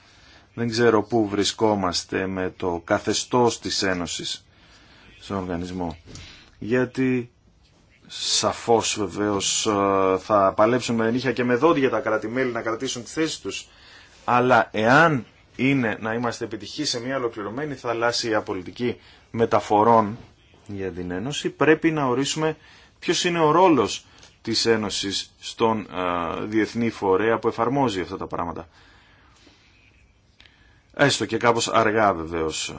Δεν ξέρω πού βρισκόμαστε με το καθεστώς της Ένωσης στον οργανισμό. Γιατί σαφώς βεβαίως θα παλέψουν με νύχια και με δόντια τα κράτη-μέλη να κρατήσουν τη θέση τους. Αλλά εάν είναι να είμαστε επιτυχοί σε μια ολοκληρωμένη θαλάσσια πολιτική μεταφορών για την Ένωση, πρέπει να ορίσουμε ποιος είναι ο ρόλος της Ένωσης στον διεθνή φορέα που εφαρμόζει αυτά τα πράγματα. Έστω και κάπως αργά βεβαίως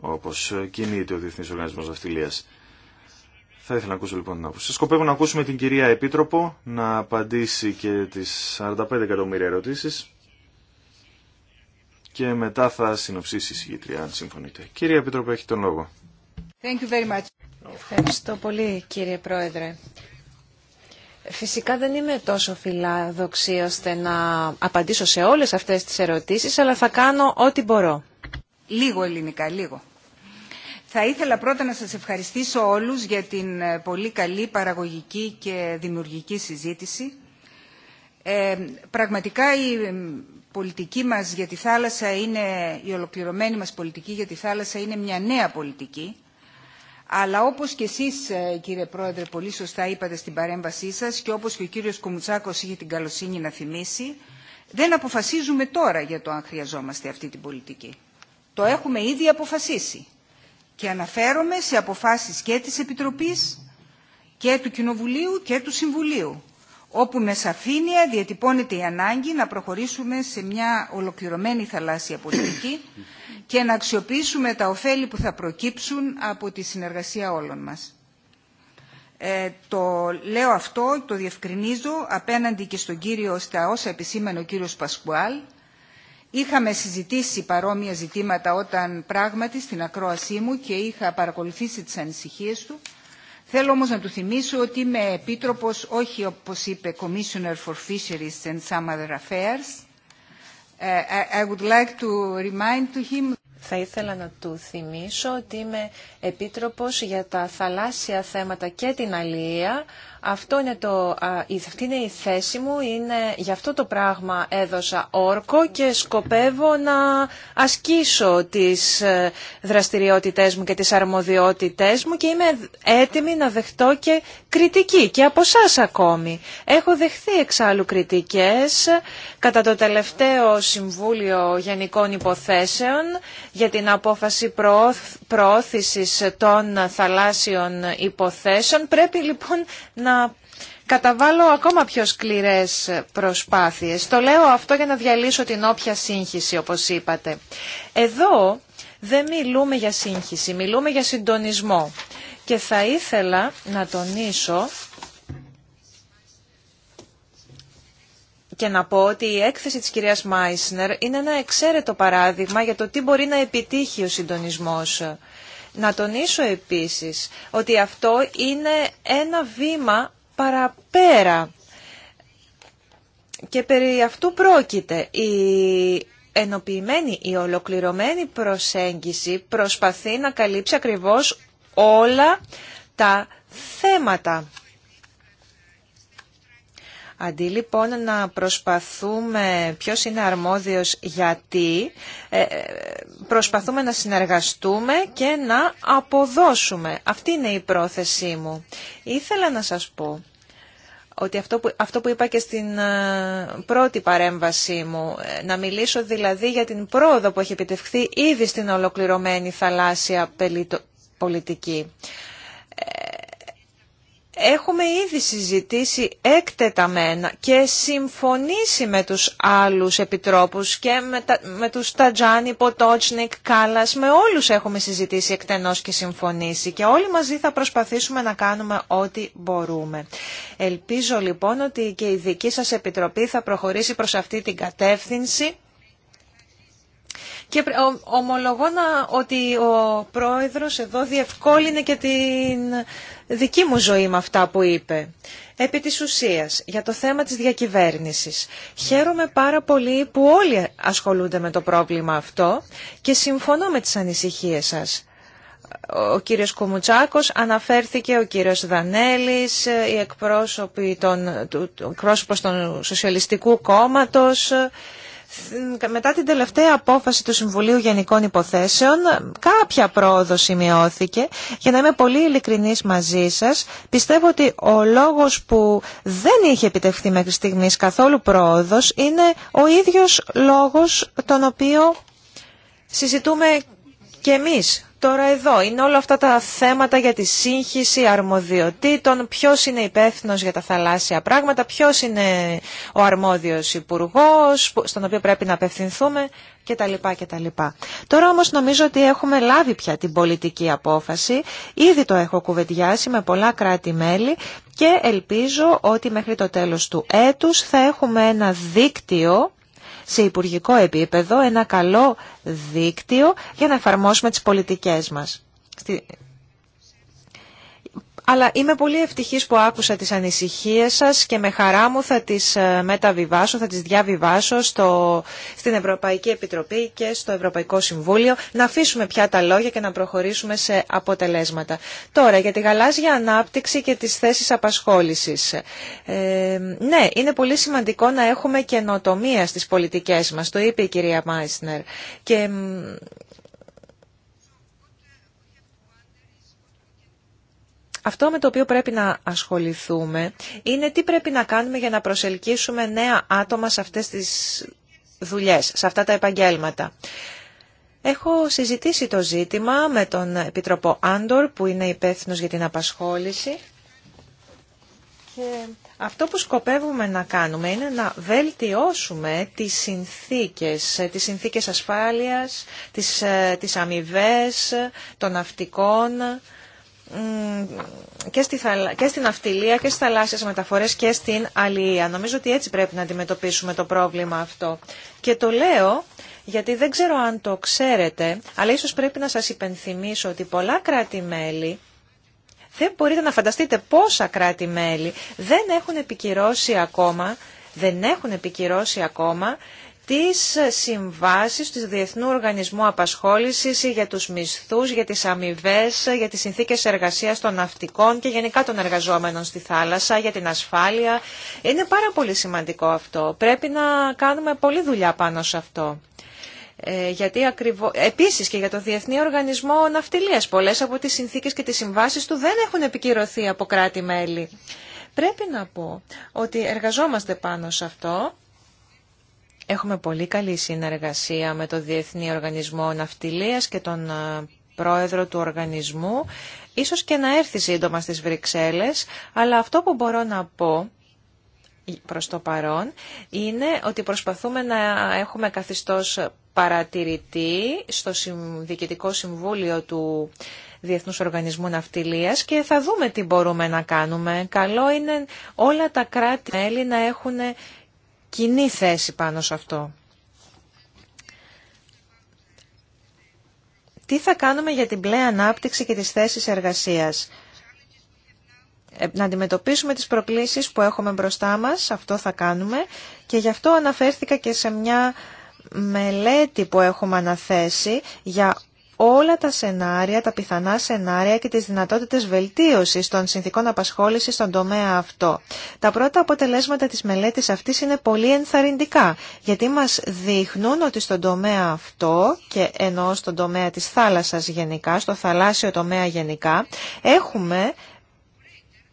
όπως κινείται ο Διεθνής Οργανισμός Δαυτιλίας. Θα ήθελα να ακούσω λοιπόν την άποψη. Σκοπεύω να ακούσουμε την κυρία Επίτροπο να απαντήσει και τις 45 εκατομμύρια ερωτήσεις και μετά θα συνοψίσει η συγκεκριά, αν συμφωνείτε. Κύριε Επιτροπέ, έχει τον λόγο. Thank you very much. Ευχαριστώ πολύ, κύριε Πρόεδρε. Φυσικά δεν είμαι τόσο φιλάδοξη ώστε να απαντήσω σε όλες αυτές τις ερωτήσεις, αλλά θα κάνω ό,τι μπορώ. Λίγο ελληνικά, λίγο. Θα ήθελα πρώτα να σας ευχαριστήσω όλους για την ε, πολύ καλή παραγωγική και δημιουργική συζήτηση. Ε, πραγματικά η πολιτική μας για τη θάλασσα είναι, η ολοκληρωμένη μας πολιτική για τη θάλασσα είναι μια νέα πολιτική. Αλλά όπως και εσείς ε, κύριε Πρόεδρε πολύ σωστά είπατε στην παρέμβασή σας και όπως και ο κύριος Κουμουτσάκος είχε την καλοσύνη να θυμίσει, δεν αποφασίζουμε τώρα για το αν χρειαζόμαστε αυτή την πολιτική. Το έχουμε ήδη αποφασίσει. Και αναφέρομαι σε αποφάσεις και της Επιτροπής και του Κοινοβουλίου και του Συμβουλίου όπου με σαφήνεια διατυπώνεται η ανάγκη να προχωρήσουμε σε μια ολοκληρωμένη θαλάσσια πολιτική και να αξιοποιήσουμε τα ωφέλη που θα προκύψουν από τη συνεργασία όλων μας. Ε, το λέω αυτό, το διευκρινίζω απέναντι και στον κύριο στα όσα επισήμανε ο κύριος Πασκουάλ. Είχαμε συζητήσει παρόμοια ζητήματα όταν πράγματι στην ακρόασή μου και είχα παρακολουθήσει τις ανησυχίες του Θέλω όμως να του θυμίσω ότι είμαι επίτροπος, όχι όπως είπε Commissioner for Fisheries and Some Other Affairs. Ε, ε, I would like to remind to him... Θα ήθελα να του θυμίσω ότι είμαι επίτροπος για τα θαλάσσια θέματα και την αλληλεία, αυτό είναι το, αυτή είναι η θέση μου, είναι, γι' αυτό το πράγμα έδωσα όρκο και σκοπεύω να ασκήσω τις ε, δραστηριότητές μου και τις αρμοδιότητές μου και είμαι έτοιμη να δεχτώ και κριτική και από εσά ακόμη. Έχω δεχθεί εξάλλου κριτικές κατά το τελευταίο Συμβούλιο Γενικών Υποθέσεων για την απόφαση προώθησης των θαλάσσιων υποθέσεων. Πρέπει λοιπόν να να καταβάλω ακόμα πιο σκληρές προσπάθειες. Το λέω αυτό για να διαλύσω την όποια σύγχυση, όπως είπατε. Εδώ δεν μιλούμε για σύγχυση, μιλούμε για συντονισμό. Και θα ήθελα να τονίσω και να πω ότι η έκθεση της κυρίας Μάισνερ είναι ένα εξαίρετο παράδειγμα για το τι μπορεί να επιτύχει ο συντονισμός. Να τονίσω επίσης ότι αυτό είναι ένα βήμα παραπέρα και περί αυτού πρόκειται η ενοποιημένη, η ολοκληρωμένη προσέγγιση προσπαθεί να καλύψει ακριβώς όλα τα θέματα. Αντί λοιπόν να προσπαθούμε ποιος είναι αρμόδιος γιατί, ε, ε, προσπαθούμε να συνεργαστούμε και να αποδώσουμε. Αυτή είναι η πρόθεσή μου. Ήθελα να σας πω ότι αυτό που, αυτό που είπα και στην ε, πρώτη παρέμβασή μου, να μιλήσω δηλαδή για την πρόοδο που έχει επιτευχθεί ήδη στην ολοκληρωμένη θαλάσσια πολιτική. Έχουμε ήδη συζητήσει εκτεταμένα και συμφωνήσει με τους άλλους επιτρόπους και με, τα, με τους Τατζάνι, Ποτότσνικ, Κάλλας, με όλους έχουμε συζητήσει εκτενώς και συμφωνήσει και όλοι μαζί θα προσπαθήσουμε να κάνουμε ό,τι μπορούμε. Ελπίζω λοιπόν ότι και η δική σας επιτροπή θα προχωρήσει προς αυτή την κατεύθυνση και ομολογώ ότι ο πρόεδρος εδώ διευκόλυνε και την δική μου ζωή με αυτά που είπε. Επί της ουσίας, για το θέμα της διακυβέρνησης, χαίρομαι πάρα πολύ που όλοι ασχολούνται με το πρόβλημα αυτό και συμφωνώ με τις ανησυχίες σας ο κύριος Κουμουτσάκος, αναφέρθηκε ο κύριος Δανέλης, οι εκπρόσωποι των, του, εκπρόσωπος των Σοσιαλιστικού Κόμματος, μετά την τελευταία απόφαση του Συμβουλίου Γενικών Υποθέσεων κάποια πρόοδο σημειώθηκε. Για να είμαι πολύ ειλικρινής μαζί σας, πιστεύω ότι ο λόγος που δεν είχε επιτευχθεί μέχρι στιγμή, καθόλου πρόοδο, είναι ο ίδιος λόγος τον οποίο συζητούμε και εμείς τώρα εδώ. Είναι όλα αυτά τα θέματα για τη σύγχυση αρμοδιοτήτων, ποιος είναι υπεύθυνο για τα θαλάσσια πράγματα, ποιος είναι ο αρμόδιος υπουργός, στον οποίο πρέπει να απευθυνθούμε κτλ. κτλ. Τώρα όμως νομίζω ότι έχουμε λάβει πια την πολιτική απόφαση. Ήδη το έχω κουβεντιάσει με πολλά κράτη-μέλη και ελπίζω ότι μέχρι το τέλος του έτους θα έχουμε ένα δίκτυο σε υπουργικό επίπεδο ένα καλό δίκτυο για να εφαρμόσουμε τις πολιτικές μας αλλά είμαι πολύ ευτυχής που άκουσα τις ανησυχίες σας και με χαρά μου θα τις ε, μεταβιβάσω, θα τις διαβιβάσω στο, στην Ευρωπαϊκή Επιτροπή και στο Ευρωπαϊκό Συμβούλιο να αφήσουμε πια τα λόγια και να προχωρήσουμε σε αποτελέσματα. Τώρα, για τη γαλάζια ανάπτυξη και τις θέσεις απασχόλησης. Ε, ναι, είναι πολύ σημαντικό να έχουμε καινοτομία στις πολιτικές μας, το είπε η κυρία Μάισνερ. αυτό με το οποίο πρέπει να ασχοληθούμε είναι τι πρέπει να κάνουμε για να προσελκύσουμε νέα άτομα σε αυτές τις δουλειές, σε αυτά τα επαγγέλματα. Έχω συζητήσει το ζήτημα με τον Επιτροπό Άντορ που είναι υπεύθυνο για την απασχόληση και αυτό που σκοπεύουμε να κάνουμε είναι να βελτιώσουμε τις συνθήκες, τις συνθήκες ασφάλειας, τις, ε, τις αμοιβέ των ναυτικών, και, στην αυτιλία και στι θαλάσσιε μεταφορές και στην αλληλεία. Νομίζω ότι έτσι πρέπει να αντιμετωπίσουμε το πρόβλημα αυτό. Και το λέω γιατί δεν ξέρω αν το ξέρετε, αλλά ίσως πρέπει να σας υπενθυμίσω ότι πολλά κράτη-μέλη, δεν μπορείτε να φανταστείτε πόσα κράτη-μέλη δεν έχουν επικυρώσει ακόμα, δεν έχουν επικυρώσει ακόμα τις συμβάσεις του Διεθνού Οργανισμού Απασχόλησης για τους μισθούς, για τις αμοιβέ, για τις συνθήκες εργασίας των ναυτικών και γενικά των εργαζόμενων στη θάλασσα, για την ασφάλεια. Είναι πάρα πολύ σημαντικό αυτό. Πρέπει να κάνουμε πολλή δουλειά πάνω σε αυτό. Ε, γιατί ακριβώς... Επίσης και για το Διεθνή Οργανισμό Ναυτιλίας πολλές από τις συνθήκες και τις συμβάσεις του δεν έχουν επικυρωθεί από κράτη-μέλη. Πρέπει να πω ότι εργαζόμαστε πάνω σε αυτό Έχουμε πολύ καλή συνεργασία με το Διεθνή Οργανισμό Ναυτιλίας και τον ε, πρόεδρο του οργανισμού, ίσως και να έρθει σύντομα στις Βρυξέλλες, αλλά αυτό που μπορώ να πω προς το παρόν είναι ότι προσπαθούμε να έχουμε καθιστός παρατηρητή στο Διοικητικό Συμβούλιο του Διεθνούς Οργανισμού Ναυτιλίας και θα δούμε τι μπορούμε να κάνουμε. Καλό είναι όλα τα κράτη-μέλη να έχουν κοινή θέση πάνω σε αυτό. Τι θα κάνουμε για την πλέον ανάπτυξη και τις θέσεις εργασίας. Ε, να αντιμετωπίσουμε τις προκλήσεις που έχουμε μπροστά μας, αυτό θα κάνουμε και γι' αυτό αναφέρθηκα και σε μια μελέτη που έχουμε αναθέσει για όλα τα σενάρια, τα πιθανά σενάρια και τις δυνατότητες βελτίωσης των συνθήκων απασχόλησης στον τομέα αυτό. Τα πρώτα αποτελέσματα της μελέτης αυτής είναι πολύ ενθαρρυντικά, γιατί μας δείχνουν ότι στον τομέα αυτό και ενώ στον τομέα της θάλασσας γενικά, στο θαλάσσιο τομέα γενικά, έχουμε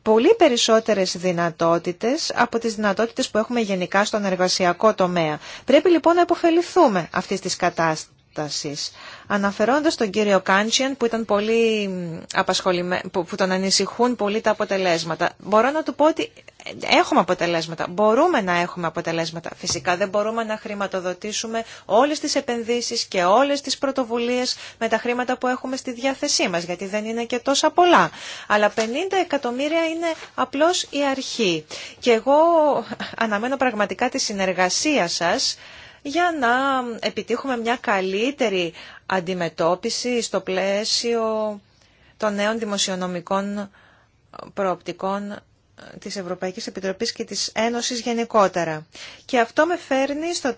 πολύ περισσότερες δυνατότητες από τις δυνατότητες που έχουμε γενικά στον εργασιακό τομέα. Πρέπει λοιπόν να υποφεληθούμε αυτής της κατάστασης. Αναφερόντας τον κύριο Κάντσιαν που, ήταν πολύ απασχολημέ... που τον ανησυχούν πολύ τα αποτελέσματα, μπορώ να του πω ότι έχουμε αποτελέσματα, μπορούμε να έχουμε αποτελέσματα. Φυσικά δεν μπορούμε να χρηματοδοτήσουμε όλες τις επενδύσεις και όλες τις πρωτοβουλίες με τα χρήματα που έχουμε στη διάθεσή μας, γιατί δεν είναι και τόσα πολλά. Αλλά 50 εκατομμύρια είναι απλώς η αρχή. Και εγώ αναμένω πραγματικά τη συνεργασία σας για να επιτύχουμε μια καλύτερη αντιμετώπιση στο πλαίσιο των νέων δημοσιονομικών προοπτικών της Ευρωπαϊκής Επιτροπής και της Ένωσης γενικότερα. Και αυτό με φέρνει στο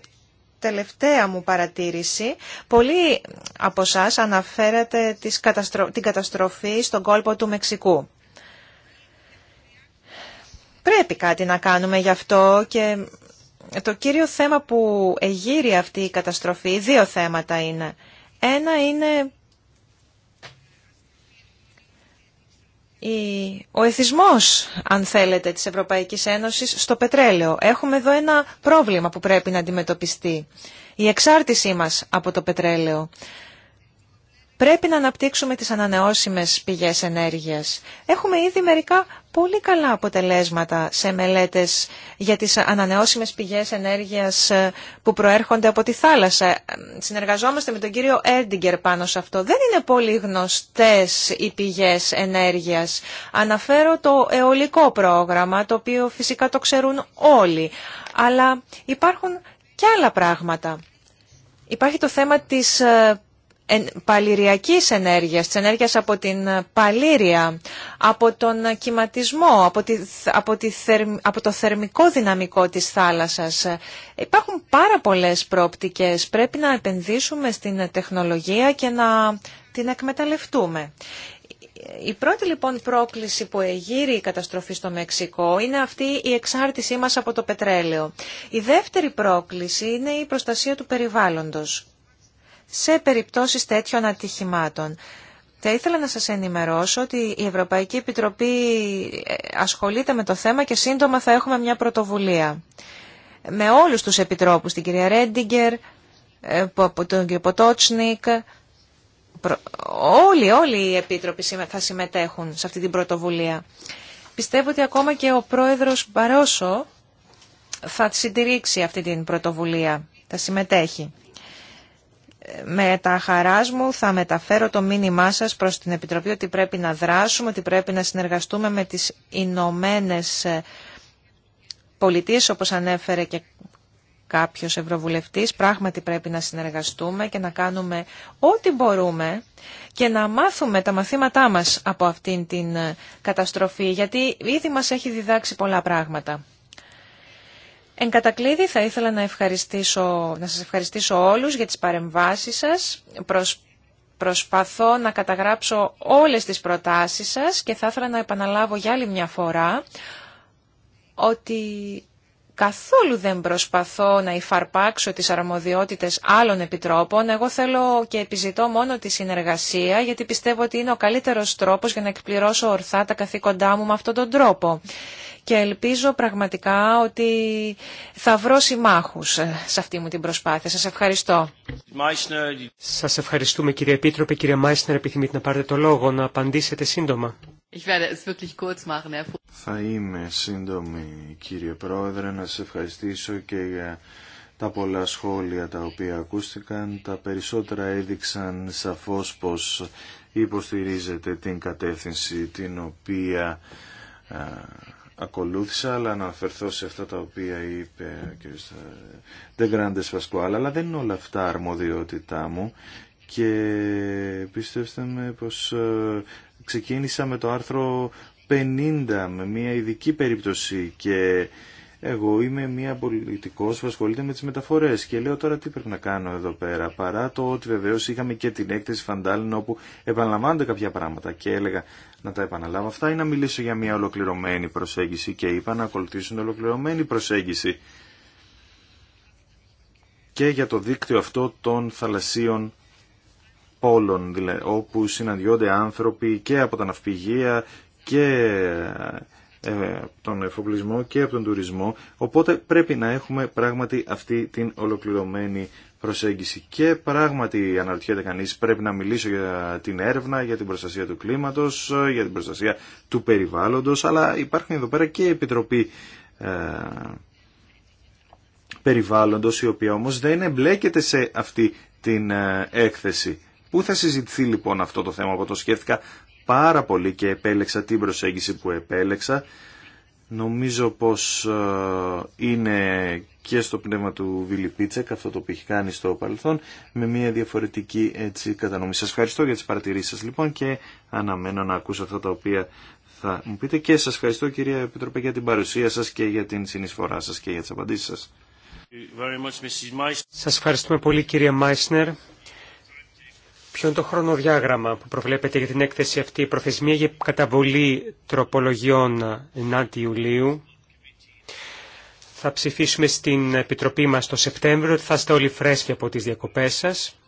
τελευταία μου παρατήρηση. Πολλοί από εσά αναφέρατε την καταστροφή στον κόλπο του Μεξικού. Πρέπει κάτι να κάνουμε γι' αυτό και το κύριο θέμα που εγείρει αυτή η καταστροφή, δύο θέματα είναι. Ένα είναι ο εθισμός, αν θέλετε, της Ευρωπαϊκής Ένωσης στο πετρέλαιο. Έχουμε εδώ ένα πρόβλημα που πρέπει να αντιμετωπιστεί. Η εξάρτησή μας από το πετρέλαιο. Πρέπει να αναπτύξουμε τις ανανεώσιμες πηγές ενέργειας. Έχουμε ήδη μερικά πολύ καλά αποτελέσματα σε μελέτες για τις ανανεώσιμες πηγές ενέργειας ε, που προέρχονται από τη θάλασσα. Ε, συνεργαζόμαστε με τον κύριο Έρντιγκερ πάνω σε αυτό. Δεν είναι πολύ γνωστές οι πηγές ενέργειας. Αναφέρω το αιωλικό πρόγραμμα, το οποίο φυσικά το ξέρουν όλοι. Αλλά υπάρχουν και άλλα πράγματα. Υπάρχει το θέμα της ε, παλυριακής ενέργειας, της ενέργειας από την ε, παλύρια από τον ε, κυματισμό, από, από, το θερμικό δυναμικό της θάλασσας. Ε, υπάρχουν πάρα πολλές πρόπτικες. Πρέπει να επενδύσουμε στην τεχνολογία και να την εκμεταλλευτούμε. Η πρώτη λοιπόν πρόκληση που εγείρει η καταστροφή στο Μεξικό είναι αυτή η εξάρτησή μας από το πετρέλαιο. Η δεύτερη πρόκληση είναι η προστασία του περιβάλλοντος σε περιπτώσεις τέτοιων ατυχημάτων. Θα ήθελα να σας ενημερώσω ότι η Ευρωπαϊκή Επιτροπή ε, ασχολείται με το θέμα και σύντομα θα έχουμε μια πρωτοβουλία. Με όλους τους επιτρόπους, την κυρία Ρέντιγκερ, ε, τον κύριο Ποτότσνικ, όλοι, όλοι οι επίτροποι θα συμμετέχουν σε αυτή την πρωτοβουλία. Πιστεύω ότι ακόμα και ο πρόεδρος Μπαρόσο θα συντηρήξει αυτή την πρωτοβουλία, θα συμμετέχει με τα χαρά μου θα μεταφέρω το μήνυμά σα προς την Επιτροπή ότι πρέπει να δράσουμε, ότι πρέπει να συνεργαστούμε με τις Ηνωμένε Πολιτείε, όπως ανέφερε και κάποιος Ευρωβουλευτής. Πράγματι πρέπει να συνεργαστούμε και να κάνουμε ό,τι μπορούμε και να μάθουμε τα μαθήματά μας από αυτήν την καταστροφή γιατί ήδη μα έχει διδάξει πολλά πράγματα. Εν κατακλείδη θα ήθελα να, ευχαριστήσω, να σας ευχαριστήσω όλους για τις παρεμβάσεις σας. προσπαθώ να καταγράψω όλες τις προτάσεις σας και θα ήθελα να επαναλάβω για άλλη μια φορά ότι Καθόλου δεν προσπαθώ να υφαρπάξω τις αρμοδιότητες άλλων επιτρόπων. Εγώ θέλω και επιζητώ μόνο τη συνεργασία γιατί πιστεύω ότι είναι ο καλύτερος τρόπος για να εκπληρώσω ορθά τα καθήκοντά μου με αυτόν τον τρόπο. Και ελπίζω πραγματικά ότι θα βρω συμμάχους ε, σε αυτή μου την προσπάθεια. Σας ευχαριστώ. Σας ευχαριστούμε κύριε Επίτροπε. Κύριε Μάισνερ επιθυμείτε να πάρετε το λόγο, να απαντήσετε σύντομα. Θα είμαι σύντομη κύριε Πρόεδρε, να σας ευχαριστήσω και για τα πολλά σχόλια τα οποία ακούστηκαν. Τα περισσότερα έδειξαν σαφώς πως υποστηρίζετε την κατεύθυνση την οποία ακολούθησα, αλλά να αναφερθώ σε αυτά τα οποία είπε ο κ. Ντεγκράντες Πασκουάλ, αλλά δεν είναι όλα αυτά αρμοδιότητά μου και πίστευστε με πως ε, Ξεκίνησα με το άρθρο 50 με μια ειδική περίπτωση και εγώ είμαι μια πολιτικός που ασχολείται με τις μεταφορές και λέω τώρα τι πρέπει να κάνω εδώ πέρα παρά το ότι βεβαίως είχαμε και την έκθεση Φαντάλην όπου επαναλαμβάνονται κάποια πράγματα και έλεγα να τα επαναλάβω αυτά ή να μιλήσω για μια ολοκληρωμένη προσέγγιση και είπα να ακολουθήσουν ολοκληρωμένη προσέγγιση και για το δίκτυο αυτό των θαλασσίων πόλων, δηλαδή, όπου συναντιόνται άνθρωποι και από τα ναυπηγεία και ε, από τον εφοπλισμό και από τον τουρισμό. Οπότε πρέπει να έχουμε πράγματι αυτή την ολοκληρωμένη προσέγγιση. Και πράγματι αναρωτιέται κανείς πρέπει να μιλήσω για την έρευνα, για την προστασία του κλίματος, για την προστασία του περιβάλλοντος, αλλά υπάρχουν εδώ πέρα και επιτροπή ε, περιβάλλοντος η οποία όμως δεν εμπλέκεται σε αυτή την ε, έκθεση. Πού θα συζητηθεί λοιπόν αυτό το θέμα, από το σκέφτηκα πάρα πολύ και επέλεξα την προσέγγιση που θα συζητηθει λοιπον αυτο το θεμα που το σκεφτηκα Νομίζω πως ε, είναι και στο πνεύμα του Βίλι Πίτσεκ αυτό το που έχει κάνει στο παρελθόν με μια διαφορετική έτσι, κατανομή. Σας ευχαριστώ για τις παρατηρήσεις σας λοιπόν και αναμένω να ακούσω αυτά τα οποία θα μου πείτε και σας ευχαριστώ κυρία Επιτροπέ για την παρουσία σας και για την συνεισφορά σας και για τις απαντήσεις σας. Σας ευχαριστούμε πολύ κυρία Μάισνερ. Ποιο είναι το χρονοδιάγραμμα που προβλέπετε για την έκθεση αυτή, η προθεσμία για καταβολή τροπολογιών 9 Ιουλίου. Θα ψηφίσουμε στην Επιτροπή μας το Σεπτέμβριο, θα είστε όλοι φρέσκοι από τις διακοπές σας.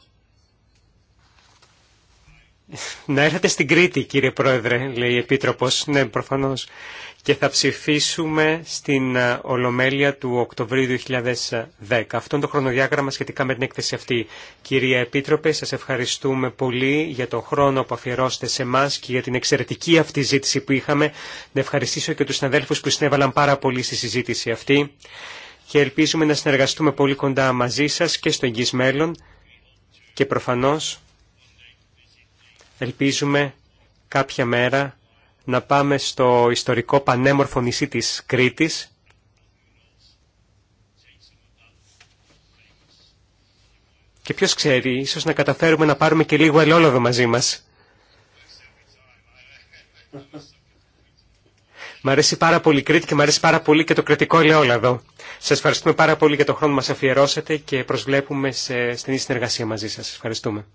Να έρθετε στην Κρήτη, κύριε Πρόεδρε, λέει η Επίτροπος. Ναι, προφανώς. Και θα ψηφίσουμε στην ε, Ολομέλεια του Οκτωβρίου 2010. Αυτό είναι το χρονοδιάγραμμα σχετικά με την έκθεση αυτή. Κυρία Επίτροπε, σας ευχαριστούμε πολύ για τον χρόνο που αφιερώσετε σε εμά και για την εξαιρετική αυτή ζήτηση που είχαμε. Να ευχαριστήσω και τους συναδέλφους που συνέβαλαν πάρα πολύ στη συζήτηση αυτή. Και ελπίζουμε να συνεργαστούμε πολύ κοντά μαζί σας και στο εγγύς μέλλον. Και προφανώς Ελπίζουμε κάποια μέρα να πάμε στο ιστορικό πανέμορφο νησί της Κρήτης και ποιος ξέρει, ίσως να καταφέρουμε να πάρουμε και λίγο ελαιόλαδο μαζί μας. Μ' αρέσει πάρα πολύ η Κρήτη και μ' αρέσει πάρα πολύ και το κρητικό ελαιόλαδο. Σας ευχαριστούμε πάρα πολύ για το χρόνο που μας αφιερώσατε και προσβλέπουμε σε στενή συνεργασία μαζί σας. Ευχαριστούμε.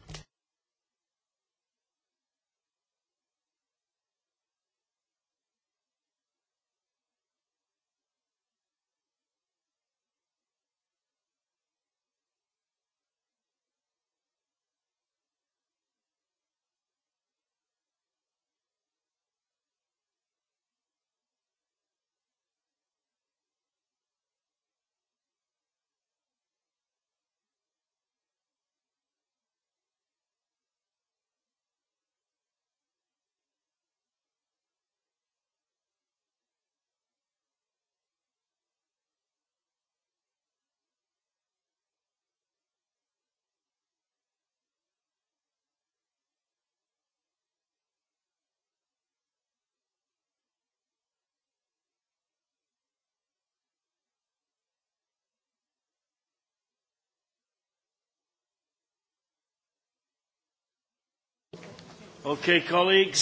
Okay, colleagues.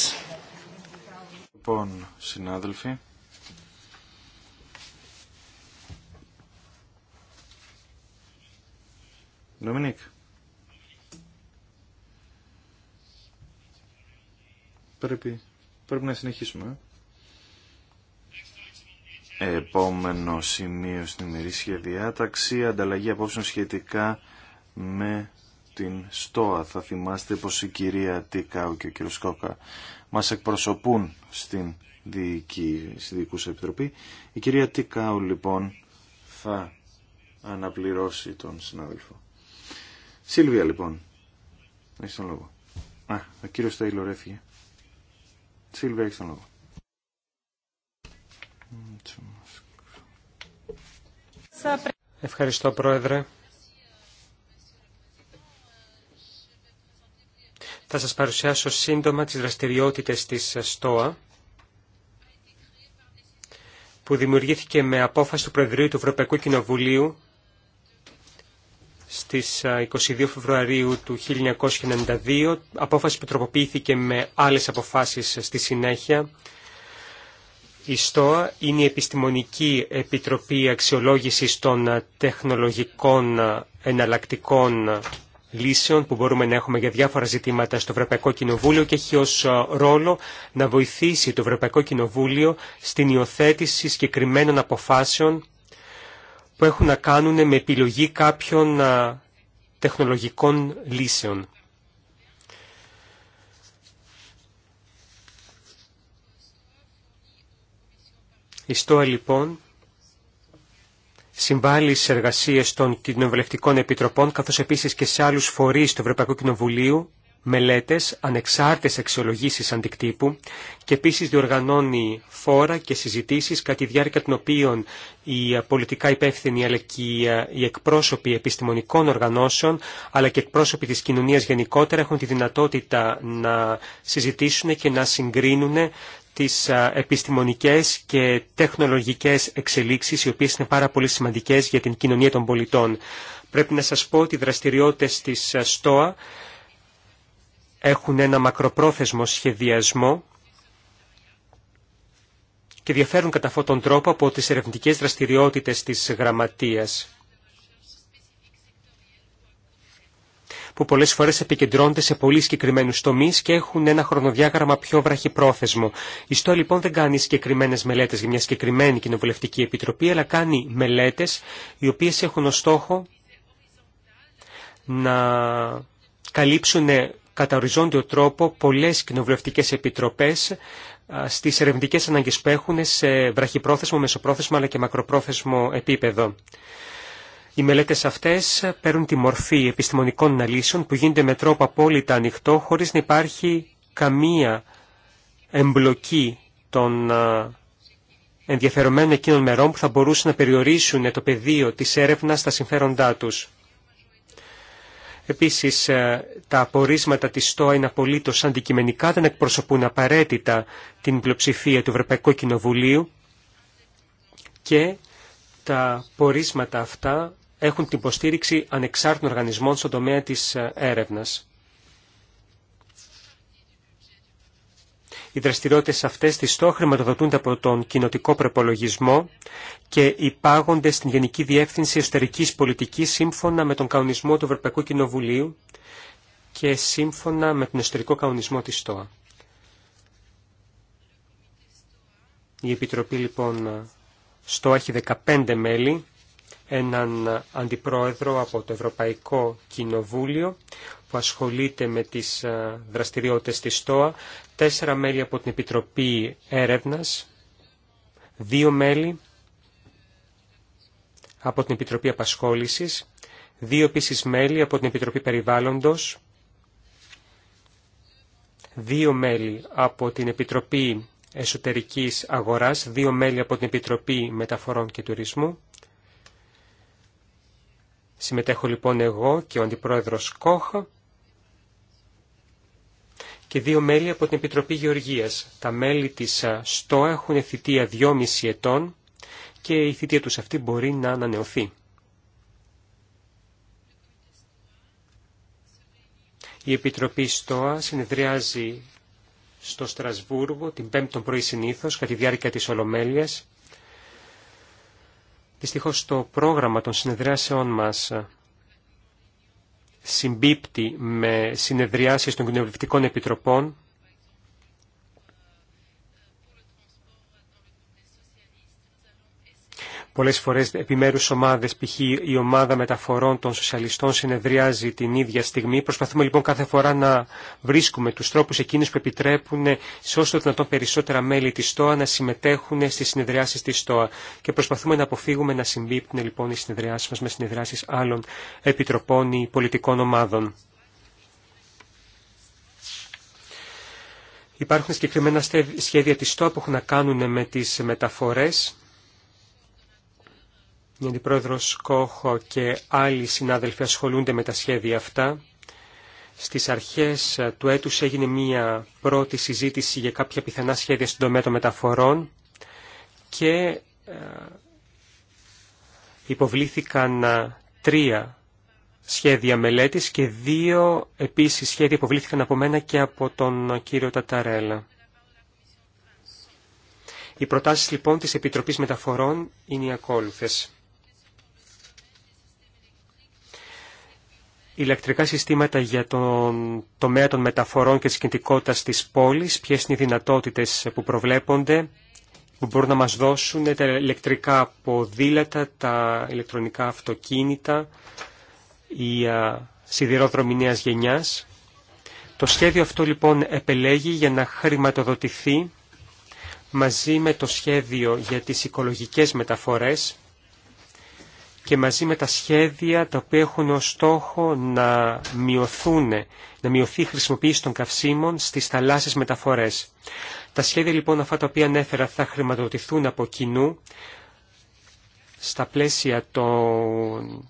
Λοιπόν, συνάδελφοι. Νομινίκ. Πρέπει, πρέπει να συνεχίσουμε. Ε. Επόμενο σημείο στην ημερήσια διάταξη, ανταλλαγή απόψεων σχετικά με την ΣΤΟΑ. Θα θυμάστε πως η κυρία Τικάου και ο κύριος Κόκα μας εκπροσωπούν στην δική Διοικούσα Επιτροπή. Η κυρία Τικάου λοιπόν θα αναπληρώσει τον συνάδελφο. Σίλβια λοιπόν. Έχεις τον λόγο. Α, ο κύριος Τέιλορ έφυγε. Σίλβια έχεις τον λόγο. Ευχαριστώ πρόεδρε. Θα σας παρουσιάσω σύντομα τις δραστηριότητες της ΣΤΟΑ που δημιουργήθηκε με απόφαση του Προεδρείου του Ευρωπαϊκού Κοινοβουλίου στις 22 Φεβρουαρίου του 1992, απόφαση που τροποποιήθηκε με άλλες αποφάσεις στη συνέχεια. Η ΣΤΟΑ είναι η Επιστημονική Επιτροπή Αξιολόγησης των Τεχνολογικών Εναλλακτικών λύσεων που μπορούμε να έχουμε για διάφορα ζητήματα στο Ευρωπαϊκό Κοινοβούλιο και έχει ως ε, ρόλο να βοηθήσει το Ευρωπαϊκό Κοινοβούλιο στην υιοθέτηση συγκεκριμένων αποφάσεων που έχουν να κάνουν με επιλογή κάποιων ε, τεχνολογικών λύσεων. Η ε, λοιπόν συμβάλλει στι εργασίε των κοινοβουλευτικών επιτροπών, καθώ επίση και σε άλλου φορεί του Ευρωπαϊκού Κοινοβουλίου, μελέτε, ανεξάρτητε αξιολογήσει αντικτύπου και επίση διοργανώνει φόρα και συζητήσει κατά τη διάρκεια των οποίων οι πολιτικά υπεύθυνοι αλλά και οι ε, εκπρόσωποι επιστημονικών οργανώσεων αλλά και εκπρόσωποι τη κοινωνία γενικότερα έχουν τη δυνατότητα να συζητήσουν και να συγκρίνουν τις επιστημονικές και τεχνολογικές εξελίξεις, οι οποίες είναι πάρα πολύ σημαντικές για την κοινωνία των πολιτών. Πρέπει να σας πω ότι οι δραστηριότητες της ΣΤΟΑ έχουν ένα μακροπρόθεσμο σχεδιασμό και διαφέρουν κατά αυτόν τον τρόπο από τις ερευνητικές δραστηριότητες της γραμματείας. που πολλές φορές επικεντρώνονται σε πολύ συγκεκριμένους τομείς και έχουν ένα χρονοδιάγραμμα πιο βραχυπρόθεσμο. Η ΣΤΟΑ λοιπόν δεν κάνει συγκεκριμένες μελέτες για μια συγκεκριμένη κοινοβουλευτική επιτροπή, αλλά κάνει μελέτες οι οποίες έχουν ως στόχο να καλύψουν κατά οριζόντιο τρόπο πολλές κοινοβουλευτικές επιτροπές στι ερευνητικέ ανάγκε που έχουν σε βραχυπρόθεσμο, μεσοπρόθεσμο αλλά και μακροπρόθεσμο επίπεδο. Οι μελέτες αυτές παίρνουν τη μορφή επιστημονικών αναλύσεων που γίνονται με τρόπο απόλυτα ανοιχτό χωρίς να υπάρχει καμία εμπλοκή των ενδιαφερομένων εκείνων μερών που θα μπορούσαν να περιορίσουν το πεδίο της έρευνας στα συμφέροντά τους. Επίσης, ε, τα απορίσματα της ΣΤΟΑ είναι απολύτως αντικειμενικά, δεν εκπροσωπούν απαραίτητα την πλειοψηφία του Ευρωπαϊκού Κοινοβουλίου και τα πορίσματα αυτά έχουν την υποστήριξη ανεξάρτητων οργανισμών στον τομέα της ε, έρευνας. Οι δραστηριότητες αυτές της ΣΤΟΑ χρηματοδοτούνται από τον κοινοτικό προπολογισμό και υπάγονται στην Γενική Διεύθυνση εσωτερική Πολιτικής σύμφωνα με τον κανονισμό του Ευρωπαϊκού Κοινοβουλίου και σύμφωνα με τον εσωτερικό κανονισμό της ΣΤΟΑ. Η Επιτροπή λοιπόν ε, ΣΤΟΑ έχει 15 μέλη έναν αντιπρόεδρο από το Ευρωπαϊκό Κοινοβούλιο που ασχολείται με τις ε, δραστηριότητες της ΣΤΟΑ, τέσσερα μέλη από την Επιτροπή Έρευνας, δύο μέλη από την Επιτροπή Απασχόλησης, δύο επίσης μέλη από την Επιτροπή Περιβάλλοντος, δύο μέλη από την Επιτροπή Εσωτερικής Αγοράς, δύο μέλη από την Επιτροπή Μεταφορών και Τουρισμού, Συμμετέχω λοιπόν εγώ και ο Αντιπρόεδρος Κόχα και δύο μέλη από την Επιτροπή Γεωργίας. Τα μέλη της ε, ΣΤΟΑ έχουν θητεία 2,5 ετών και η θητεία τους αυτή μπορεί να ανανεωθεί. Η Επιτροπή ΣΤΟΑ συνεδριάζει στο Στρασβούργο την 5η πρωί συνήθως κατά τη διάρκεια της Ολομέλειας Δυστυχώς το πρόγραμμα των συνεδριάσεών μας συμπίπτει με συνεδριάσεις των κοινοβουλευτικών επιτροπών Πολλές φορές επιμέρους ομάδες, π.χ. η ομάδα μεταφορών των σοσιαλιστών συνεδριάζει την ίδια στιγμή. Προσπαθούμε λοιπόν κάθε φορά να βρίσκουμε τους τρόπους εκείνους που επιτρέπουν σε όσο δυνατόν περισσότερα μέλη της ΣΤΟΑ να συμμετέχουν στις συνεδριάσεις της ΣΤΟΑ και προσπαθούμε να αποφύγουμε να συμπίπτουν λοιπόν οι συνεδριάσεις μας με συνεδριάσεις άλλων επιτροπών ή πολιτικών ομάδων. Υπάρχουν συγκεκριμένα σχέδια της ΣΤΟΑ που έχουν να κάνουν με τις μεταφορές η Αντιπρόεδρος Κόχο και άλλοι συνάδελφοι ασχολούνται με τα σχέδια αυτά. Στις αρχές ε, του έτους έγινε μία πρώτη συζήτηση για κάποια πιθανά σχέδια στον τομέα των μεταφορών και ε, υποβλήθηκαν ε, τρία σχέδια μελέτης και δύο επίσης σχέδια υποβλήθηκαν από μένα και από τον κύριο Ταταρέλα. Οι προτάσεις λοιπόν της Επιτροπής Μεταφορών είναι οι ακόλουθες. ηλεκτρικά συστήματα για τον τομέα των μεταφορών και της κινητικότητας της πόλης, ποιες είναι οι δυνατότητες που προβλέπονται, που μπορούν να μας δώσουν τα ηλεκτρικά ποδήλατα, τα ηλεκτρονικά αυτοκίνητα, η σιδηρόδρομη νέας γενιάς. Το σχέδιο αυτό λοιπόν επελέγει για να χρηματοδοτηθεί μαζί με το σχέδιο για τις οικολογικές μεταφορές και μαζί με τα σχέδια τα οποία έχουν ως στόχο να μειωθούν, να μειωθεί η χρησιμοποίηση των καυσίμων στις θαλάσσιες μεταφορές. Τα σχέδια λοιπόν αυτά τα οποία ανέφερα θα χρηματοδοτηθούν από κοινού στα πλαίσια των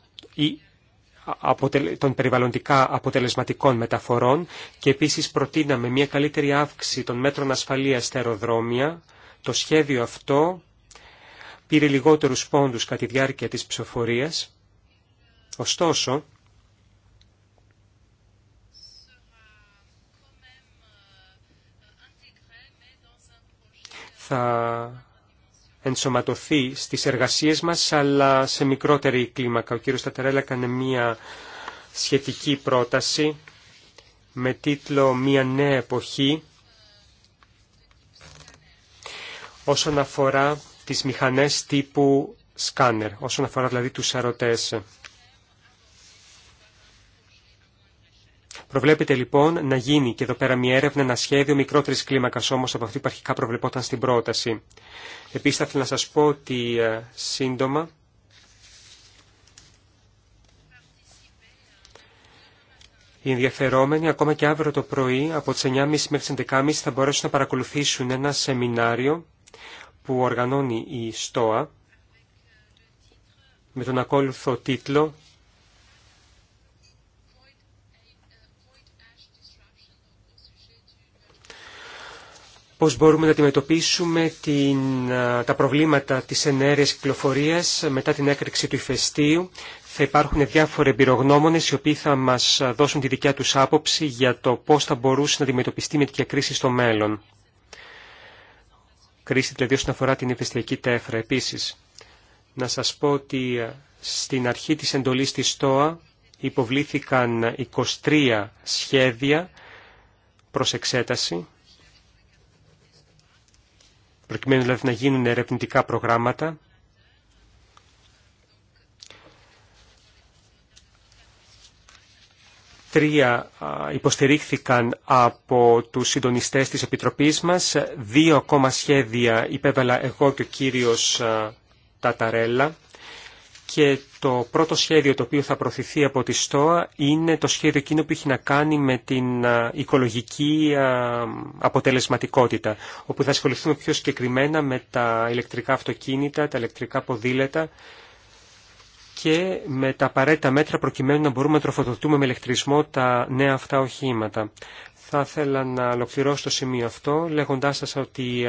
των περιβαλλοντικά αποτελεσματικών μεταφορών και επίσης προτείναμε μια καλύτερη αύξηση των μέτρων ασφαλείας στα αεροδρόμια. Το σχέδιο αυτό πήρε λιγότερους πόντους κατά τη διάρκεια της ψηφοφορίας. Ωστόσο, θα ενσωματωθεί στις εργασίες μας, αλλά σε μικρότερη κλίμακα. Ο κύριος Τατερέλα έκανε μία σχετική πρόταση με τίτλο «Μία νέα εποχή» όσον αφορά τις μηχανές τύπου σκάνερ, όσον αφορά δηλαδή τους αρωτές. Προβλέπεται λοιπόν να γίνει και εδώ πέρα μια έρευνα, ένα σχέδιο μικρότερης κλίμακας όμως από αυτή που αρχικά προβλεπόταν στην πρόταση. Επίσης θα ήθελα να σας πω ότι ε, σύντομα Οι ενδιαφερόμενοι ακόμα και αύριο το πρωί από τις 9.30 μέχρι τις 11.30 θα μπορέσουν να παρακολουθήσουν ένα σεμινάριο που οργανώνει η ΣΤΟΑ με τον ακόλουθο τίτλο πώς μπορούμε να αντιμετωπίσουμε την, τα προβλήματα της ενέργειας κυκλοφορίας μετά την έκρηξη του ηφαιστείου. Θα υπάρχουν διάφοροι εμπειρογνώμονες οι οποίοι θα μας δώσουν τη δικιά τους άποψη για το πώς θα μπορούσε να αντιμετωπιστεί με την κρίση στο μέλλον κρίση δηλαδή όσον αφορά την ευαισθητική τέφρα. Επίσης, να σας πω ότι ε, στην αρχή της εντολής της ΣΤΟΑ υποβλήθηκαν 23 σχέδια προς εξέταση, προκειμένου δηλαδή να γίνουν ερευνητικά προγράμματα τρία υποστηρίχθηκαν από τους συντονιστές της Επιτροπής μας, δύο ακόμα σχέδια υπέβαλα εγώ και ο κύριος Ταταρέλα και το πρώτο σχέδιο το οποίο θα προωθηθεί από τη ΣΤΟΑ είναι το σχέδιο εκείνο που έχει να κάνει με την οικολογική αποτελεσματικότητα, όπου θα ασχοληθούμε πιο συγκεκριμένα με τα ηλεκτρικά αυτοκίνητα, τα ηλεκτρικά ποδήλατα και με τα απαραίτητα μέτρα προκειμένου να μπορούμε να τροφοδοτούμε με ηλεκτρισμό τα νέα αυτά οχήματα. Θα ήθελα να ολοκληρώσω το σημείο αυτό λέγοντάς σας ότι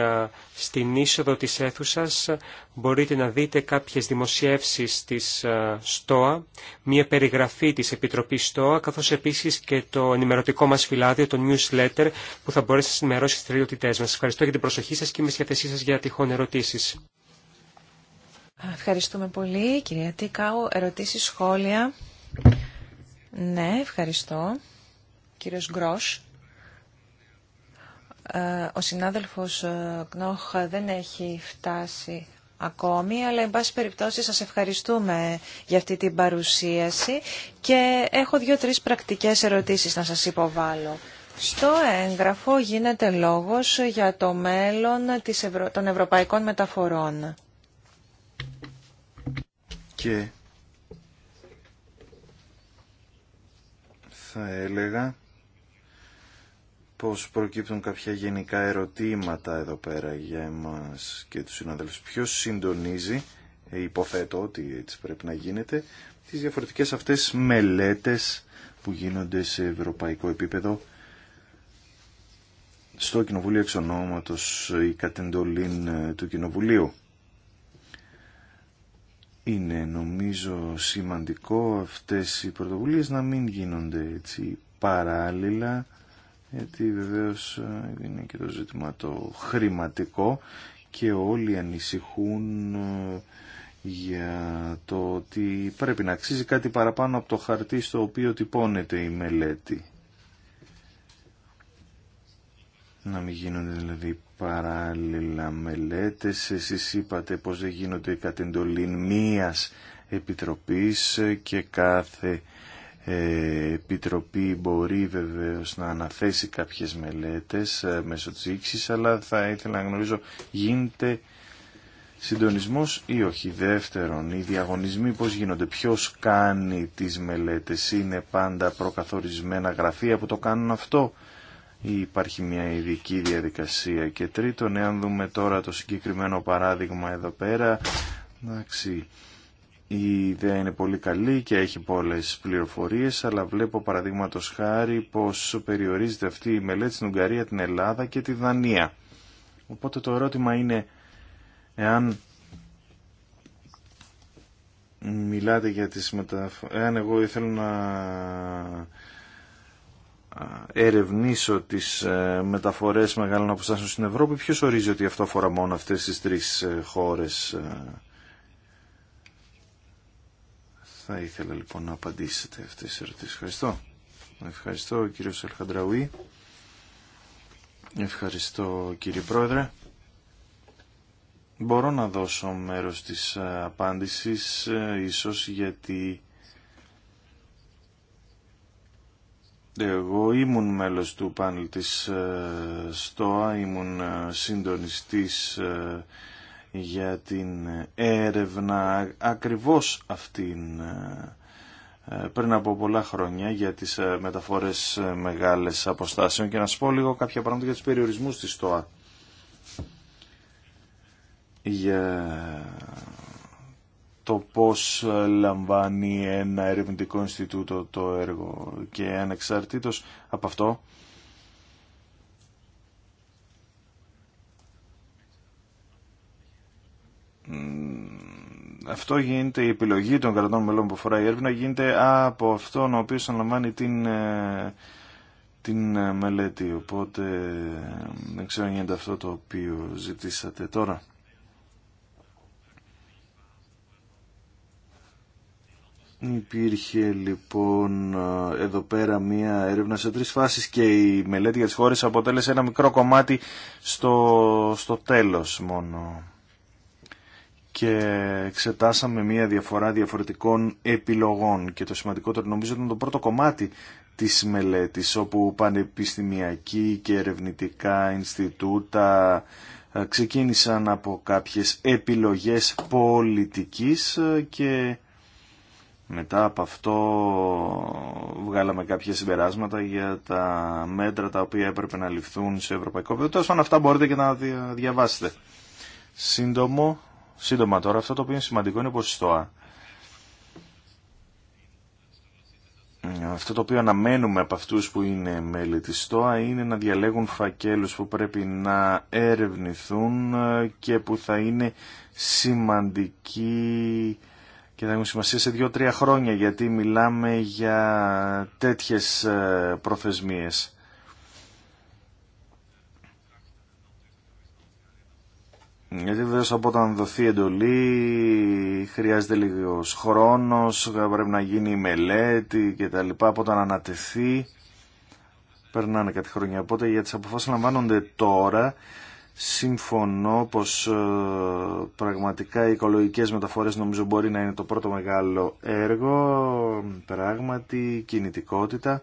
στην είσοδο της αίθουσας μπορείτε να δείτε κάποιες δημοσιεύσεις της ΣΤΟΑ, μία περιγραφή της Επιτροπής ΣΤΟΑ, καθώς επίσης και το ενημερωτικό μας φυλάδιο, το newsletter, που θα μπορέσει να ενημερώσει τις τελειοτητές μας. Σας ευχαριστώ για την προσοχή σας και είμαι στη σας για τυχόν ερωτήσεις. Ευχαριστούμε πολύ, κυρία Τίκαου. Ερωτήσεις, σχόλια. Ναι, ευχαριστώ. Κύριος Γκρός. Ε, ο συνάδελφος ε, Κνόχ δεν έχει φτάσει ακόμη, αλλά εν πάση περιπτώσει σας ευχαριστούμε για αυτή την παρουσίαση και έχω δύο-τρεις πρακτικές ερωτήσεις να σας υποβάλω. Στο έγγραφο γίνεται λόγος για το μέλλον των ευρωπαϊκών μεταφορών και θα έλεγα πως προκύπτουν κάποια γενικά ερωτήματα εδώ πέρα για εμάς και τους συναδέλφους. Ποιος συντονίζει, ε, υποθέτω ότι έτσι πρέπει να γίνεται, τις διαφορετικές αυτές μελέτες που γίνονται σε ευρωπαϊκό επίπεδο στο Κοινοβούλιο Εξονόματος ή κατ' ε, του Κοινοβουλίου είναι νομίζω σημαντικό αυτές οι πρωτοβουλίες να μην γίνονται έτσι παράλληλα γιατί βεβαίως ε, είναι και το ζήτημα το χρηματικό και όλοι ανησυχούν ε, για το ότι πρέπει να αξίζει κάτι παραπάνω από το χαρτί στο οποίο τυπώνεται η μελέτη. Να μην γίνονται δηλαδή παράλληλα μελέτες. Εσείς είπατε πως δεν γίνονται οι κατεντολήν μίας επιτροπής και κάθε ε, επιτροπή μπορεί βεβαίως να αναθέσει κάποιες μελέτες ε, μέσω της αλλά θα ήθελα να γνωρίζω γίνεται συντονισμός ή όχι. Δεύτερον, οι διαγωνισμοί πώς γίνονται, ποιος κάνει τις μελέτες, είναι πάντα προκαθορισμένα γραφεία που το κάνουν αυτό ή υπάρχει μια ειδική διαδικασία. Και τρίτον, εάν δούμε τώρα το συγκεκριμένο παράδειγμα εδώ πέρα, εντάξει, η ιδέα είναι πολύ καλή και έχει πολλές πληροφορίες, αλλά βλέπω παραδείγματο χάρη πως περιορίζεται αυτή η μελέτη στην Ουγγαρία, την Ελλάδα και τη Δανία. Οπότε το ερώτημα είναι εάν μιλάτε για τις μεταφορές, εάν εγώ ήθελα να ερευνήσω τις ε, μεταφορές μεγάλων αποστάσεων στην Ευρώπη, ποιος ορίζει ότι αυτό αφορά μόνο αυτές τις τρεις ε, χώρες. Ε? Θα ήθελα λοιπόν να απαντήσετε αυτές τις ερωτήσεις. Ευχαριστώ. Ευχαριστώ κύριο Σελχαντραουή. Ευχαριστώ κύριε Πρόεδρε. Μπορώ να δώσω μέρος της απάντησης, ίσως γιατί Εγώ ήμουν μέλος του πάνελ της ε, ΣΤΟΑ, ήμουν ε, συντονιστής ε, για την έρευνα ακριβώς αυτήν πριν από πολλά χρόνια για τις μεταφορές μεγάλες αποστάσεων και να σας πω λίγο κάποια πράγματα για τους περιορισμούς της ΣΤΟΑ για το πώς ε, λαμβάνει ένα ερευνητικό Ινστιτούτο το έργο και ανεξαρτήτως από αυτό αυτό γίνεται, η επιλογή των κρατών μελών που φοράει η έρευνα γίνεται από αυτόν ο οποίος αναλαμβάνει την, ε, την ε, μελέτη. Οπότε δεν ξέρω αν γίνεται αυτό το οποίο ζητήσατε τώρα. Υπήρχε λοιπόν εδώ πέρα μία έρευνα σε τρεις φάσεις και η μελέτη για τις χώρες αποτέλεσε ένα μικρό κομμάτι στο, στο τέλος μόνο. Και εξετάσαμε μία διαφορά διαφορετικών επιλογών και το σημαντικότερο νομίζω ήταν το πρώτο κομμάτι της μελέτης όπου πανεπιστημιακοί και ερευνητικά Ινστιτούτα ε, ξεκίνησαν από κάποιες επιλογές πολιτικής ε, και μετά από αυτό βγάλαμε κάποια συμπεράσματα για τα μέτρα τα οποία έπρεπε να ληφθούν σε ευρωπαϊκό επίπεδο. Τόσο αυτά μπορείτε και να διαβάσετε. Σύντομο, σύντομα τώρα, αυτό το οποίο είναι σημαντικό είναι πως στο Αυτό το οποίο αναμένουμε από αυτούς που είναι μέλη της ΣΤΟΑ είναι να διαλέγουν φακέλους που πρέπει να ερευνηθούν και που θα είναι σημαντικοί και θα έχουν σημασία σε δύο-τρία χρόνια γιατί μιλάμε για τέτοιες ε, προθεσμίες. Γιατί βέβαια από όταν δοθεί εντολή χρειάζεται λίγο χρόνος, πρέπει να γίνει η μελέτη και τα λοιπά. Από όταν ανατεθεί περνάνε κάτι χρόνια. Οπότε για τις αποφάσεις λαμβάνονται τώρα συμφωνώ πως ε, πραγματικά οι οικολογικές μεταφορές νομίζω μπορεί να είναι το πρώτο μεγάλο έργο, πράγματι κινητικότητα.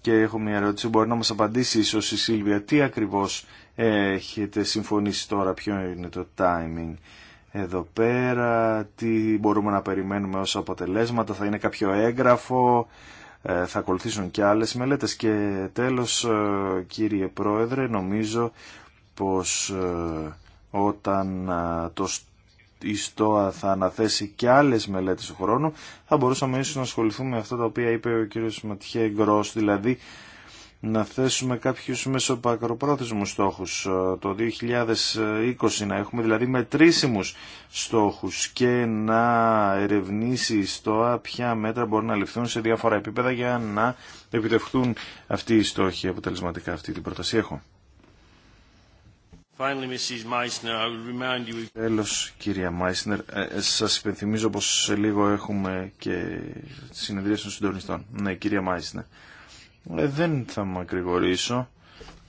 Και έχω μια ερώτηση, μπορεί να μας απαντήσει ίσως η Σίλβια, τι ακριβώς έχετε συμφωνήσει τώρα, ποιο είναι το timing εδώ πέρα, τι μπορούμε να περιμένουμε ως αποτελέσματα, θα είναι κάποιο έγγραφο, ε, θα ακολουθήσουν και άλλες μελέτες. Και τέλος, ε, κύριε Πρόεδρε, νομίζω πως ε, όταν ε, το η ΣΤΟΑ θα αναθέσει και άλλες μελέτες του χρόνου, θα μπορούσαμε ίσως να ασχοληθούμε με αυτά τα οποία είπε ο κύριος Ματιέ Γκρός, δηλαδή να θέσουμε κάποιους μεσοπακροπρόθεσμους στόχους ε, το 2020, να έχουμε δηλαδή μετρήσιμους στόχους και να ερευνήσει η ΣΤΟΑ ποια μέτρα μπορούν να ληφθούν σε διάφορα επίπεδα για να επιτευχθούν αυτοί οι στόχοι αποτελεσματικά αυτή την πρόταση έχω. Τέλος, κυρία Μάισνερ, ε, σας υπενθυμίζω πως σε λίγο έχουμε και συνεδρία των συντονιστών. Ναι, κυρία Μάισνερ, δεν θα μακρηγορήσω.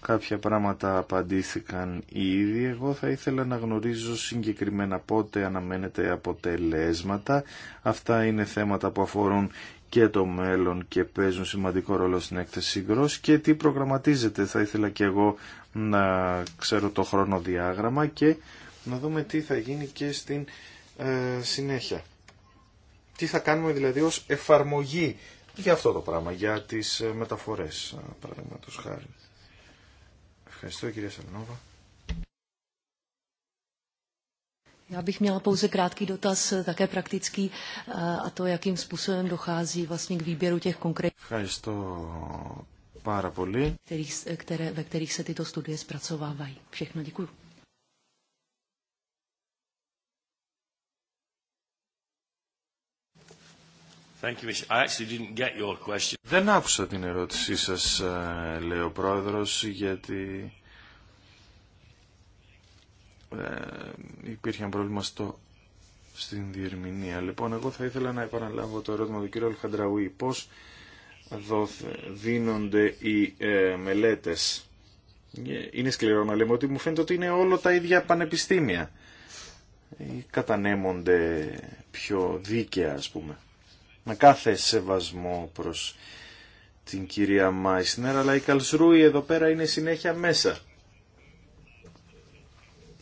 Κάποια πράγματα απαντήθηκαν ήδη. Εγώ θα ήθελα να γνωρίζω συγκεκριμένα πότε αναμένεται αποτελέσματα. Αυτά είναι θέματα που αφορούν και το μέλλον και παίζουν σημαντικό ρόλο στην έκθεση Γκρός και τι προγραμματίζεται. Θα ήθελα και εγώ να ξέρω το χρονοδιάγραμμα και να δούμε τι θα γίνει και στην ε, συνέχεια. Τι θα κάνουμε δηλαδή ως εφαρμογή για αυτό το πράγμα, για τις ε, μεταφορές, ε, παραδείγματος χάρη. Ευχαριστώ κυρία Σαλνόβα. Já bych měla pouze krátký dotaz, také praktický, a to, jakým způsobem dochází vlastně k výběru těch konkrétních. Kterých, které, ve kterých se tyto studie zpracovávají. Všechno děkuji. Thank you, I actually didn't get your question. Δεν άκουσα την ερώτησή σας, λέει ο πρόεδρος, γιατί ε, υπήρχε ένα πρόβλημα στο, στην διερμηνία. Λοιπόν, εγώ θα ήθελα να επαναλάβω το ερώτημα του κ. Αλχαντραουή. Πώς δοθε, δίνονται οι ε, μελέτες. Ε, είναι σκληρό να λέμε ότι μου φαίνεται ότι είναι όλο τα ίδια πανεπιστήμια. Ή ε, κατανέμονται πιο δίκαια, ας πούμε. Με κάθε σεβασμό προς την κυρία Μάισνερ, αλλά η Καλσρούη εδώ πέρα είναι συνέχεια μέσα.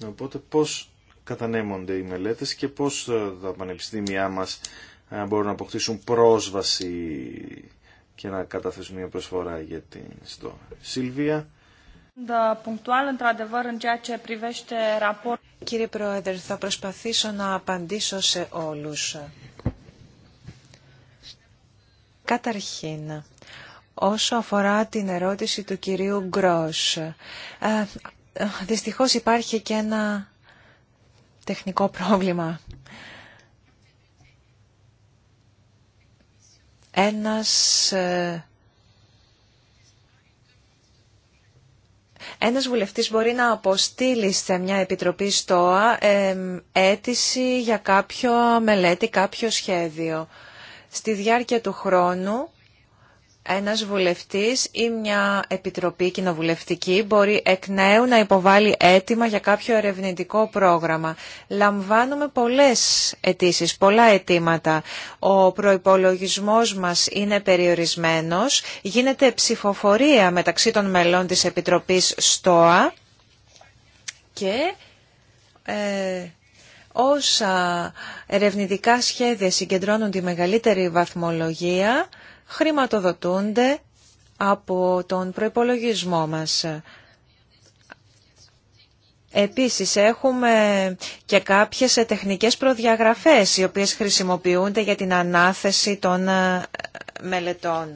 Οπότε πώς κατανέμονται οι μελέτες και πώς ε, τα πανεπιστήμια μας ε, μπορούν να αποκτήσουν πρόσβαση και να καταθέσουν μια προσφορά για την στο Σιλβία. Κύριε Πρόεδρε, θα προσπαθήσω να απαντήσω σε όλους. Καταρχήν, όσο αφορά την ερώτηση του κυρίου Γκρός, ε, δυστυχώς υπάρχει και ένα τεχνικό πρόβλημα. Ένας, ε, ένας βουλευτής μπορεί να αποστείλει σε μια επιτροπή ΣΤΟΑ αίτηση για κάποιο μελέτη, κάποιο σχέδιο. Στη διάρκεια του χρόνου ένας βουλευτής ή μια επιτροπή κοινοβουλευτική μπορεί εκ νέου να υποβάλει αίτημα για κάποιο ερευνητικό πρόγραμμα. Λαμβάνουμε πολλές αιτήσει, πολλά αιτήματα. Ο προϋπολογισμός μας είναι περιορισμένος. Γίνεται ψηφοφορία μεταξύ των μελών της Επιτροπής ΣΤΟΑ και... Ε, όσα ερευνητικά σχέδια συγκεντρώνουν τη μεγαλύτερη βαθμολογία, χρηματοδοτούνται από τον προϋπολογισμό μας. Επίσης έχουμε και κάποιες τεχνικές προδιαγραφές οι οποίες χρησιμοποιούνται για την ανάθεση των ε, μελετών.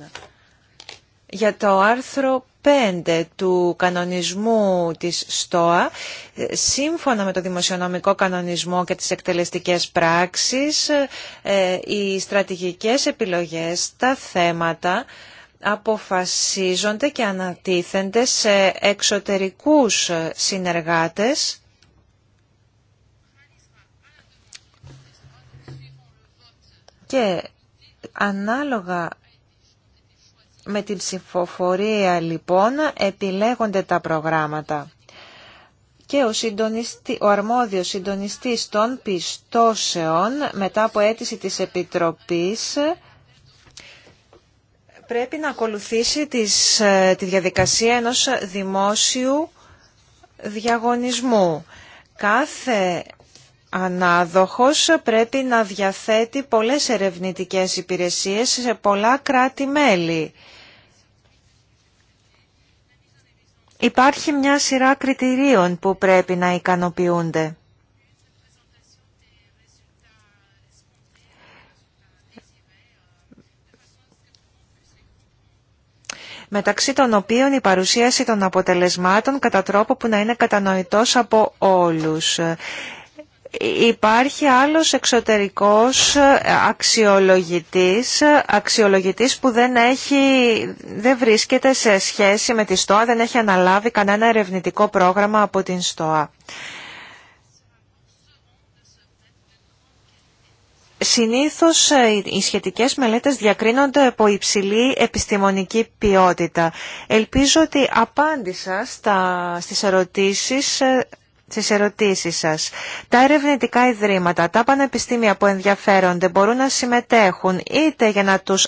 Για το άρθρο του κανονισμού της ΣΤΟΑ, σύμφωνα με το δημοσιονομικό κανονισμό και τις εκτελεστικές πράξεις, ε, οι στρατηγικές επιλογές, τα θέματα αποφασίζονται και ανατίθενται σε εξωτερικούς συνεργάτες και ανάλογα με την ψηφοφορία λοιπόν επιλέγονται τα προγράμματα και ο, συντονιστή, ο αρμόδιος συντονιστής των πιστώσεων μετά από αίτηση της Επιτροπής πρέπει να ακολουθήσει της, ε, τη διαδικασία ενός δημόσιου διαγωνισμού. Κάθε ανάδοχος πρέπει να διαθέτει πολλές ερευνητικές υπηρεσίες σε πολλά κράτη-μέλη. Υπάρχει μια σειρά κριτηρίων που πρέπει να ικανοποιούνται. μεταξύ των οποίων η παρουσίαση των αποτελεσμάτων κατά τρόπο που να είναι κατανοητός από όλους υπάρχει άλλος εξωτερικός αξιολογητής, αξιολογητής που δεν, έχει, δεν βρίσκεται σε σχέση με τη ΣΤΟΑ, δεν έχει αναλάβει κανένα ερευνητικό πρόγραμμα από την ΣΤΟΑ. Συνήθως ε, οι σχετικές μελέτες διακρίνονται από υψηλή επιστημονική ποιότητα. Ελπίζω ότι απάντησα στα, στις ερωτήσεις ε, στις ερωτήσει σας. Τα ερευνητικά ιδρύματα, τα πανεπιστήμια που ενδιαφέρονται μπορούν να συμμετέχουν είτε για να τους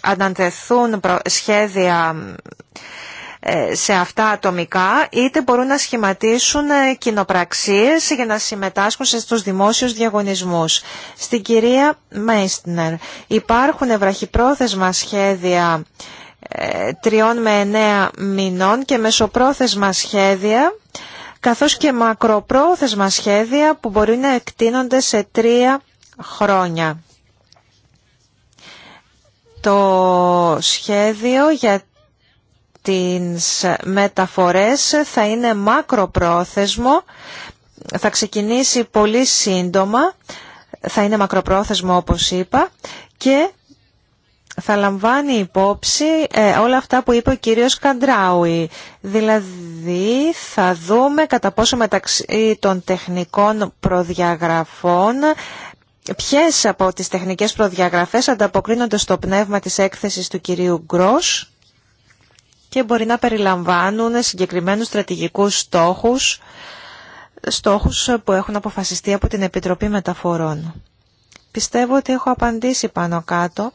προ σχέδια ε, σε αυτά ατομικά, είτε μπορούν να σχηματίσουν ε, κοινοπραξίες για να συμμετάσχουν στους δημόσιους διαγωνισμούς. Στην κυρία Μέιστνερ, υπάρχουν ευραχυπρόθεσμα σχέδια ε, τριών με εννέα μηνών και μεσοπρόθεσμα σχέδια καθώς και μακροπρόθεσμα σχέδια που μπορεί να εκτείνονται σε τρία χρόνια. Το σχέδιο για τις μεταφορές θα είναι μακροπρόθεσμο, θα ξεκινήσει πολύ σύντομα, θα είναι μακροπρόθεσμο όπως είπα και θα λαμβάνει υπόψη ε, όλα αυτά που είπε ο κύριος Καντράουι. Δηλαδή θα δούμε κατά πόσο μεταξύ των τεχνικών προδιαγραφών ποιες από τις τεχνικές προδιαγραφές ανταποκρίνονται στο πνεύμα της έκθεσης του κυρίου Γκρός και μπορεί να περιλαμβάνουν συγκεκριμένους στρατηγικούς στόχους, στόχους που έχουν αποφασιστεί από την Επιτροπή Μεταφορών. Πιστεύω ότι έχω απαντήσει πάνω κάτω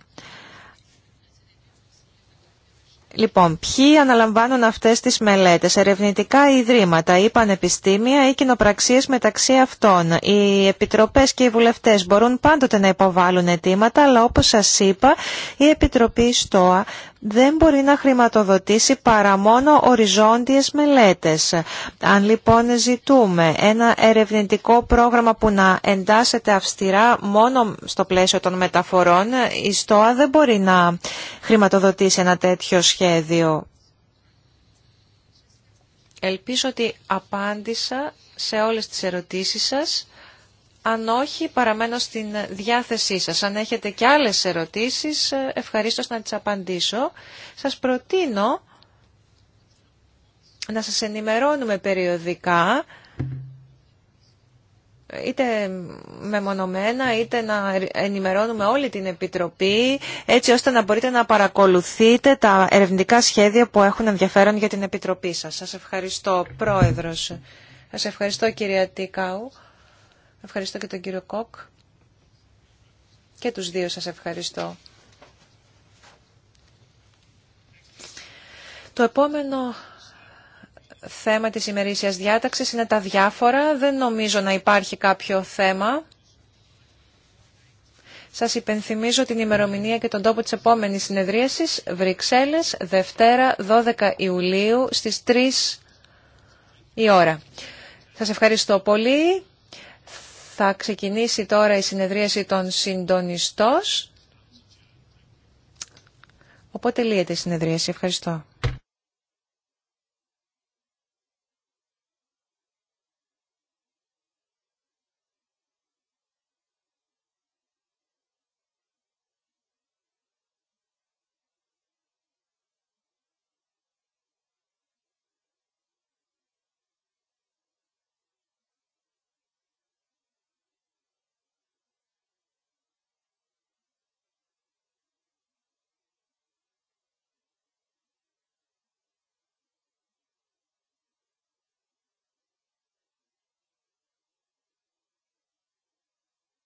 Λοιπόν, ποιοι αναλαμβάνουν αυτές τις μελέτες, ερευνητικά ιδρύματα ή πανεπιστήμια ή κοινοπραξίες μεταξύ αυτών. Οι επιτροπές και οι βουλευτές μπορούν πάντοτε να υποβάλουν αιτήματα, αλλά όπως σας είπα, η Επιτροπή ΣΤΟΑ δεν μπορεί να χρηματοδοτήσει παρά μόνο οριζόντιες μελέτες. Αν λοιπόν ζητούμε ένα ερευνητικό πρόγραμμα που να εντάσσεται αυστηρά μόνο στο πλαίσιο των μεταφορών, η ΣΤΟΑ δεν μπορεί να χρηματοδοτήσει ένα τέτοιο σχέδιο. Ελπίζω ότι απάντησα σε όλες τις ερωτήσεις σας. Αν όχι, παραμένω στην διάθεσή σας. Αν έχετε και άλλες ερωτήσεις, ευχαρίστως να τις απαντήσω. Σας προτείνω να σας ενημερώνουμε περιοδικά, είτε μεμονωμένα, είτε να ενημερώνουμε όλη την Επιτροπή, έτσι ώστε να μπορείτε να παρακολουθείτε τα ερευνητικά σχέδια που έχουν ενδιαφέρον για την Επιτροπή σας. Σας ευχαριστώ, Πρόεδρος. Σας ευχαριστώ, κυρία Τίκαου. Ευχαριστώ και τον κύριο Κοκ. Και τους δύο σας ευχαριστώ. Το επόμενο θέμα της ημερήσιας διάταξης είναι τα διάφορα. Δεν νομίζω να υπάρχει κάποιο θέμα. Σας υπενθυμίζω την ημερομηνία και τον τόπο της επόμενης συνεδρίασης. Βρυξέλλες, Δευτέρα, 12 Ιουλίου, στις 3 η ώρα. Σας ευχαριστώ πολύ. Θα ξεκινήσει τώρα η συνεδρίαση των συντονιστών. Οπότε λύεται η συνεδρίαση. Ευχαριστώ.